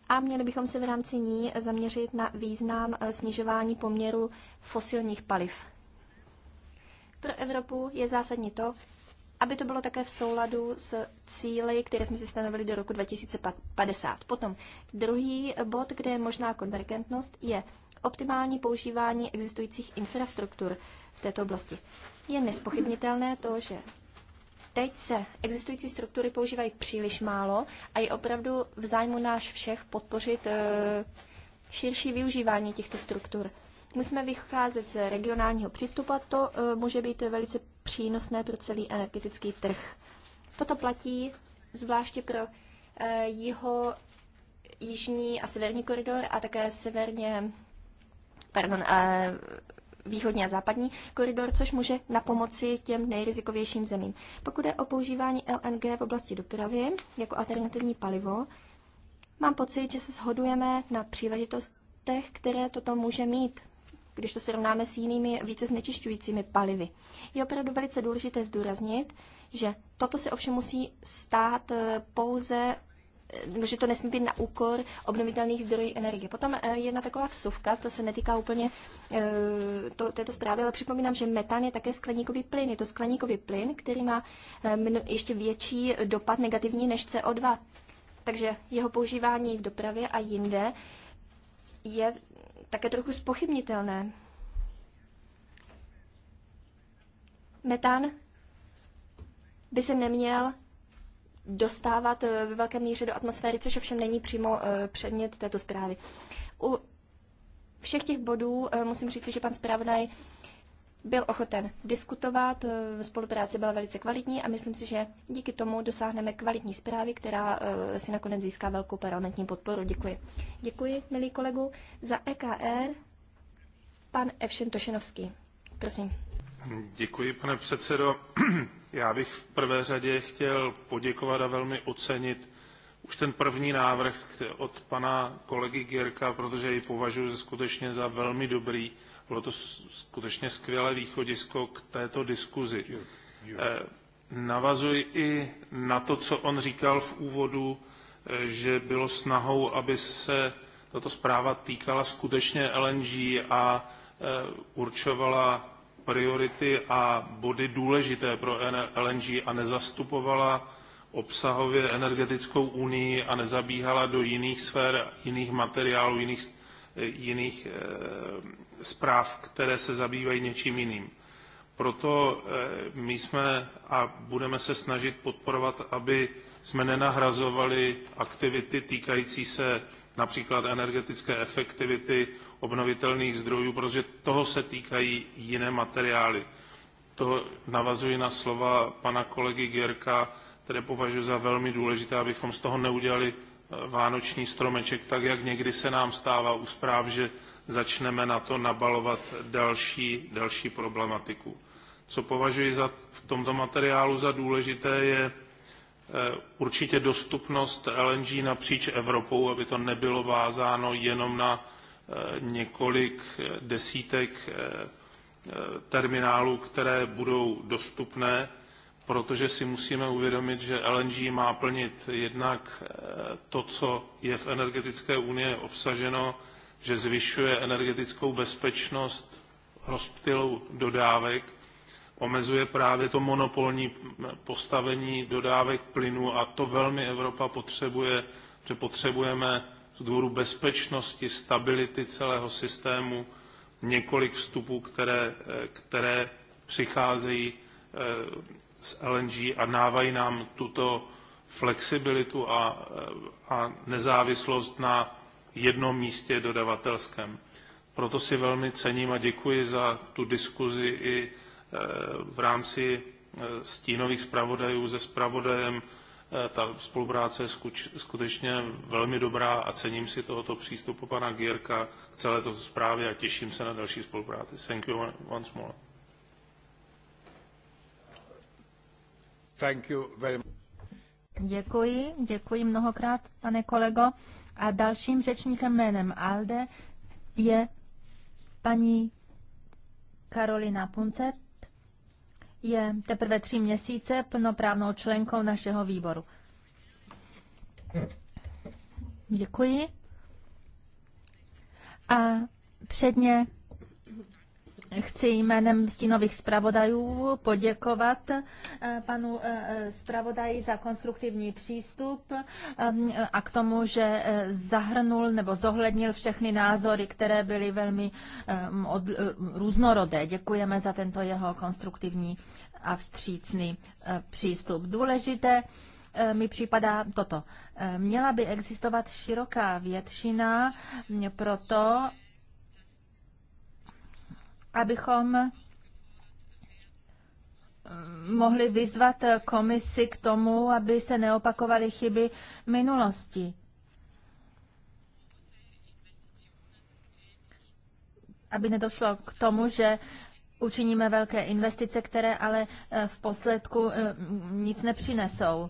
A měli bychom se v rámci ní zaměřit na význam eh, snižování poměru fosilních paliv. Pro Evropu je zásadní to, aby to bylo také v souladu s cíly, které jsme si stanovili do roku 2050. Potom druhý bod, kde je možná konvergentnost, je optimální používání existujících infrastruktur v této oblasti. Je nespochybnitelné to, že teď se existující struktury používají příliš málo a je opravdu v zájmu náš všech podpořit eh, širší využívání těchto struktur. Musíme vycházet z regionálního přístupu a to eh, může být velice přínosné pro celý energetický trh. Toto platí zvláště pro eh, jeho jižní a severní koridor a také severně, pardon, eh, východní a západní koridor, což může na pomoci těm nejrizikovějším zemím. Pokud je o používání LNG v oblasti dopravy jako alternativní palivo, mám pocit, že se shodujeme na příležitostech, které toto může mít když to srovnáme s jinými více znečišťujícími palivy. Je opravdu velice důležité zdůraznit, že toto se ovšem musí stát eh, pouze eh, že to nesmí být na úkor obnovitelných zdrojů energie. Potom eh, jedna taková vsuvka, to se netýká úplně to, této zprávy, ale připomínám, že metan je také skleníkový plyn. Je to skleníkový plyn, který má ještě větší dopad negativní než CO2. Takže jeho používání v dopravě a jinde je také trochu spochybnitelné. Metan by se neměl dostávat eh, ve velké míře do atmosféry, což ovšem není přímo eh, předmět této zprávy. U všech těch bodů eh, musím říct, že pan zpravodaj byl ochoten diskutovat, eh, spolupráce byla velice kvalitní a myslím si, že díky tomu dosáhneme kvalitní zprávy, která eh, si nakonec získá velkou parlamentní podporu. Děkuji. Děkuji, milý kolegu. Za EKR pan Evšen Tošenovský. Prosím. Děkuji, pane předsedo. [clears throat] Já bych v prvé řadě chtěl poděkovat a velmi ocenit už ten první návrh od pana kolegy Gierka, protože ji považuji skutečně za velmi dobrý bylo to skutečně skvělé východisko k této diskuzi. Eh, navazuji i na to, co on říkal v úvodu, eh, že bylo snahou, aby se tato zpráva týkala skutečně LNG a eh, určovala priority a body důležité pro LNG a nezastupovala obsahově energetickou unii a nezabíhala do jiných sfér, jiných materiálů, jiných, jiných zpráv, které se zabývají něčím jiným. Proto eh, my jsme a budeme se snažit podporovat, aby jsme nenahrazovali aktivity týkající se například energetické efektivity obnovitelných zdrojů, protože toho se týkají jiné materiály. To navazuji na slova pana kolegy Gierka, které považuji za velmi důležité, abychom z toho neudělali eh, vánoční stromeček, tak jak někdy se nám stává u zpráv, že začneme na to nabalovat další, další problematiku. Co považuji za, v tomto materiálu za důležité, je eh, určitě dostupnost LNG napříč Evropou, aby to nebylo vázáno jenom na eh, několik eh, desítek terminálů, které budou dostupné, protože si musíme uvědomit, že LNG má plnit jednak to, co je v energetické unii obsaženo, že zvyšuje energetickou bezpečnost rozptylou dodávek, omezuje právě to monopolní postavení dodávek plynu a to velmi Evropa potřebuje, že potřebujeme z důvodu bezpečnosti, stability celého systému několik vstupů, které, které přicházejí eh, z LNG a dávají nám tuto flexibilitu a, eh, a nezávislost na jednom místě dodavatelském. Proto si velmi cením a děkuji za tu diskuzi i e, v rámci e, stínových zpravodajů se zpravodajem. E, ta spolupráce je skutečně velmi dobrá a cením si tohoto přístupu pana Gierka k celé toto zprávě a těším se na další spolupráci. Thank you once more. Thank you very much. Děkuji, děkuji mnohokrát, pane kolego. A dalším řečníkem jménem ALDE je paní Karolina Puncet. Je teprve tři měsíce plnoprávnou členkou našeho výboru. Děkuji. A předně Chci jménem stínových zpravodajů poděkovat eh, panu eh, zpravodaji za konstruktivní přístup eh, a k tomu, že zahrnul nebo zohlednil všechny názory, které byly velmi různorodé. Děkujeme za tento jeho konstruktivní a vstřícný přístup. Důležité mi připadá toto. Měla by existovat široká většina proto, abychom eh, mohli vyzvat eh, komisi k tomu, aby se neopakovaly chyby minulosti. Aby nedošlo k tomu, že učiníme velké investice, které ale eh, v posledku nic nepřinesou.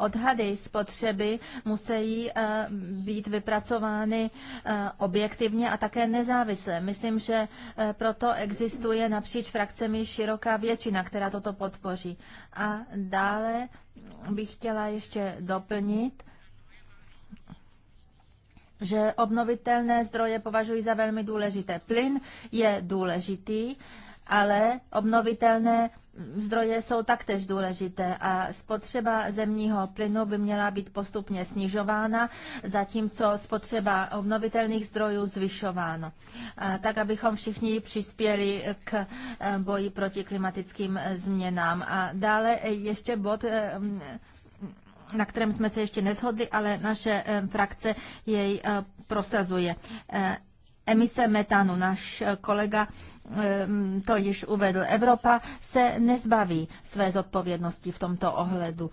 Odhady spotřeby musí eh, být vypracovány eh, objektivně a také nezávisle. Myslím, že eh, proto existuje napříč frakcemi široká většina, která toto podpoří. A dále bych chtěla ještě doplnit, že obnovitelné zdroje považuji za velmi důležité. Plyn je důležitý, ale obnovitelné zdroje jsou taktéž důležité a spotřeba zemního plynu by měla být postupně snižována, zatímco spotřeba obnovitelných zdrojů zvyšována, Tak, abychom všichni přispěli k e, boji proti klimatickým změnám. A dále ještě bod e, na kterém jsme se ještě neshodli, ale naše e, frakce jej prosazuje emise metanu. Náš eh, kolega ehm, to již uvedl. Evropa se nezbaví své zodpovědnosti v tomto ohledu.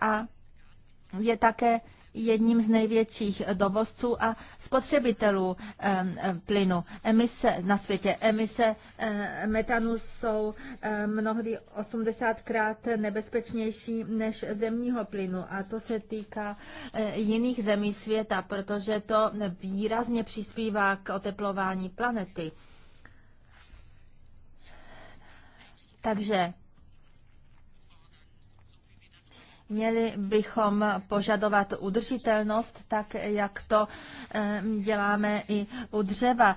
A je také jedním z největších dovozců a spotřebitelů eh, eh, plynu. Emise na světě, emise eh, metanu jsou mnohdy 80krát nebezpečnější než zemního plynu a to se týká jiných zemí světa, protože to výrazně přispívá k oteplování planety. Takže Měli bychom požadovat udržitelnost, tak jak to děláme i u dřeva.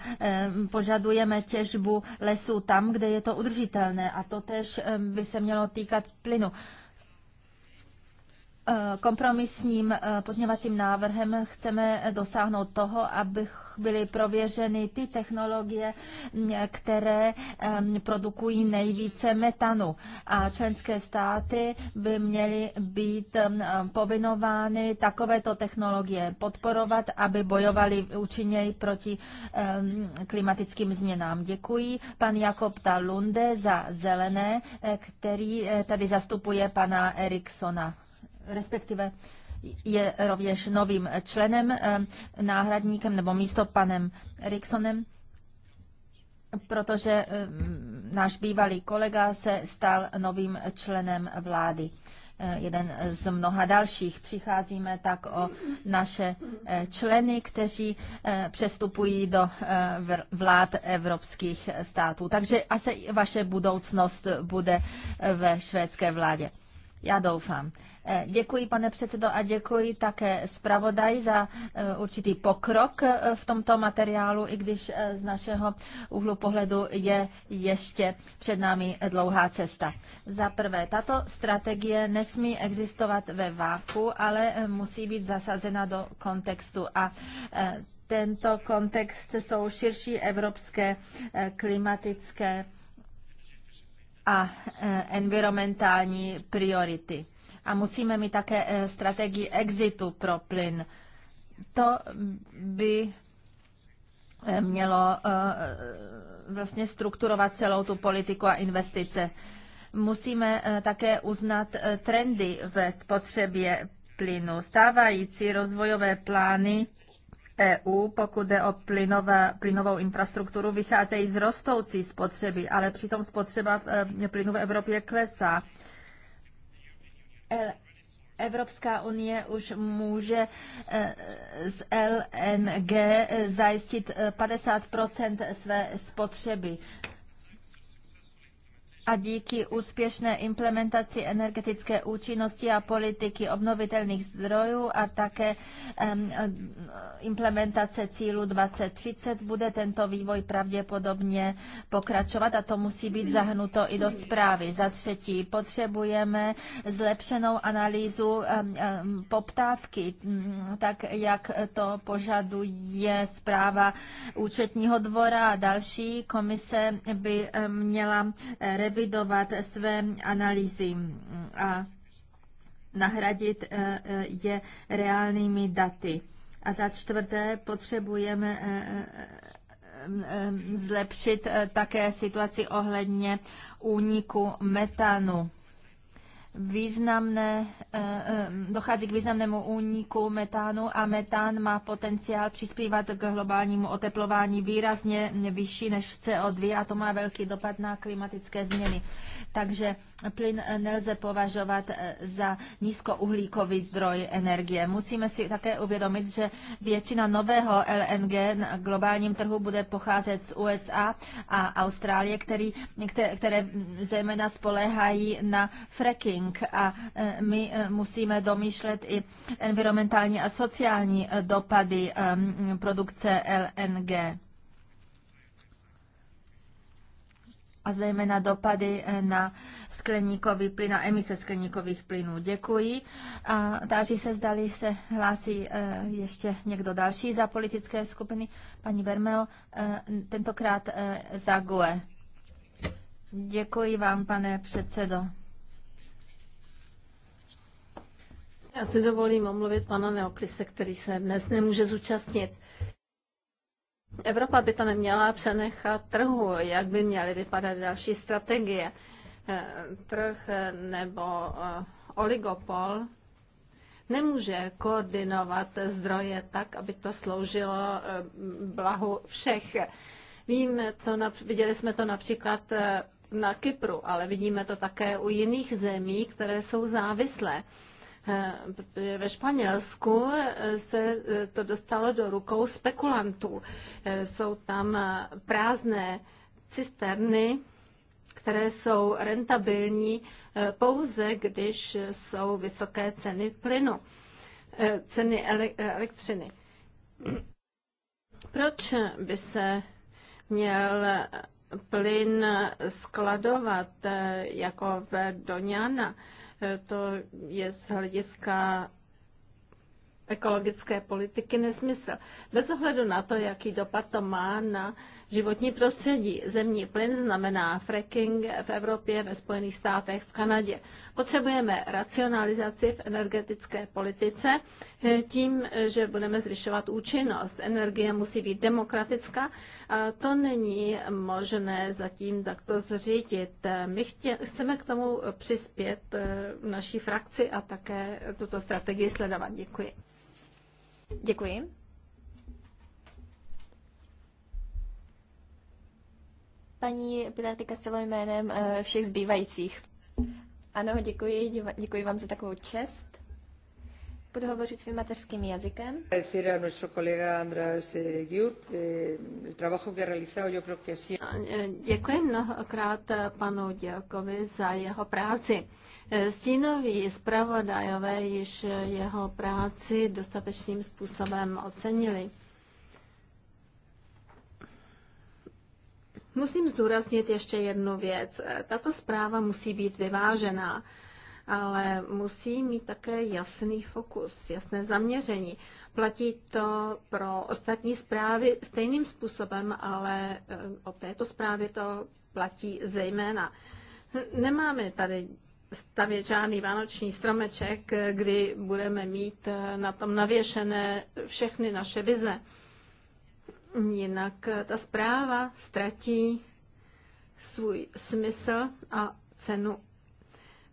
Požadujeme těžbu lesů tam, kde je to udržitelné a to tež by se mělo týkat plynu. Eh, kompromisním eh, pozměňovacím návrhem chceme dosáhnout toho, aby byly prověřeny ty technologie, které produkují nejvíce metanu. A členské státy by měly být povinovány takovéto technologie podporovat, aby bojovali účinněji proti klimatickým změnám. Děkuji pan Jakob Talunde za zelené, eh, který tady zastupuje pana Eriksona respektive je rovněž novým členem, eh, náhradníkem nebo místo panem Riksonem, protože eh, náš bývalý kolega se stal novým členem vlády eh, jeden z mnoha dalších. Přicházíme tak o naše členy, kteří přestupují do vlád evropských států. Takže asi vaše budoucnost bude ve švédské vládě. Já doufám. Eh, děkuji, pane předsedo, a děkuji také zpravodaj za eh, určitý pokrok eh, v tomto materiálu, i když z našeho úhlu pohledu je ještě před námi dlouhá cesta. Za prvé, tato strategie nesmí existovat ve váku, ale musí být zasazena do kontextu a tento kontext jsou širší evropské klimatické a environmentální priority. A musíme mít také eh, strategii exitu pro plyn. To by eh, mělo eh, vlastně strukturovat celou tu politiku a investice. Musíme také uznat trendy ve spotřebě plynu. Stávající rozvojové plány EU, pokud jde o plynové, plynovou infrastrukturu, vycházejí z rostoucí spotřeby, ale přitom spotřeba plynu v Evropě klesá. Evropská unie už může eh, z LNG zajistit 50 eh, své spotřeby a díky úspěšné implementaci energetické účinnosti a politiky obnovitelných zdrojů a také eh, implementace cílu 2030 bude tento vývoj pravděpodobně pokračovat a to musí být zahnuto i do zprávy. Za třetí, potřebujeme zlepšenou analýzu poptávky, mm, tak jak to požaduje zpráva účetního dvora a další komise by měla eh, revizovat revidovat své analýzy a nahradit eh, eh, je reálnými daty. A za čtvrté potřebujeme eh, zlepšit také situaci ohledně úniku metanu významné, eh, eh, dochází k významnému úniku metánu a metán má potenciál přispívat k globálnímu oteplování výrazně vyšší než CO2 a to má velký dopad na klimatické změny. Takže plyn nelze považovat eh, za nízkouhlíkový zdroj energie. Musíme si také uvědomit, že většina nového LNG na globálním trhu bude pocházet z USA a Austrálie, který, které, které zejména spoléhají na fracking dumping a e, my e, musíme domýšlet i environmentální a sociální e, dopady produkce LNG. a zejména dopady na skleníkový plyn na emise skleníkových plynů. Děkuji. A táží se, zdali se hlásí ještě někdo další za politické skupiny. Paní Vermeo, tentokrát za GUE. Děkuji vám, pane předsedo. Já si dovolím omluvit pana Neoklise, který se dnes nemůže zúčastnit. Evropa by to neměla přenechat trhu, jak by měly vypadat další strategie. Eh, trh eh, nebo eh, oligopol nemůže koordinovat zdroje tak, aby to sloužilo blahu všech. Vím to, viděli jsme to například na Kypru, ale vidíme to také u jiných zemí, které jsou závislé Eh, protože ve Španělsku eh, se eh, to dostalo do rukou spekulantů. Jsou tam prázdné cisterny, které jsou rentabilní pouze, když jsou vysoké ceny plynu, ceny elektřiny. Proč by se měl plyn skladovat jako v Doňana? To je z hlediska ekologické politiky nesmysl. Bez ohledu na to, jaký dopad to má na životní prostředí. Zemní plyn znamená fracking v Evropě, ve Spojených státech, v Kanadě. Potřebujeme racionalizaci v energetické politice eh, tím, že budeme zvyšovat účinnost. Energie musí být demokratická. A to není možné zatím takto zřídit. My chtě, chceme k tomu přispět eh, naší frakci a také tuto strategii sledovat. Děkuji. Děkuji. paní Pilartika s celým jménem eh, všech zbývajících. Ano, děkuji, děkuji vám za takovou čest. Budu hovořit svým mateřským jazykem. Eh, eh, děkuji mnohokrát panu Dělkovi za jeho práci. Stínoví zpravodajové již jeho práci dostatečným způsobem ocenili. Musím zdůraznit ještě jednu věc. Tato zpráva musí být vyvážená, ale musí mít také jasný fokus, jasné zaměření. Platí to pro ostatní zprávy stejným způsobem, ale eh, o této zprávě to platí zejména. Nemáme tady stavět žádný vánoční stromeček, kdy budeme mít eh, na tom navěšené všechny naše vize. Jinak eh, ta zpráva ztratí svůj smysl a cenu.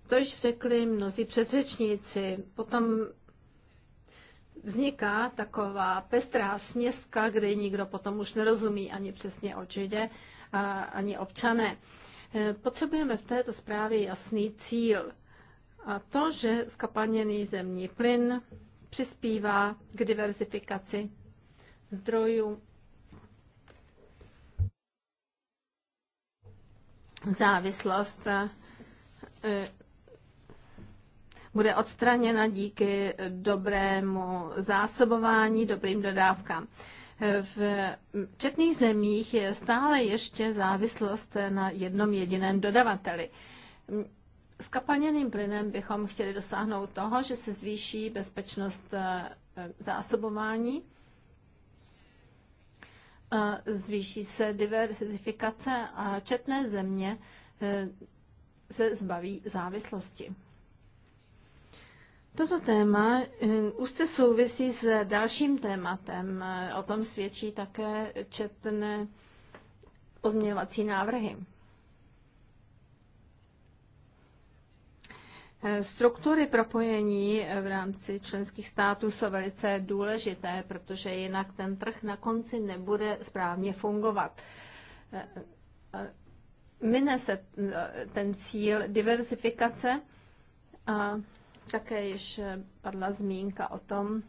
To již řekli mnozí předřečníci. Potom vzniká taková pestrá směska, kde nikdo potom už nerozumí ani přesně, o jde, a ani občané. Eh, potřebujeme v této zprávě jasný cíl. A to, že skapaněný zemní plyn přispívá k diverzifikaci zdrojů závislost eh, eh, bude odstraněna díky dobrému zásobování, dobrým dodávkám. Eh, v četných zemích je stále ještě závislost na jednom jediném dodavateli. S kapalněným plynem bychom chtěli dosáhnout toho, že se zvýší bezpečnost zásobování zvýší se diverzifikace a četné země eh, se zbaví závislosti. Toto téma eh, už se souvisí s dalším tématem. Eh, o tom svědčí také četné pozměňovací návrhy. Eh, struktury propojení eh, v rámci členských států jsou velice důležité, protože jinak ten trh na konci nebude správně fungovat. Mine eh, se ten cíl diversifikace a také již padla zmínka o tom,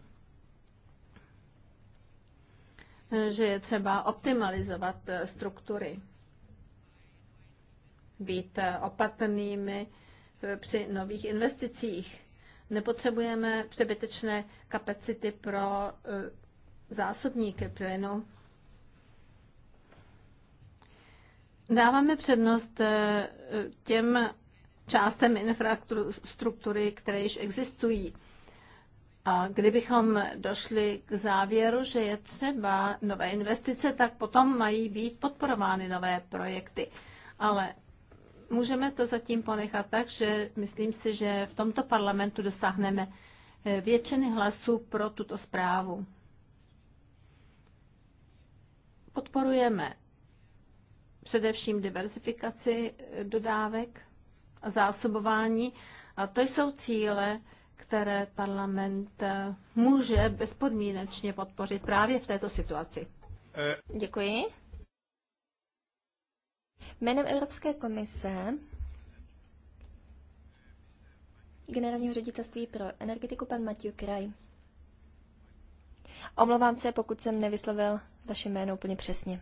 že je třeba optimalizovat struktury, být opatrnými, při nových investicích. Nepotřebujeme přebytečné kapacity pro e, zásobníky plynu. Dáváme přednost e, těm částem infrastruktury, které již existují. A kdybychom došli k závěru, že je třeba nové investice, tak potom mají být podporovány nové projekty. Ale můžeme to zatím ponechat tak, že myslím si, že v tomto parlamentu dosáhneme eh, většiny hlasů pro tuto zprávu. Podporujeme především diversifikaci eh, dodávek a zásobování. A to jsou cíle, které parlament eh, může bezpodmínečně podpořit právě v této situaci. Děkuji. Jménem Evropské komise generálního ředitelství pro energetiku pan Matěj Kraj. Omlouvám se, pokud jsem nevyslovil vaše jméno úplně přesně.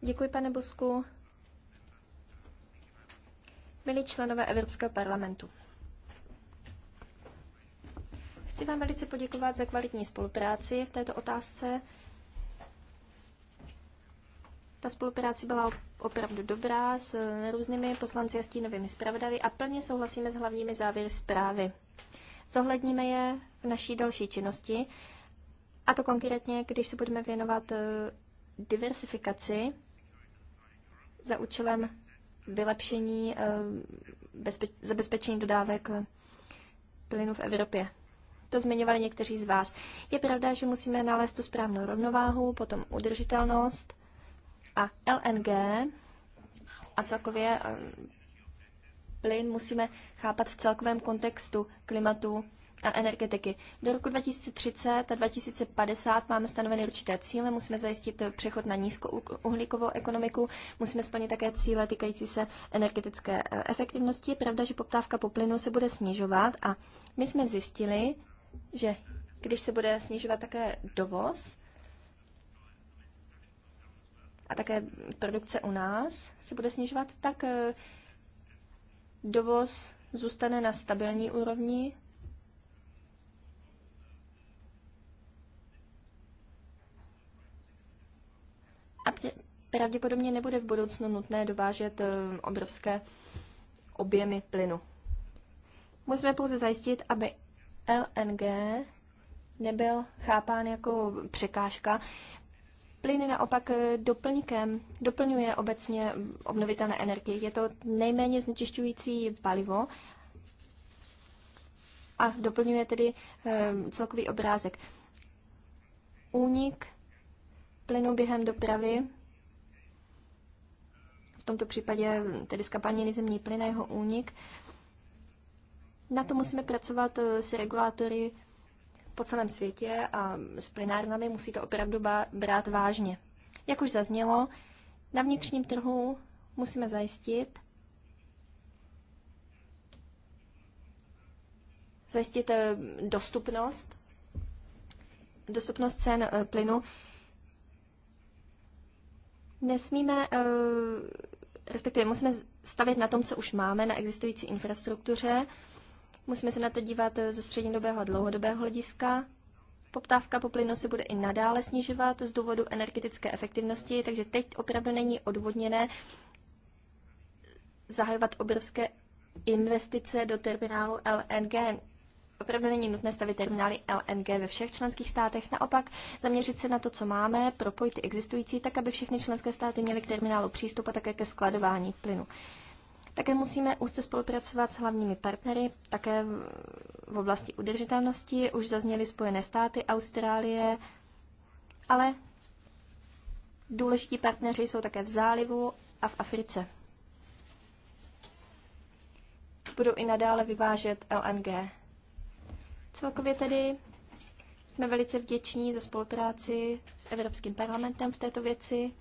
Děkuji, pane Bosku. Milí členové Evropského parlamentu, chci vám velice poděkovat za kvalitní spolupráci v této otázce. Ta spolupráce byla opravdu dobrá s eh, různými poslanci a stínovými zpravodavy a plně souhlasíme s hlavními závěry zprávy. Zohledníme je v naší další činnosti, a to konkrétně, když se budeme věnovat eh, diversifikaci za účelem vylepšení eh, zabezpečení dodávek plynu v Evropě. To zmiňovali někteří z vás. Je pravda, že musíme nalézt tu správnou rovnováhu, potom udržitelnost a LNG a celkově eh, plyn musíme chápat v celkovém kontextu klimatu a energetiky. Do roku 2030 a 2050 máme stanoveny určité cíle, musíme zajistit přechod na nízkouhlíkovou ekonomiku, musíme splnit také cíle týkající se energetické eh, efektivnosti. Je pravda, že poptávka po plynu se bude snižovat a my jsme zjistili, že když se bude snižovat také dovoz, a také produkce u nás se bude snižovat, tak eh, dovoz zůstane na stabilní úrovni. A pravděpodobně nebude v budoucnu nutné dovážet eh, obrovské objemy plynu. Musíme pouze zajistit, aby LNG nebyl chápán jako překážka Plyn je naopak eh, doplňkem, doplňuje obecně obnovitelné energie. Je to nejméně znečišťující palivo a doplňuje tedy eh, celkový obrázek. Únik plynu během dopravy, v tomto případě tedy skapání zemní plyn a jeho únik, na to musíme pracovat eh, s regulátory po celém světě a s plinárnami musí to opravdu brát vážně. Jak už zaznělo, na vnitřním trhu musíme zajistit, zajistit eh, dostupnost, dostupnost cen eh, plynu. Nesmíme, eh, respektive musíme stavět na tom, co už máme na existující infrastruktuře, Musíme se na to dívat eh, ze střednědobého a dlouhodobého hlediska. Poptávka po plynu se bude i nadále snižovat z důvodu energetické efektivnosti, takže teď opravdu není odvodněné zahajovat obrovské investice do terminálu LNG. Opravdu není nutné stavit terminály LNG ve všech členských státech, naopak zaměřit se na to, co máme, propojit ty existující, tak aby všechny členské státy měly k terminálu přístup a také ke skladování plynu. Také musíme úzce spolupracovat s hlavními partnery, také v oblasti udržitelnosti. Už zazněly Spojené státy, Austrálie, ale důležití partneři jsou také v zálivu a v Africe. Budou i nadále vyvážet LNG. Celkově tedy jsme velice vděční za spolupráci s Evropským parlamentem v této věci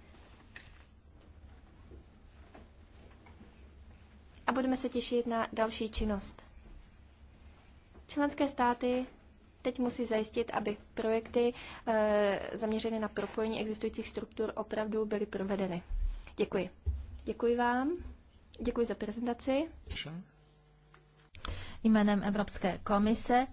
a budeme se těšit na další činnost. Členské státy teď musí zajistit, aby projekty e, zaměřené na propojení existujících struktur opravdu byly provedeny. Děkuji. Děkuji vám. Děkuji za prezentaci. Jménem Evropské komise.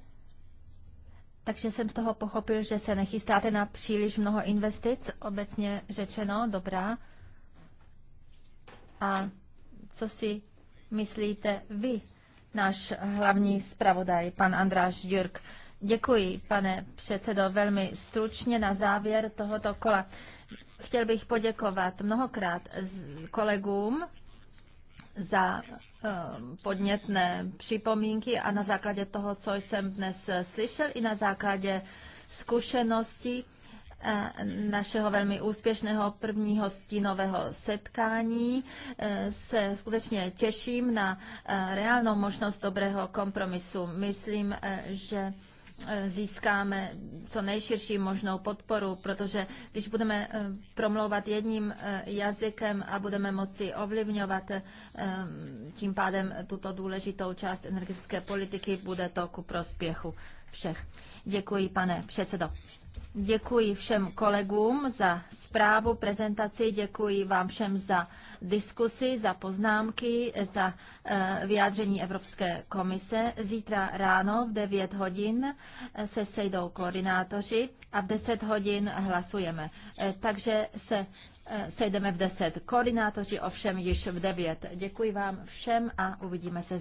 Takže jsem z toho pochopil, že se nechystáte na příliš mnoho investic, obecně řečeno, dobrá. A co si myslíte vy, náš hlavní zpravodaj, pan Andráš Dürk. Děkuji, pane předsedo, velmi stručně na závěr tohoto kola. Chtěl bych poděkovat mnohokrát kolegům za eh, podnětné připomínky a na základě toho, co jsem dnes slyšel i na základě zkušeností, našeho velmi úspěšného prvního stínového setkání. E, se skutečně těším na e, reálnou možnost dobrého kompromisu. Myslím, e, že získáme co nejširší možnou podporu, protože když budeme promlouvat jedním jazykem a budeme moci ovlivňovat tím pádem tuto důležitou část energetické politiky, bude to ku prospěchu všech. Děkuji, pane předsedo. Děkuji všem kolegům za zprávu, prezentaci, děkuji vám všem za diskusy, za poznámky, za eh, vyjádření Evropské komise. Zítra ráno v 9 hodin eh, se sejdou koordinátoři a v 10 hodin hlasujeme. Eh, takže se sejdeme v 10. Koordinátoři ovšem již v 9. Děkuji vám všem a uvidíme se.